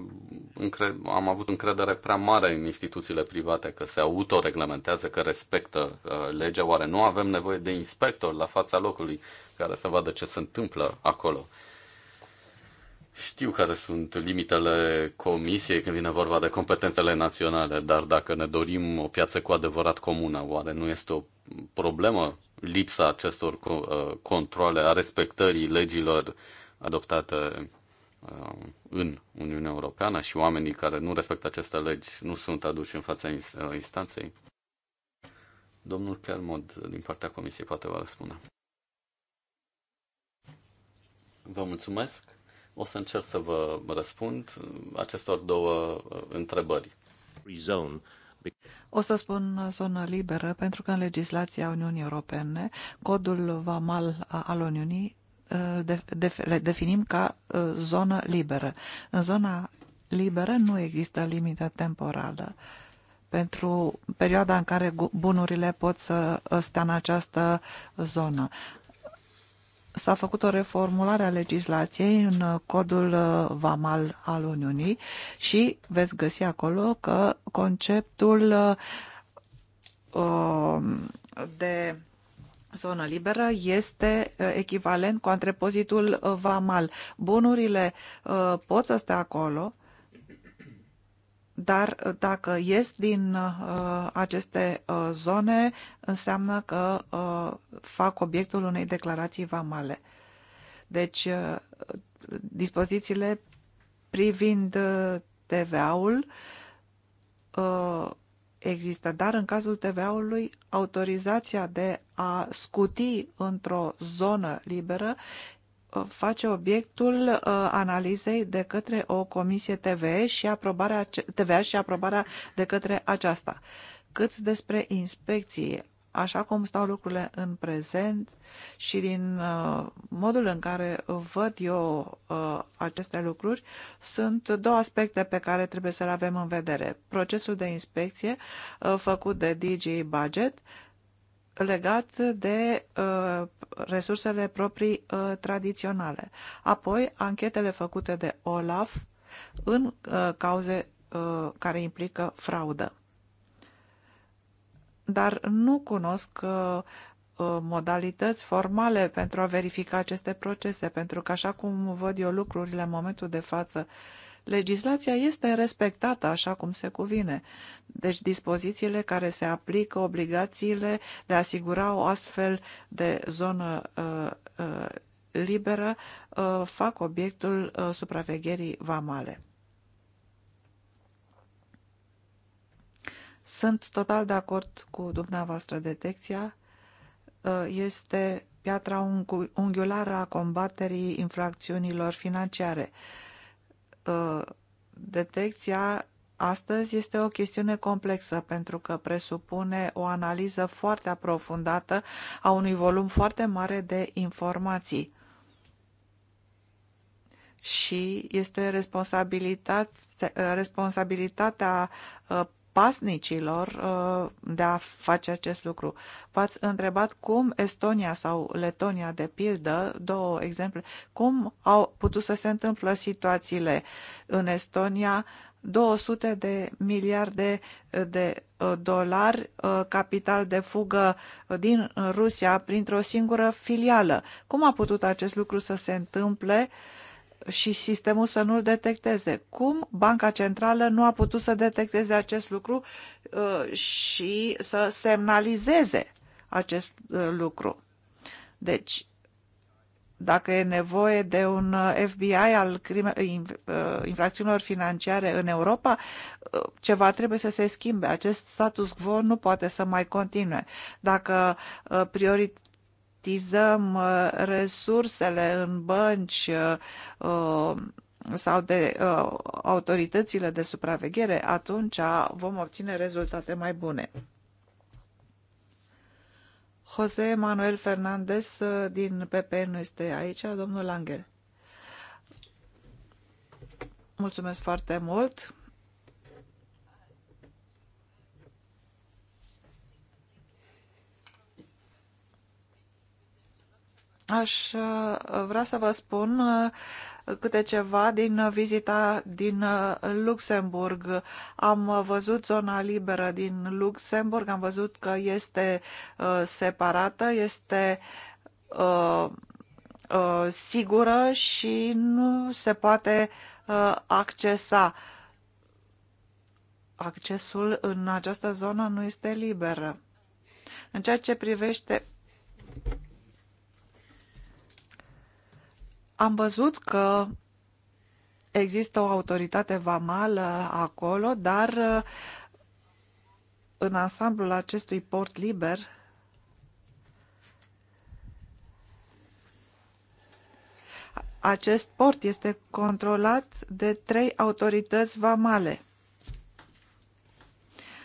încre- am avut încredere prea mare în instituțiile private că se autoreglementează, că respectă uh, legea, oare nu avem nevoie de inspector la fața locului care să vadă ce se întâmplă acolo. Știu care sunt limitele comisiei când vine vorba de competențele naționale, dar dacă ne dorim o piață cu adevărat comună, oare nu este o problemă lipsa acestor uh, controle a respectării legilor adoptată uh, în Uniunea Europeană și oamenii care nu respectă aceste legi nu sunt aduși în fața uh, instanței? Domnul Kermod, din partea Comisiei, poate va răspunde. Vă mulțumesc. O să încerc să vă răspund acestor două uh, întrebări. O să spun zonă liberă, pentru că în legislația Uniunii Europene, codul VAMAL al Uniunii Uh, de, de, le definim ca uh, zonă liberă. În zona liberă nu există limită temporală pentru perioada în care bunurile pot să uh, stea în această zonă. S-a făcut o reformulare a legislației în codul VAMAL al Uniunii și veți găsi acolo că conceptul de zonă liberă este uh, echivalent cu antrepozitul uh, vamal. Bunurile uh, pot să stea acolo, dar dacă ies din aceste zone, înseamnă că fac obiectul unei declarații vamale. Deci, dispozițiile privind TVA-ul există, dar în cazul TVA-ului, autorizația de a scuti într-o zonă liberă uh, face obiectul uh, analizei de către o comisie TV și aprobarea, TVA și aprobarea de către aceasta. Cât despre inspecție așa cum stau lucrurile în prezent și din uh, modul în care văd eu uh, aceste lucruri, sunt două aspecte pe care trebuie să le avem în vedere. Procesul de inspecție uh, făcut de DG Budget legat de resursele proprii tradiționale. Apoi, anchetele făcute de OLAF în cauze care implică fraudă dar nu cunosc uh, uh, modalități formale pentru a verifica aceste procese, pentru că așa cum văd eu lucrurile în momentul de față, legislația este respectată așa cum se cuvine. Deci dispozițiile care se aplică, obligațiile de a asigura o astfel de zonă uh, uh, liberă, uh, fac obiectul uh, supravegherii vamale. Sunt total de acord cu dumneavoastră detecția. Uh, este piatra unghiulară a combaterii infracțiunilor financiare. Uh, detecția astăzi este o chestiune complexă pentru că presupune o analiză foarte aprofundată a unui volum foarte mare de informații și este responsabilitate, responsabilitatea uh, pasnicilor uh, de a face acest lucru. V-ați întrebat cum Estonia sau Letonia, de pildă, două exemple, cum au putut să se întâmplă situațiile în Estonia, 200 de miliarde de uh, dolari uh, capital de fugă din Rusia printr-o singură filială. Cum a putut acest lucru să se întâmple uh, și sistemul să nu-l detecteze. Cum Banca Centrală nu a putut să detecteze acest lucru uh, și să semnalizeze acest uh, lucru? Deci, dacă e nevoie de un uh, FBI al crime, infracțiunilor financiare în Europa, ceva trebuie să se schimbe. Acest status quo nu poate să mai continue. Dacă priori, monetizăm uh, resursele în bănci uh, uh, sau de autoritățile de supraveghere, atunci vom obține rezultate mai bune. José Manuel Fernandez din PP nu este aici, domnul Langer. Mulțumesc foarte mult. aș uh, vrea să vă spun uh, câte ceva din vizita din uh, Luxemburg. Am văzut zona liberă din Luxemburg, am văzut că este separată, este sigură și nu se poate accesa. Accesul în această zonă nu este liber. În ceea ce privește Am văzut că există o autoritate vamală acolo, dar în ansamblul acestui port liber acest port este controlat de trei autorități vamale.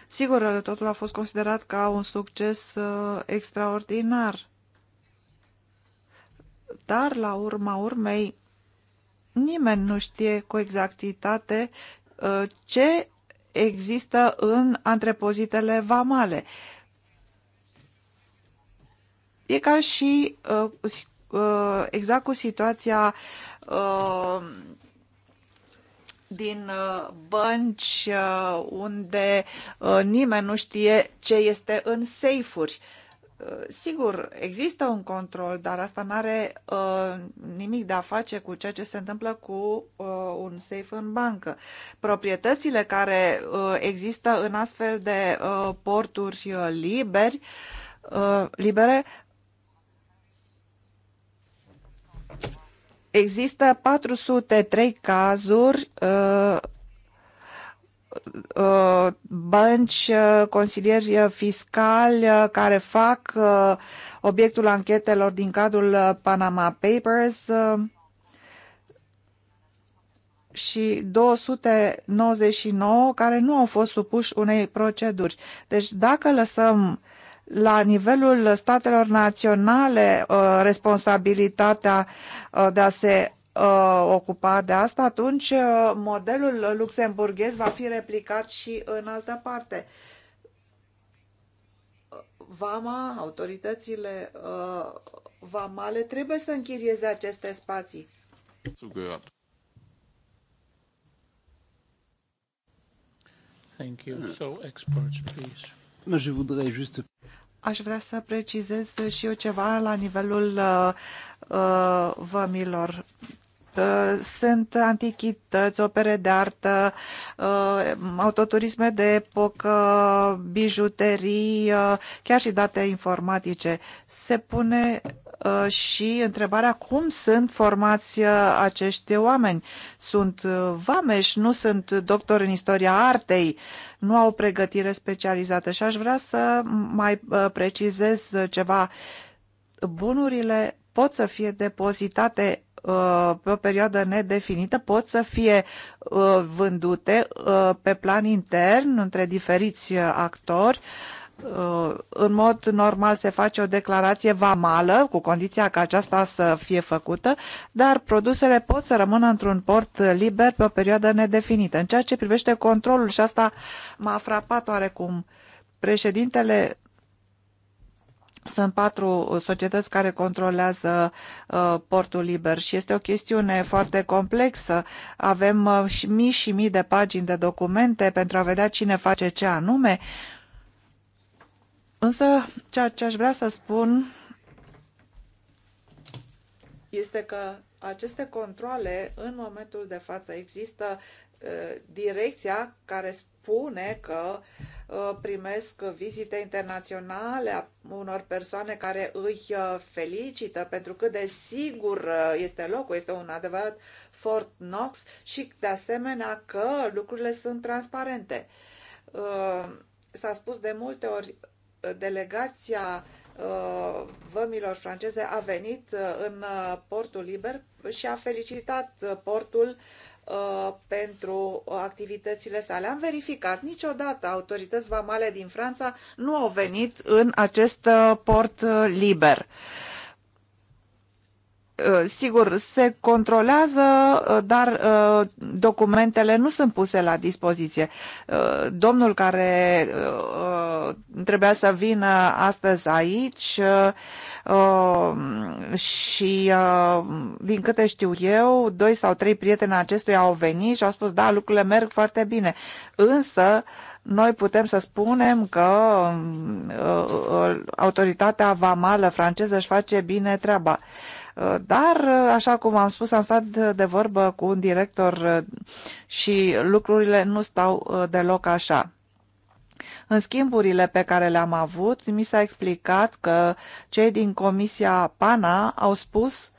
Sigur, totul a fost considerat ca un succes uh, extraordinar dar la urma urmei nimeni nu știe cu exactitate uh, ce există în antrepozitele vamale. E ca și uh, uh, exact cu situația din bănci unde nimeni nu știe ce este în seifuri. Eh, sigur, există un control, dar asta nu are uh, eh, nimic de a face cu ceea ce se întâmplă cu uh, un safe în bancă. Proprietățile care uh, există în astfel de uh, porturi uh, liberi, uh, libere există 403 cazuri uh, Uh, bănci, uh, consilieri fiscali uh, care fac obiectul anchetelor din cadrul Panama Papers și 299 care nu au fost supuși unei proceduri. Deci dacă lăsăm la nivelul statelor naționale responsabilitatea de a se uh, de asta, atunci uh, modelul luxemburghez va fi replicat și în altă parte. Vama, autoritățile uh, vamale trebuie să închirieze aceste spații. Zugehört. Thank you. So experts, please. je voudrais juste Aș vrea să precizez și eu ceva la nivelul uh, uh, vămilor. Uh, sunt antichități, opere de artă, uh, autoturisme de epocă, bijuterii, uh, chiar și date informatice. Se pune și întrebarea cum sunt formați acești oameni. Sunt vameși, nu sunt doctori în istoria artei, nu au pregătire specializată și aș vrea să mai precizez ceva. Bunurile pot să fie depozitate Uh, pe o perioadă nedefinită pot să fie uh, vândute uh, pe plan intern între diferiți actori. În mod normal se face o declarație vamală, cu condiția ca aceasta să fie făcută, dar produsele pot să rămână într-un port liber pe o perioadă nedefinită. În ceea ce privește controlul, și asta m-a frapat oarecum, președintele sunt patru societăți care controlează uh, portul liber și este o chestiune foarte complexă. Avem uh, mii și mii de pagini de documente pentru a vedea cine face ce anume. Însă, ceea ce aș vrea să spun este că aceste controle, în momentul de față, există uh, direcția care spune că uh, Uh, primesc vizite internaționale a unor persoane care îi uh, felicită pentru cât de sigur uh, este locul, este un adevărat Fort Knox și de asemenea că lucrurile sunt transparente. S-a spus de multe ori, delegația vămilor franceze a venit în portul liber și a felicitat portul uh, pentru activitățile sale. Am verificat, niciodată autorități vamale din Franța nu au venit în acest uh, port uh, liber. Uh, Uh, sigur, se controlează, uh, dar uh, documentele nu sunt puse la dispoziție. Domnul care trebuia să vină astăzi aici și, din câte știu eu, doi sau trei prieteni acestuia au venit și au spus, da, lucrurile merg foarte bine. Însă, noi putem să spunem că autoritatea vamală franceză își face bine treaba. Uh, Uh, dar, uh, așa cum am spus, am stat de vorbă cu un director uh, și lucrurile nu stau deloc așa. În schimburile pe care le-am avut, mi s-a explicat că cei din Comisia PANA au spus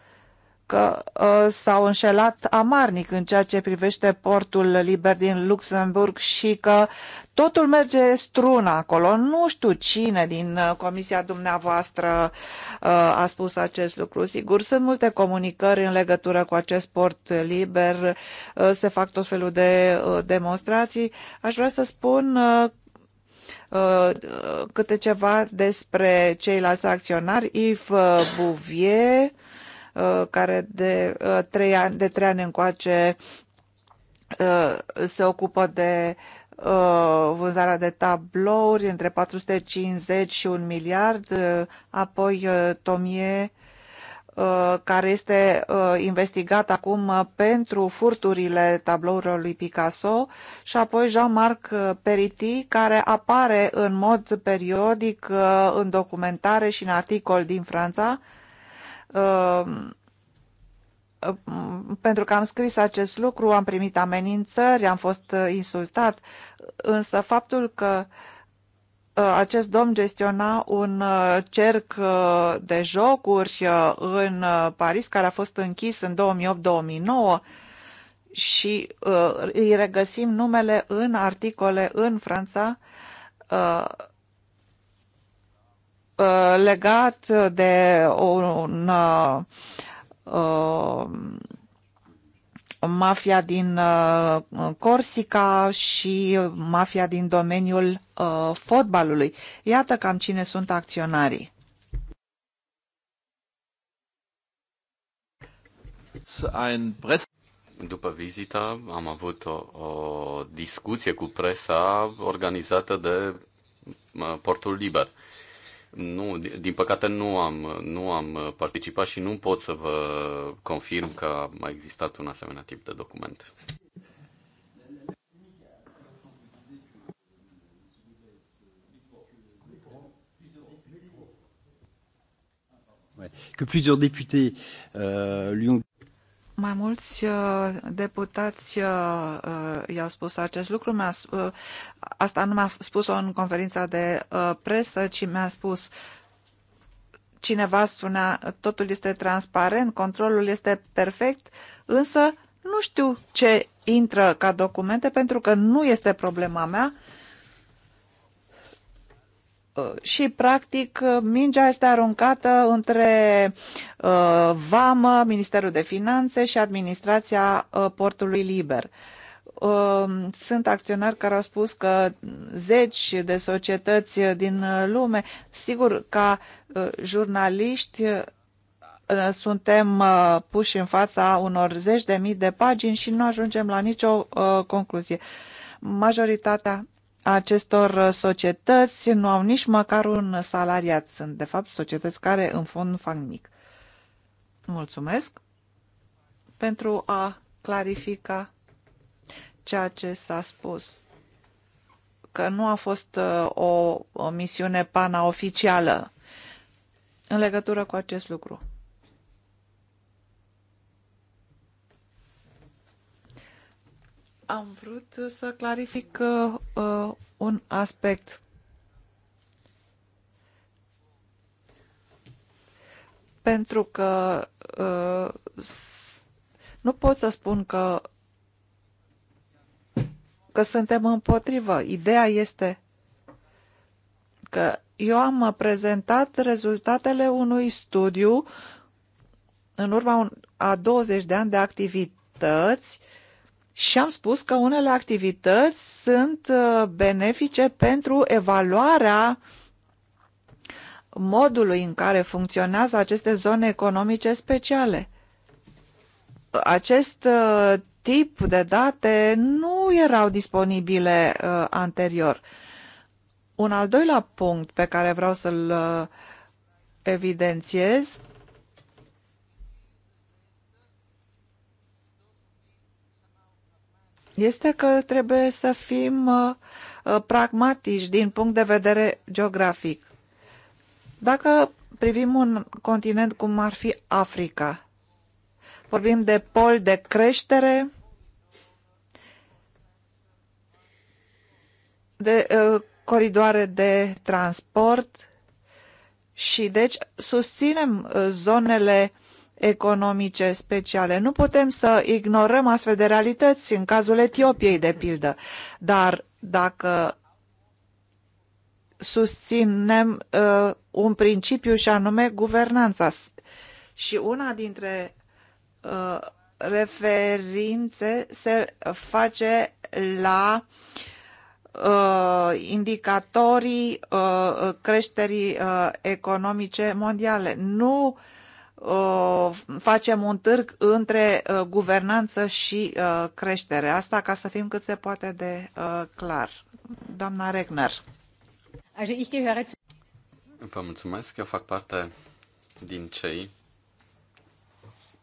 că uh, s-au înșelat amarnic în ceea ce privește portul liber din Luxemburg și că totul merge struna acolo. Nu știu cine din uh, comisia dumneavoastră uh, a spus acest lucru. Sigur, sunt multe comunicări în legătură cu acest port liber, uh, se fac tot felul de uh, demonstrații. Aș vrea să spun uh, uh câte ceva despre ceilalți acționari, Yves Bouvier, Uh, care de uh, trei ani, de trei ani încoace uh, se ocupă de vânzarea de tablouri între 450 și 1 miliard, apoi Tomie care este investigat acum pentru furturile tablourilor lui Picasso și apoi Jean-Marc Periti care apare în mod periodic în documentare și în articol din Franța Ehm, ehm, pentru că am scris acest lucru, am primit amenințări, am fost uh, insultat, însă faptul că uh, acest domn gestiona un uh, cerc de jocuri în Paris care a fost închis în 2008-2009 și îi regăsim numele în articole în Franța, Uh, legat de un uh, um, mafia din uh, Corsica și mafia din domeniul fotbalului. Iată cam cine sunt acționarii. După vizită am avut o, o discuție cu presa organizată de Portul Liber nu, din păcate nu am, nu am participat și nu pot să vă confirm că a existat un asemenea tip de document. Que plusieurs députés euh, lui ont mai mulți uh, deputați uh, uh, i-au spus acest lucru. Mi-a, asta nu mi-a spus-o în conferința de presă, ci mi-a spus cineva spunea totul este transparent, controlul este perfect, însă nu știu ce intră ca documente pentru că nu este problema mea Uh, și practic uh, mingea este aruncată între uh, Vamă, Ministerul de Finanțe și administrația uh, portului liber. Uh, sunt acționari care au spus că zeci de societăți din lume, sigur, ca uh, jurnaliști uh, suntem puși în fața unor zeci de mii de pagini și nu ajungem la nicio concluzie. Majoritatea acestor uh, societăți nu au nici măcar un salariat. Sunt, de fapt, societăți care, în fond, nu fac nimic. Mulțumesc pentru a clarifica ceea ce s-a spus. Că nu a fost uh, o, o misiune pana oficială în legătură cu acest lucru. Am vrut să clarific uh, uh, un aspect. Pentru că uh, nu pot să spun că că suntem împotrivă. Ideea este că eu am prezentat rezultatele unui studiu în urma un, a 20 de ani de activități uh, și am spus că unele activități sunt uh, benefice pentru evaluarea modului în care funcționează aceste zone economice speciale. Acest uh, tip de date nu erau disponibile uh, anterior. Un al doilea punct pe care vreau să-l evidențiez este că trebuie să fim uh, uh, pragmatici din punct de vedere geografic. Dacă privim un continent cum ar fi Africa, vorbim de pol de creștere, de uh, coridoare de transport și deci susținem zonele economice speciale. Nu putem să ignorăm astfel de realități în cazul Etiopiei, de pildă. Dar dacă susținem uh, un principiu și anume guvernanța. Și una dintre uh, referințe se face la uh, indicatorii uh, creșterii uh, economice mondiale. Nu uh, Uh, facem un târg între uh, guvernanță și uh, creștere. Asta ca să fim cât se poate de clar. Doamna Regner. Vă mulțumesc. Eu fac parte din cei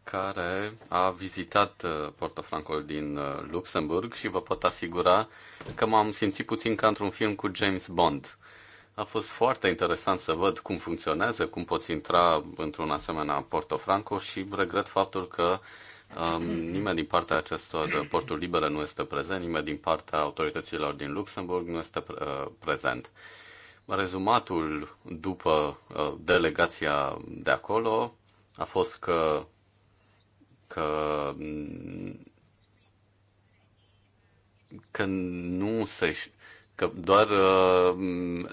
care a vizitat Portofrancul din Luxemburg și vă pot asigura că m-am simțit puțin ca într-un film cu James Bond. A fost foarte interesant să văd cum funcționează, cum poți intra într-un asemenea Portofranco și regret faptul că um, nimeni din partea acestor porturi libere nu este prezent, nimeni din partea autorităților din Luxemburg nu este pre- uh, prezent. Rezumatul după uh, delegația de acolo a fost că, că că nu se că doar, uh,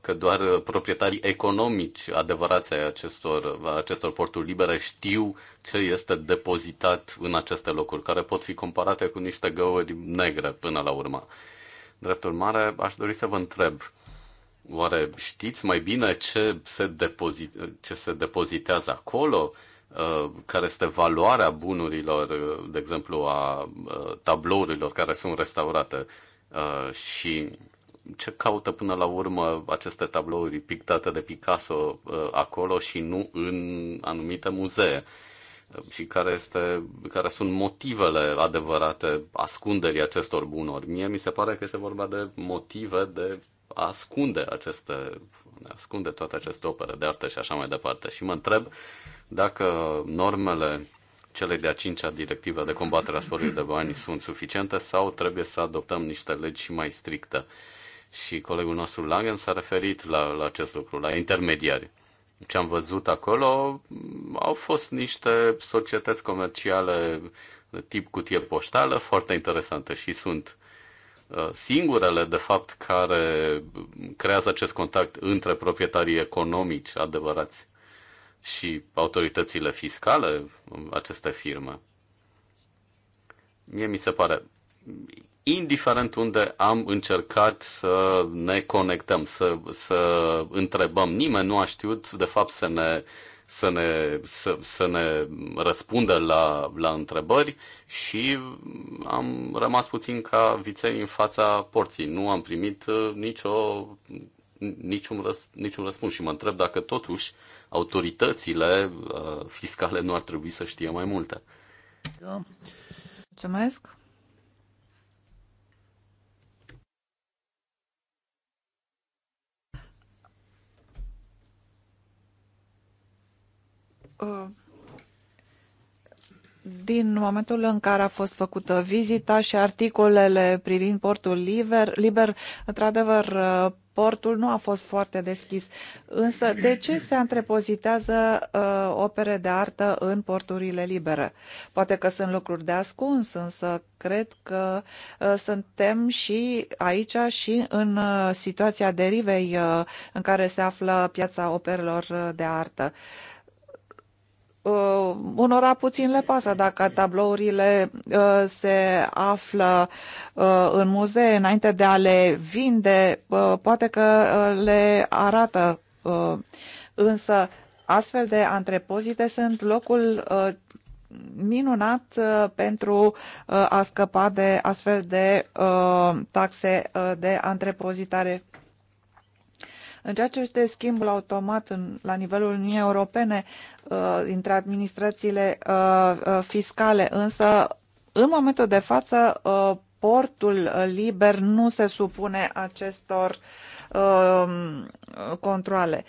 că doar proprietarii economici adevărați ai acestor, acestor porturi libere știu ce este depozitat în aceste locuri, care pot fi comparate cu niște găuri negre până la urmă. Drept urmare, aș dori să vă întreb, oare știți mai bine ce se, depozit ce se depozitează acolo? Uh, care este valoarea bunurilor, uh, de exemplu, a tablourilor care sunt restaurate. Uh, și ce caută până la urmă aceste tablouri pictate de Picasso uh, acolo și nu în anumite muzee uh, și care, este, care sunt motivele adevărate ascunderii acestor bunuri. Mie mi se pare că este vorba de motive de a ascunde aceste ascunde toate aceste opere de artă și așa mai departe. Și mă întreb dacă normele cele de-a cincea directivă de combatere a spălării de bani sunt suficiente sau trebuie să adoptăm niște legi și mai stricte. Și colegul nostru Langen s-a referit la, la acest lucru, la intermediari. Ce am văzut acolo mm, au fost niște societăți comerciale de tip cutie poștală, foarte interesante și sunt uh, singurele, de fapt, care creează acest contact între proprietarii economici adevărați și autoritățile fiscale această firmă. Mie mi se pare, indiferent unde am încercat să ne conectăm, să, să întrebăm, nimeni nu a știut de fapt să ne, să ne, să, să ne răspundă la, la întrebări și am rămas puțin ca viței în fața porții. Nu am primit uh, nicio, niciun, răs, niciun răspuns și mă întreb dacă totuși autoritățile uh, fiscale nu ar trebui să știe mai multe. Da. Mulțumesc! Uh, din momentul în care a fost făcută vizita și articolele privind portul liber, liber într-adevăr, uh, Portul nu a fost foarte deschis. Însă, de ce se antrepozitează uh, opere de artă în porturile libere? Poate că sunt lucruri de ascuns, însă cred că uh, suntem și aici și în uh, situația derivei uh, în care se află piața operelor uh, de artă. Uh, uh, unora puțin le pasă dacă tablourile uh, se află uh, în muzee înainte de a le vinde, uh, poate că uh, le arată, uh, însă astfel de antrepozite sunt locul uh, minunat uh, pentru uh, a scăpa de astfel de uh, taxe uh, de antrepozitare în ceea ce este schimbul automat în, la nivelul Uniunii Europene uh, dintre administrațiile uh, uh, fiscale, însă în momentul de față uh, portul liber nu se supune acestor uh, controle.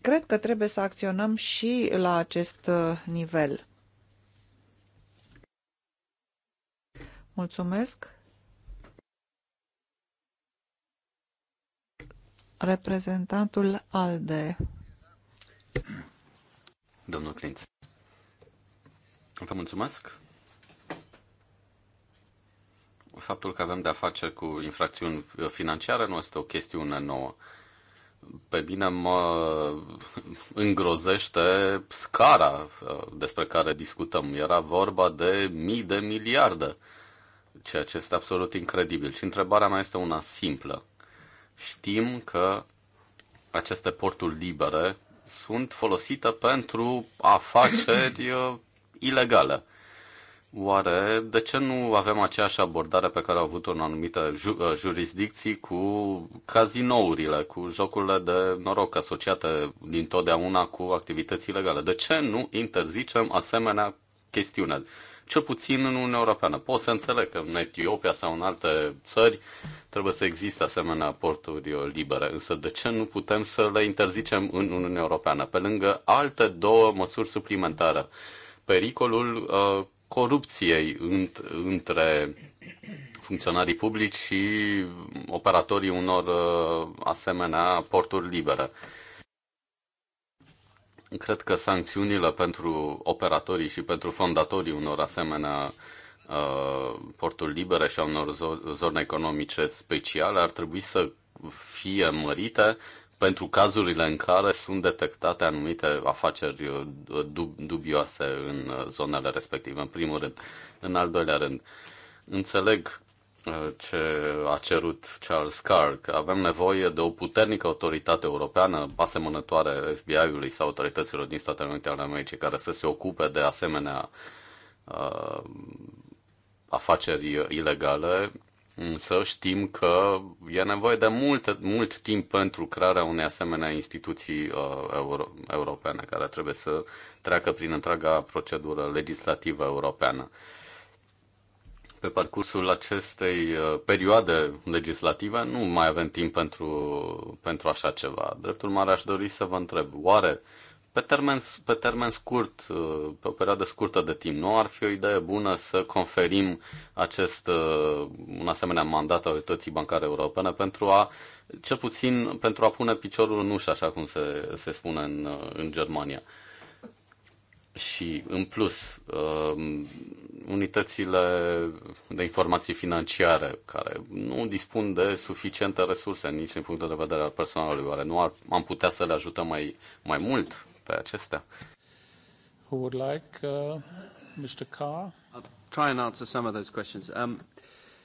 Cred că trebuie să acționăm și la acest uh, nivel. Mulțumesc. reprezentantul ALDE. Domnul Clinț. Vă mulțumesc. Faptul că avem de-a face cu infracțiuni financiare nu este o chestiune nouă. Pe mine mă îngrozește scara uh, despre care discutăm. Era vorba de mii de miliarde, ceea ce este absolut incredibil. Și întrebarea mea este una simplă Știm că aceste porturi libere sunt folosite pentru afaceri uh, ilegale. Oare de ce nu avem aceeași abordare pe care au avut-o în anumite ju- uh, jurisdicții cu cazinourile, cu jocurile de noroc asociate dintotdeauna cu activități ilegale? De ce nu interzicem asemenea chestiune? cel puțin în Uniunea Europeană. Pot să înțeleg că în Etiopia sau în alte țări trebuie să existe asemenea porturi libere, însă de ce nu putem să le interzicem în Uniunea Europeană, pe lângă alte două măsuri suplimentare? Pericolul uh, corupției înt- între funcționarii publici și operatorii unor uh, asemenea porturi libere. Uh, Cred că sancțiunile pentru operatorii și pentru fondatorii unor asemenea uh, porturi libere și a unor zone economice speciale ar trebui să fie mărite pentru cazurile în care sunt detectate anumite afaceri uh, dub- dubioase în uh, zonele respective, în primul rând. În al doilea rând, înțeleg Uh, ce a cerut Charles Carr, că avem nevoie de o puternică autoritate europeană asemănătoare FBI-ului sau autorităților din Statele Unite ale Americii care să se ocupe de asemenea uh, afaceri ilegale, însă știm că e nevoie de mult, mult timp pentru crearea unei asemenea instituții uh, euro, europene care trebuie să treacă prin întreaga procedură legislativă europeană. Pe parcursul acestei uh, perioade legislative nu mai avem timp pentru, pentru așa ceva. Dreptul mare aș dori să vă întreb, oare pe termen, pe termen scurt, uh, pe o perioadă scurtă de timp, nu ar fi o idee bună să conferim acest, uh, un asemenea mandat autorității bancare europene pentru a, cel puțin, pentru a pune piciorul în ușă, așa cum se, se spune în, în Germania și, în plus, um, unitățile de informații financiare care nu dispun de suficiente resurse nici din punctul de vedere al personalului, oare nu ar, am putea să le ajutăm mai, mai mult pe acestea? Who would like uh, Mr. Carr? I'll try and answer some of those questions. Um,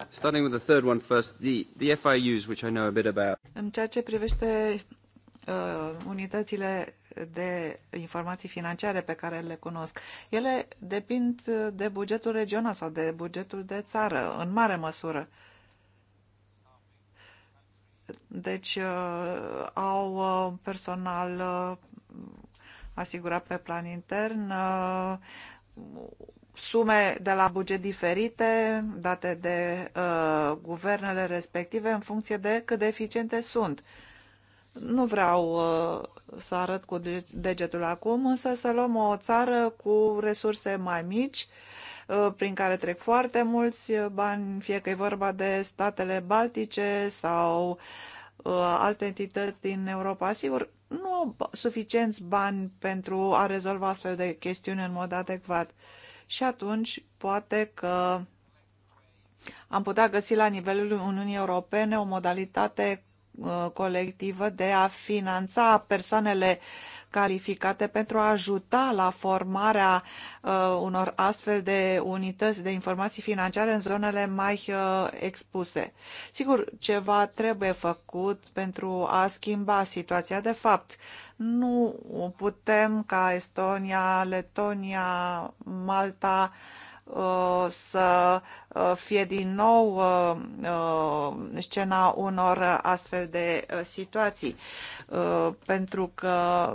starting with the third one first, the, the FIUs, which I know a bit about. În ceea ce privește uh, unitățile de informații financiare pe care le cunosc. Ele depind de bugetul regional sau de bugetul de țară, în mare măsură. Deci uh, au uh, personal uh, asigurat pe plan intern, sume de la buget diferite, date de guvernele respective, în funcție de cât de eficiente sunt. Uh, nu vreau uh, să arăt cu degetul acum, însă să luăm o țară cu resurse mai mici, uh, prin care trec foarte mulți uh, bani, fie că e vorba de statele baltice sau alte entități din Europa. Sigur, nu au suficienți bani pentru a rezolva astfel de chestiuni în mod adecvat. Și atunci, poate că am putea găsi la nivelul Uniunii Europene o modalitate Uh, colectivă de a finanța persoanele calificate pentru a ajuta la formarea uh, unor astfel de unități de informații financiare în zonele mai uh, expuse. Sigur, ceva trebuie făcut pentru a schimba situația de fapt. Nu putem ca Estonia, Letonia, Malta uh, Uh, să uh, fie din nou uh, scena unor astfel de situații, pentru că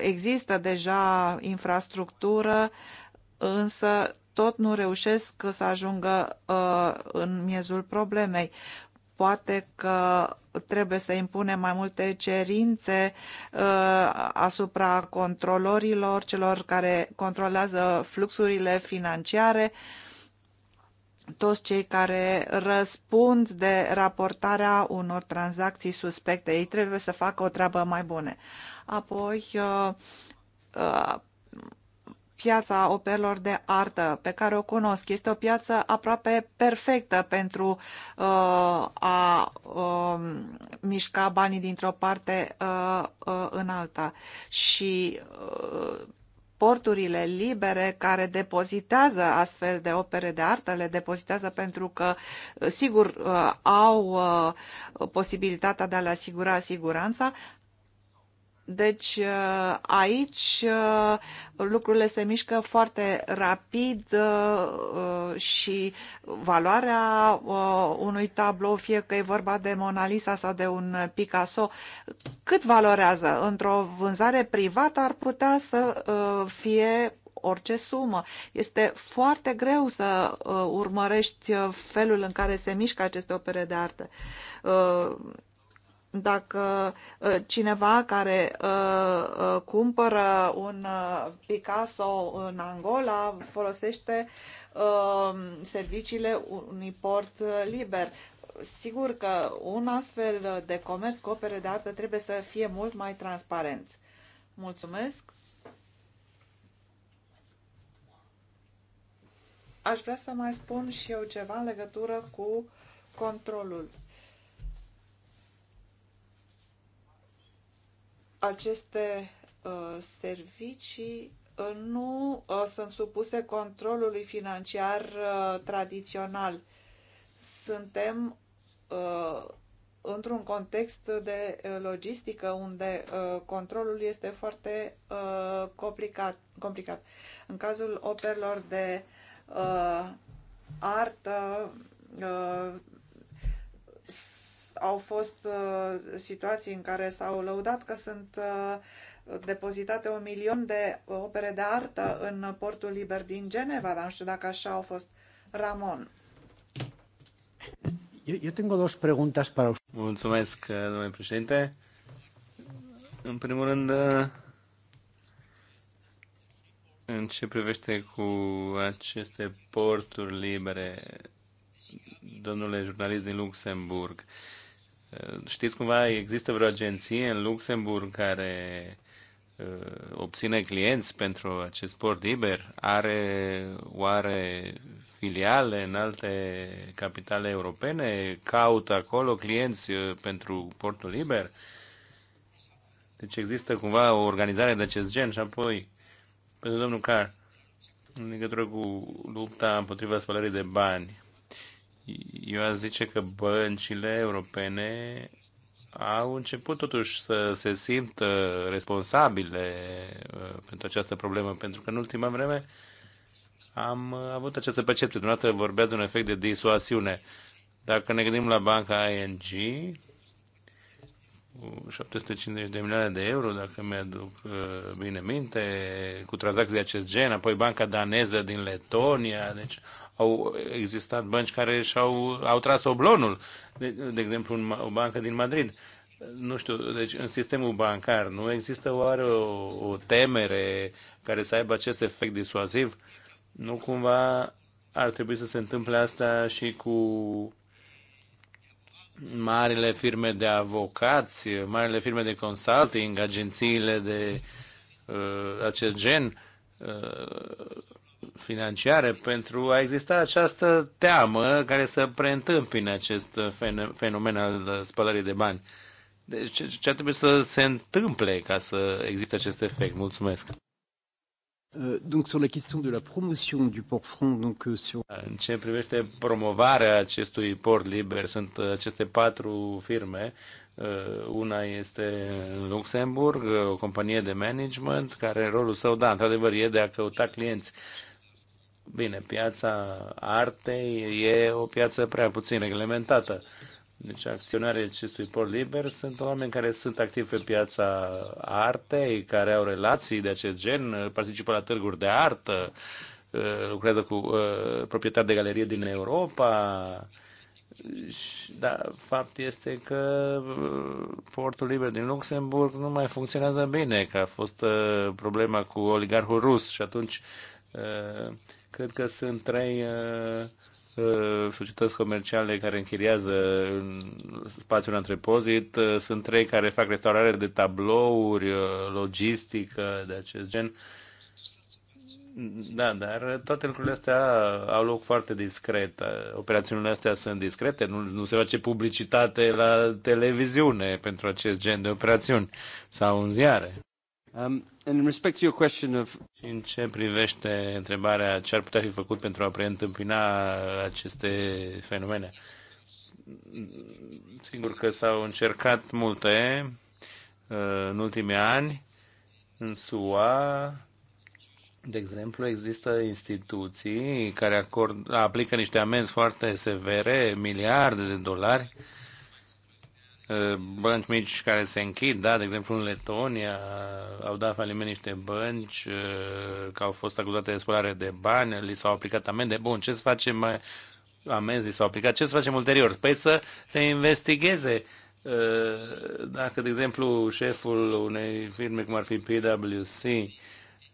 există deja infrastructură, însă tot nu reușesc să ajungă în miezul problemei poate că trebuie să impunem mai multe cerințe uh, asupra controlorilor, celor care controlează fluxurile financiare, toți cei care răspund de raportarea unor tranzacții suspecte. Ei trebuie să facă o treabă mai bună. Apoi, uh, uh, piața operelor de artă pe care o cunosc. Este o piață aproape perfectă pentru uh, a uh, mișca banii dintr-o parte uh, uh, în alta. Și uh, porturile libere care depozitează astfel de opere de artă, le depozitează pentru că, sigur, uh, au uh, posibilitatea de a le asigura siguranța, deci uh, aici uh, lucrurile se mișcă foarte rapid uh, și valoarea unui tablou, fie că e vorba de Mona Lisa sau de un Picasso, cât valorează? Într-o vânzare privată ar putea să fie orice sumă. Este foarte greu să urmărești felul în care se mișcă aceste opere de artă dacă uh, cineva care uh, uh, cumpără un Picasso în Angola folosește um, serviciile unui port liber, sigur că un astfel de comerț cu opere de artă trebuie să fie mult mai transparent. Mulțumesc! Aș vrea să mai spun și eu ceva în legătură cu controlul. aceste uh, servicii uh, nu uh, sunt supuse controlului financiar tradițional. Suntem într-un context de logistică unde controlul este foarte complicat. complicat. În cazul operelor de artă, au fost uh, situații în care s-au lăudat că sunt uh, depozitate un milion de opere de artă în portul liber din Geneva, dar nu știu dacă așa au fost Ramon. Eu, eu tengo dos preguntas para usted. Mulțumesc, uh, domnule președinte. În primul rând, în ce privește cu aceste porturi libere, domnule jurnalist din Luxemburg, uh, Eh, știți cumva, există vreo agenție în Luxemburg care eh, obține clienți pentru acest sport liber? Are oare filiale în alte capitale europene? Caută acolo clienți eh, pentru portul liber? Deci există cumva o organizare de acest gen și apoi pentru domnul Car, în legătură cu lupta împotriva spălării de bani, eu aș zice că băncile europene au început totuși să se simtă responsabile uh, pentru această problemă, pentru că în ultima vreme am uh, avut această percepție. Dumneavoastră vorbea de un efect de disuasiune. Dacă ne gândim la banca uh, ING, 750 de milioane de euro, dacă mi-aduc bine minte, cu tranzacții de acest gen, apoi banca daneză din Letonia, deci au existat bănci care și-au au tras oblonul, de, de exemplu o bancă din Madrid. Nu știu, deci în sistemul bancar nu există oare o, o temere care să aibă acest efect disuasiv? Nu cumva ar trebui să se întâmple asta și cu marile firme de avocați, marile firme de consulting, agențiile de uh, acest gen, uh, financiare pentru a exista această teamă care să preîntâmpine acest fenomen al spălării de bani. Deci ce, ce să se întâmple ca să existe acest efect? Mulțumesc! Euh, donc sur la question de la promotion du port franc, donc euh, sur... În ce privește promovarea acestui port liber, sunt uh, aceste patru firme. Uh, una este în Luxemburg, uh, o companie de management, care rolul său, da, într-adevăr, e de a căuta clienți. Bine, piața artei e o piață prea puțin reglementată. Deci acționarii acestui port liber sunt oameni care sunt activi pe piața artei, care au relații de acest gen, participă la târguri de artă, uh, lucrează cu uh, proprietari de galerie din Europa. Da, fapt este că uh, portul liber din Luxemburg nu mai funcționează bine, că a fost problema cu oligarhul rus și atunci Cred că sunt trei uh, uh, societăți comerciale care închiriază în spațiul antrepozit, uh, sunt trei care fac restaurare de tablouri, logistică de acest gen. Da, dar toate lucrurile astea au loc foarte discret. Operațiunile astea sunt discrete, nu, nu se face publicitate la televiziune pentru acest gen de operațiuni sau în ziare. Um, în ce privește întrebarea ce ar putea fi făcut pentru a preîntâmpina aceste fenomene? Sigur că s-au încercat multe uh, în ultimii ani. În SUA, de exemplu, există instituții care acord, aplică niște amenzi foarte severe, miliarde de dolari, Uh, bănci mici care se închid, da, de exemplu în Letonia uh, au dat faliment niște bănci uh, că au fost acuzate de spălare de bani, li s-au aplicat amende. Bun, ce să facem mai amenzi s-au aplicat, ce să facem ulterior? Păi să se investigheze dacă, de exemplu, șeful unei firme cum ar fi PwC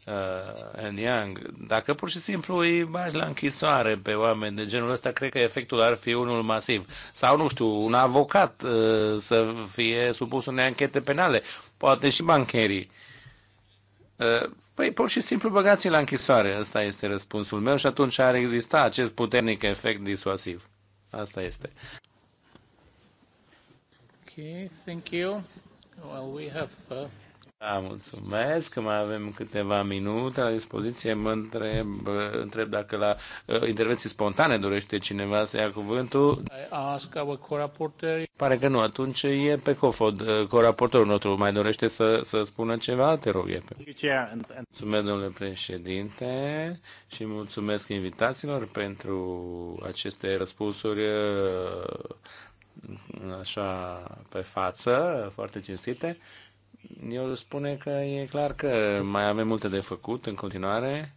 uh, and Young, Dacă pur și simplu îi bagi la închisoare pe oameni de genul ăsta, cred că efectul ar fi unul masiv. Sau, nu știu, un avocat uh, să fie supus unei anchete penale, poate și bancherii. Uh, păi, pur și simplu băgați la închisoare. Asta este răspunsul meu și atunci ar exista acest puternic efect disuasiv. Asta este. Okay, thank you. Well, we have uh... Da, mulțumesc că mai avem câteva minute la dispoziție. Mă întreb, întreb dacă la uh, intervenții spontane dorește cineva să ia cuvântul. Pare că nu, atunci e pe cofod. Uh, coraportorul nostru mai dorește să, să spună ceva? Te rog, pe... Mulțumesc, domnule președinte, și mulțumesc invitațiilor pentru aceste răspunsuri uh, așa pe față, foarte cinstite eu spune că e clar că mai avem multe de făcut în continuare.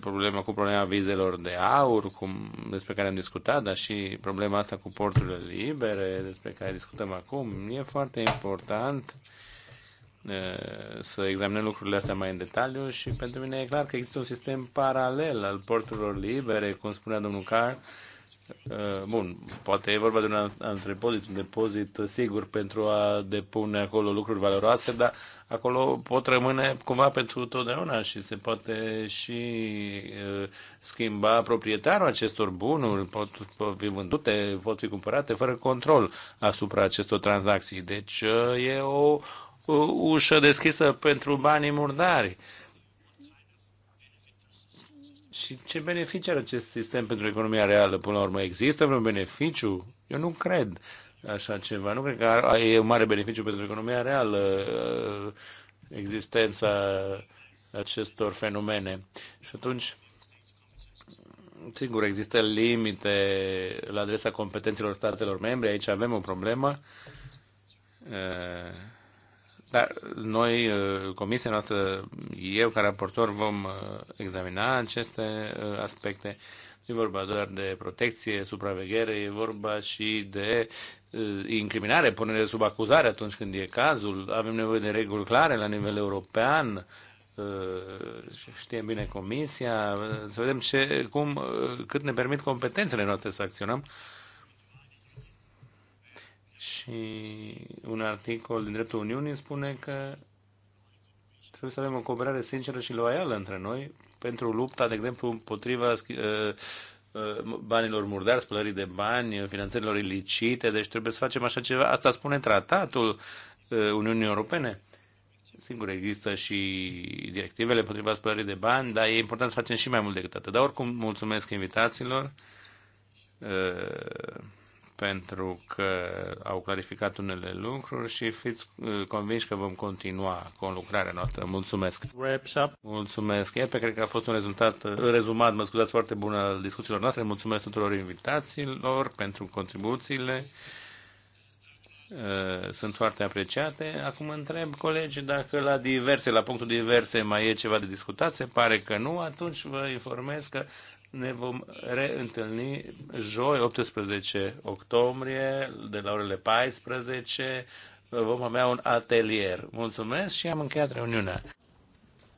Problema cu problema vizelor de aur, cum, despre care am discutat, dar și problema asta cu porturile libere, despre care discutăm acum, e foarte important să examinăm lucrurile astea mai în detaliu și pentru mine e clar că există un sistem paralel al porturilor libere, cum spunea domnul Carr, Uh, bun, poate e vorba de un antrepozit, un depozit uh, sigur pentru a depune acolo lucruri valoroase, dar acolo pot rămâne cumva pentru totdeauna și se poate și uh, schimba proprietarul acestor bunuri, pot fi vândute, pot fi cumpărate fără control asupra acestor tranzacții. Deci e o ușă deschisă pentru banii murdari. Și ce beneficii are acest sistem pentru economia reală până la urmă? Există vreun beneficiu? Eu nu cred așa ceva. Nu cred că e un mare beneficiu pentru economia reală uh, existența acestor fenomene. Și atunci, sigur, există limite la adresa competențelor statelor membre. Aici avem o problemă uh, dar noi, uh, comisia noastră, eu ca raportor, vom uh, examina aceste uh, aspecte. Nu e vorba doar de protecție, supraveghere, e vorba și de incriminare, punere sub acuzare atunci când e cazul. Avem nevoie de reguli clare la nivel european, știm bine comisia, să vedem ce, cum, cât ne permit competențele noastre să acționăm și un articol din dreptul Uniunii spune că trebuie să avem o cooperare sinceră și loială între noi pentru lupta, de exemplu, împotriva uh, uh banilor murdari, spălării de bani, finanțărilor ilicite, deci trebuie să facem așa ceva. Asta spune tratatul uh, Uniunii Europene. Singur, există și directivele împotriva spălării de bani, dar e important să facem și mai mult decât atât. Dar oricum, mulțumesc invitațiilor. Uh, pentru că au clarificat unele lucruri și fiți uh, convinși că vom continua cu lucrarea noastră. Mulțumesc! Mulțumesc! pe cred că a fost un rezultat uh, rezumat, mă scuzați, foarte bun al discuțiilor noastre. Mulțumesc tuturor invitațiilor pentru contribuțiile uh, sunt foarte apreciate. Acum întreb colegii dacă la diverse, la punctul diverse mai e ceva de discutat. Se pare că nu. Atunci vă informez că ne vom reîntâlni joi 18 octombrie de la orele 14 vom avea un atelier. Mulțumesc și am încheiat reuniunea.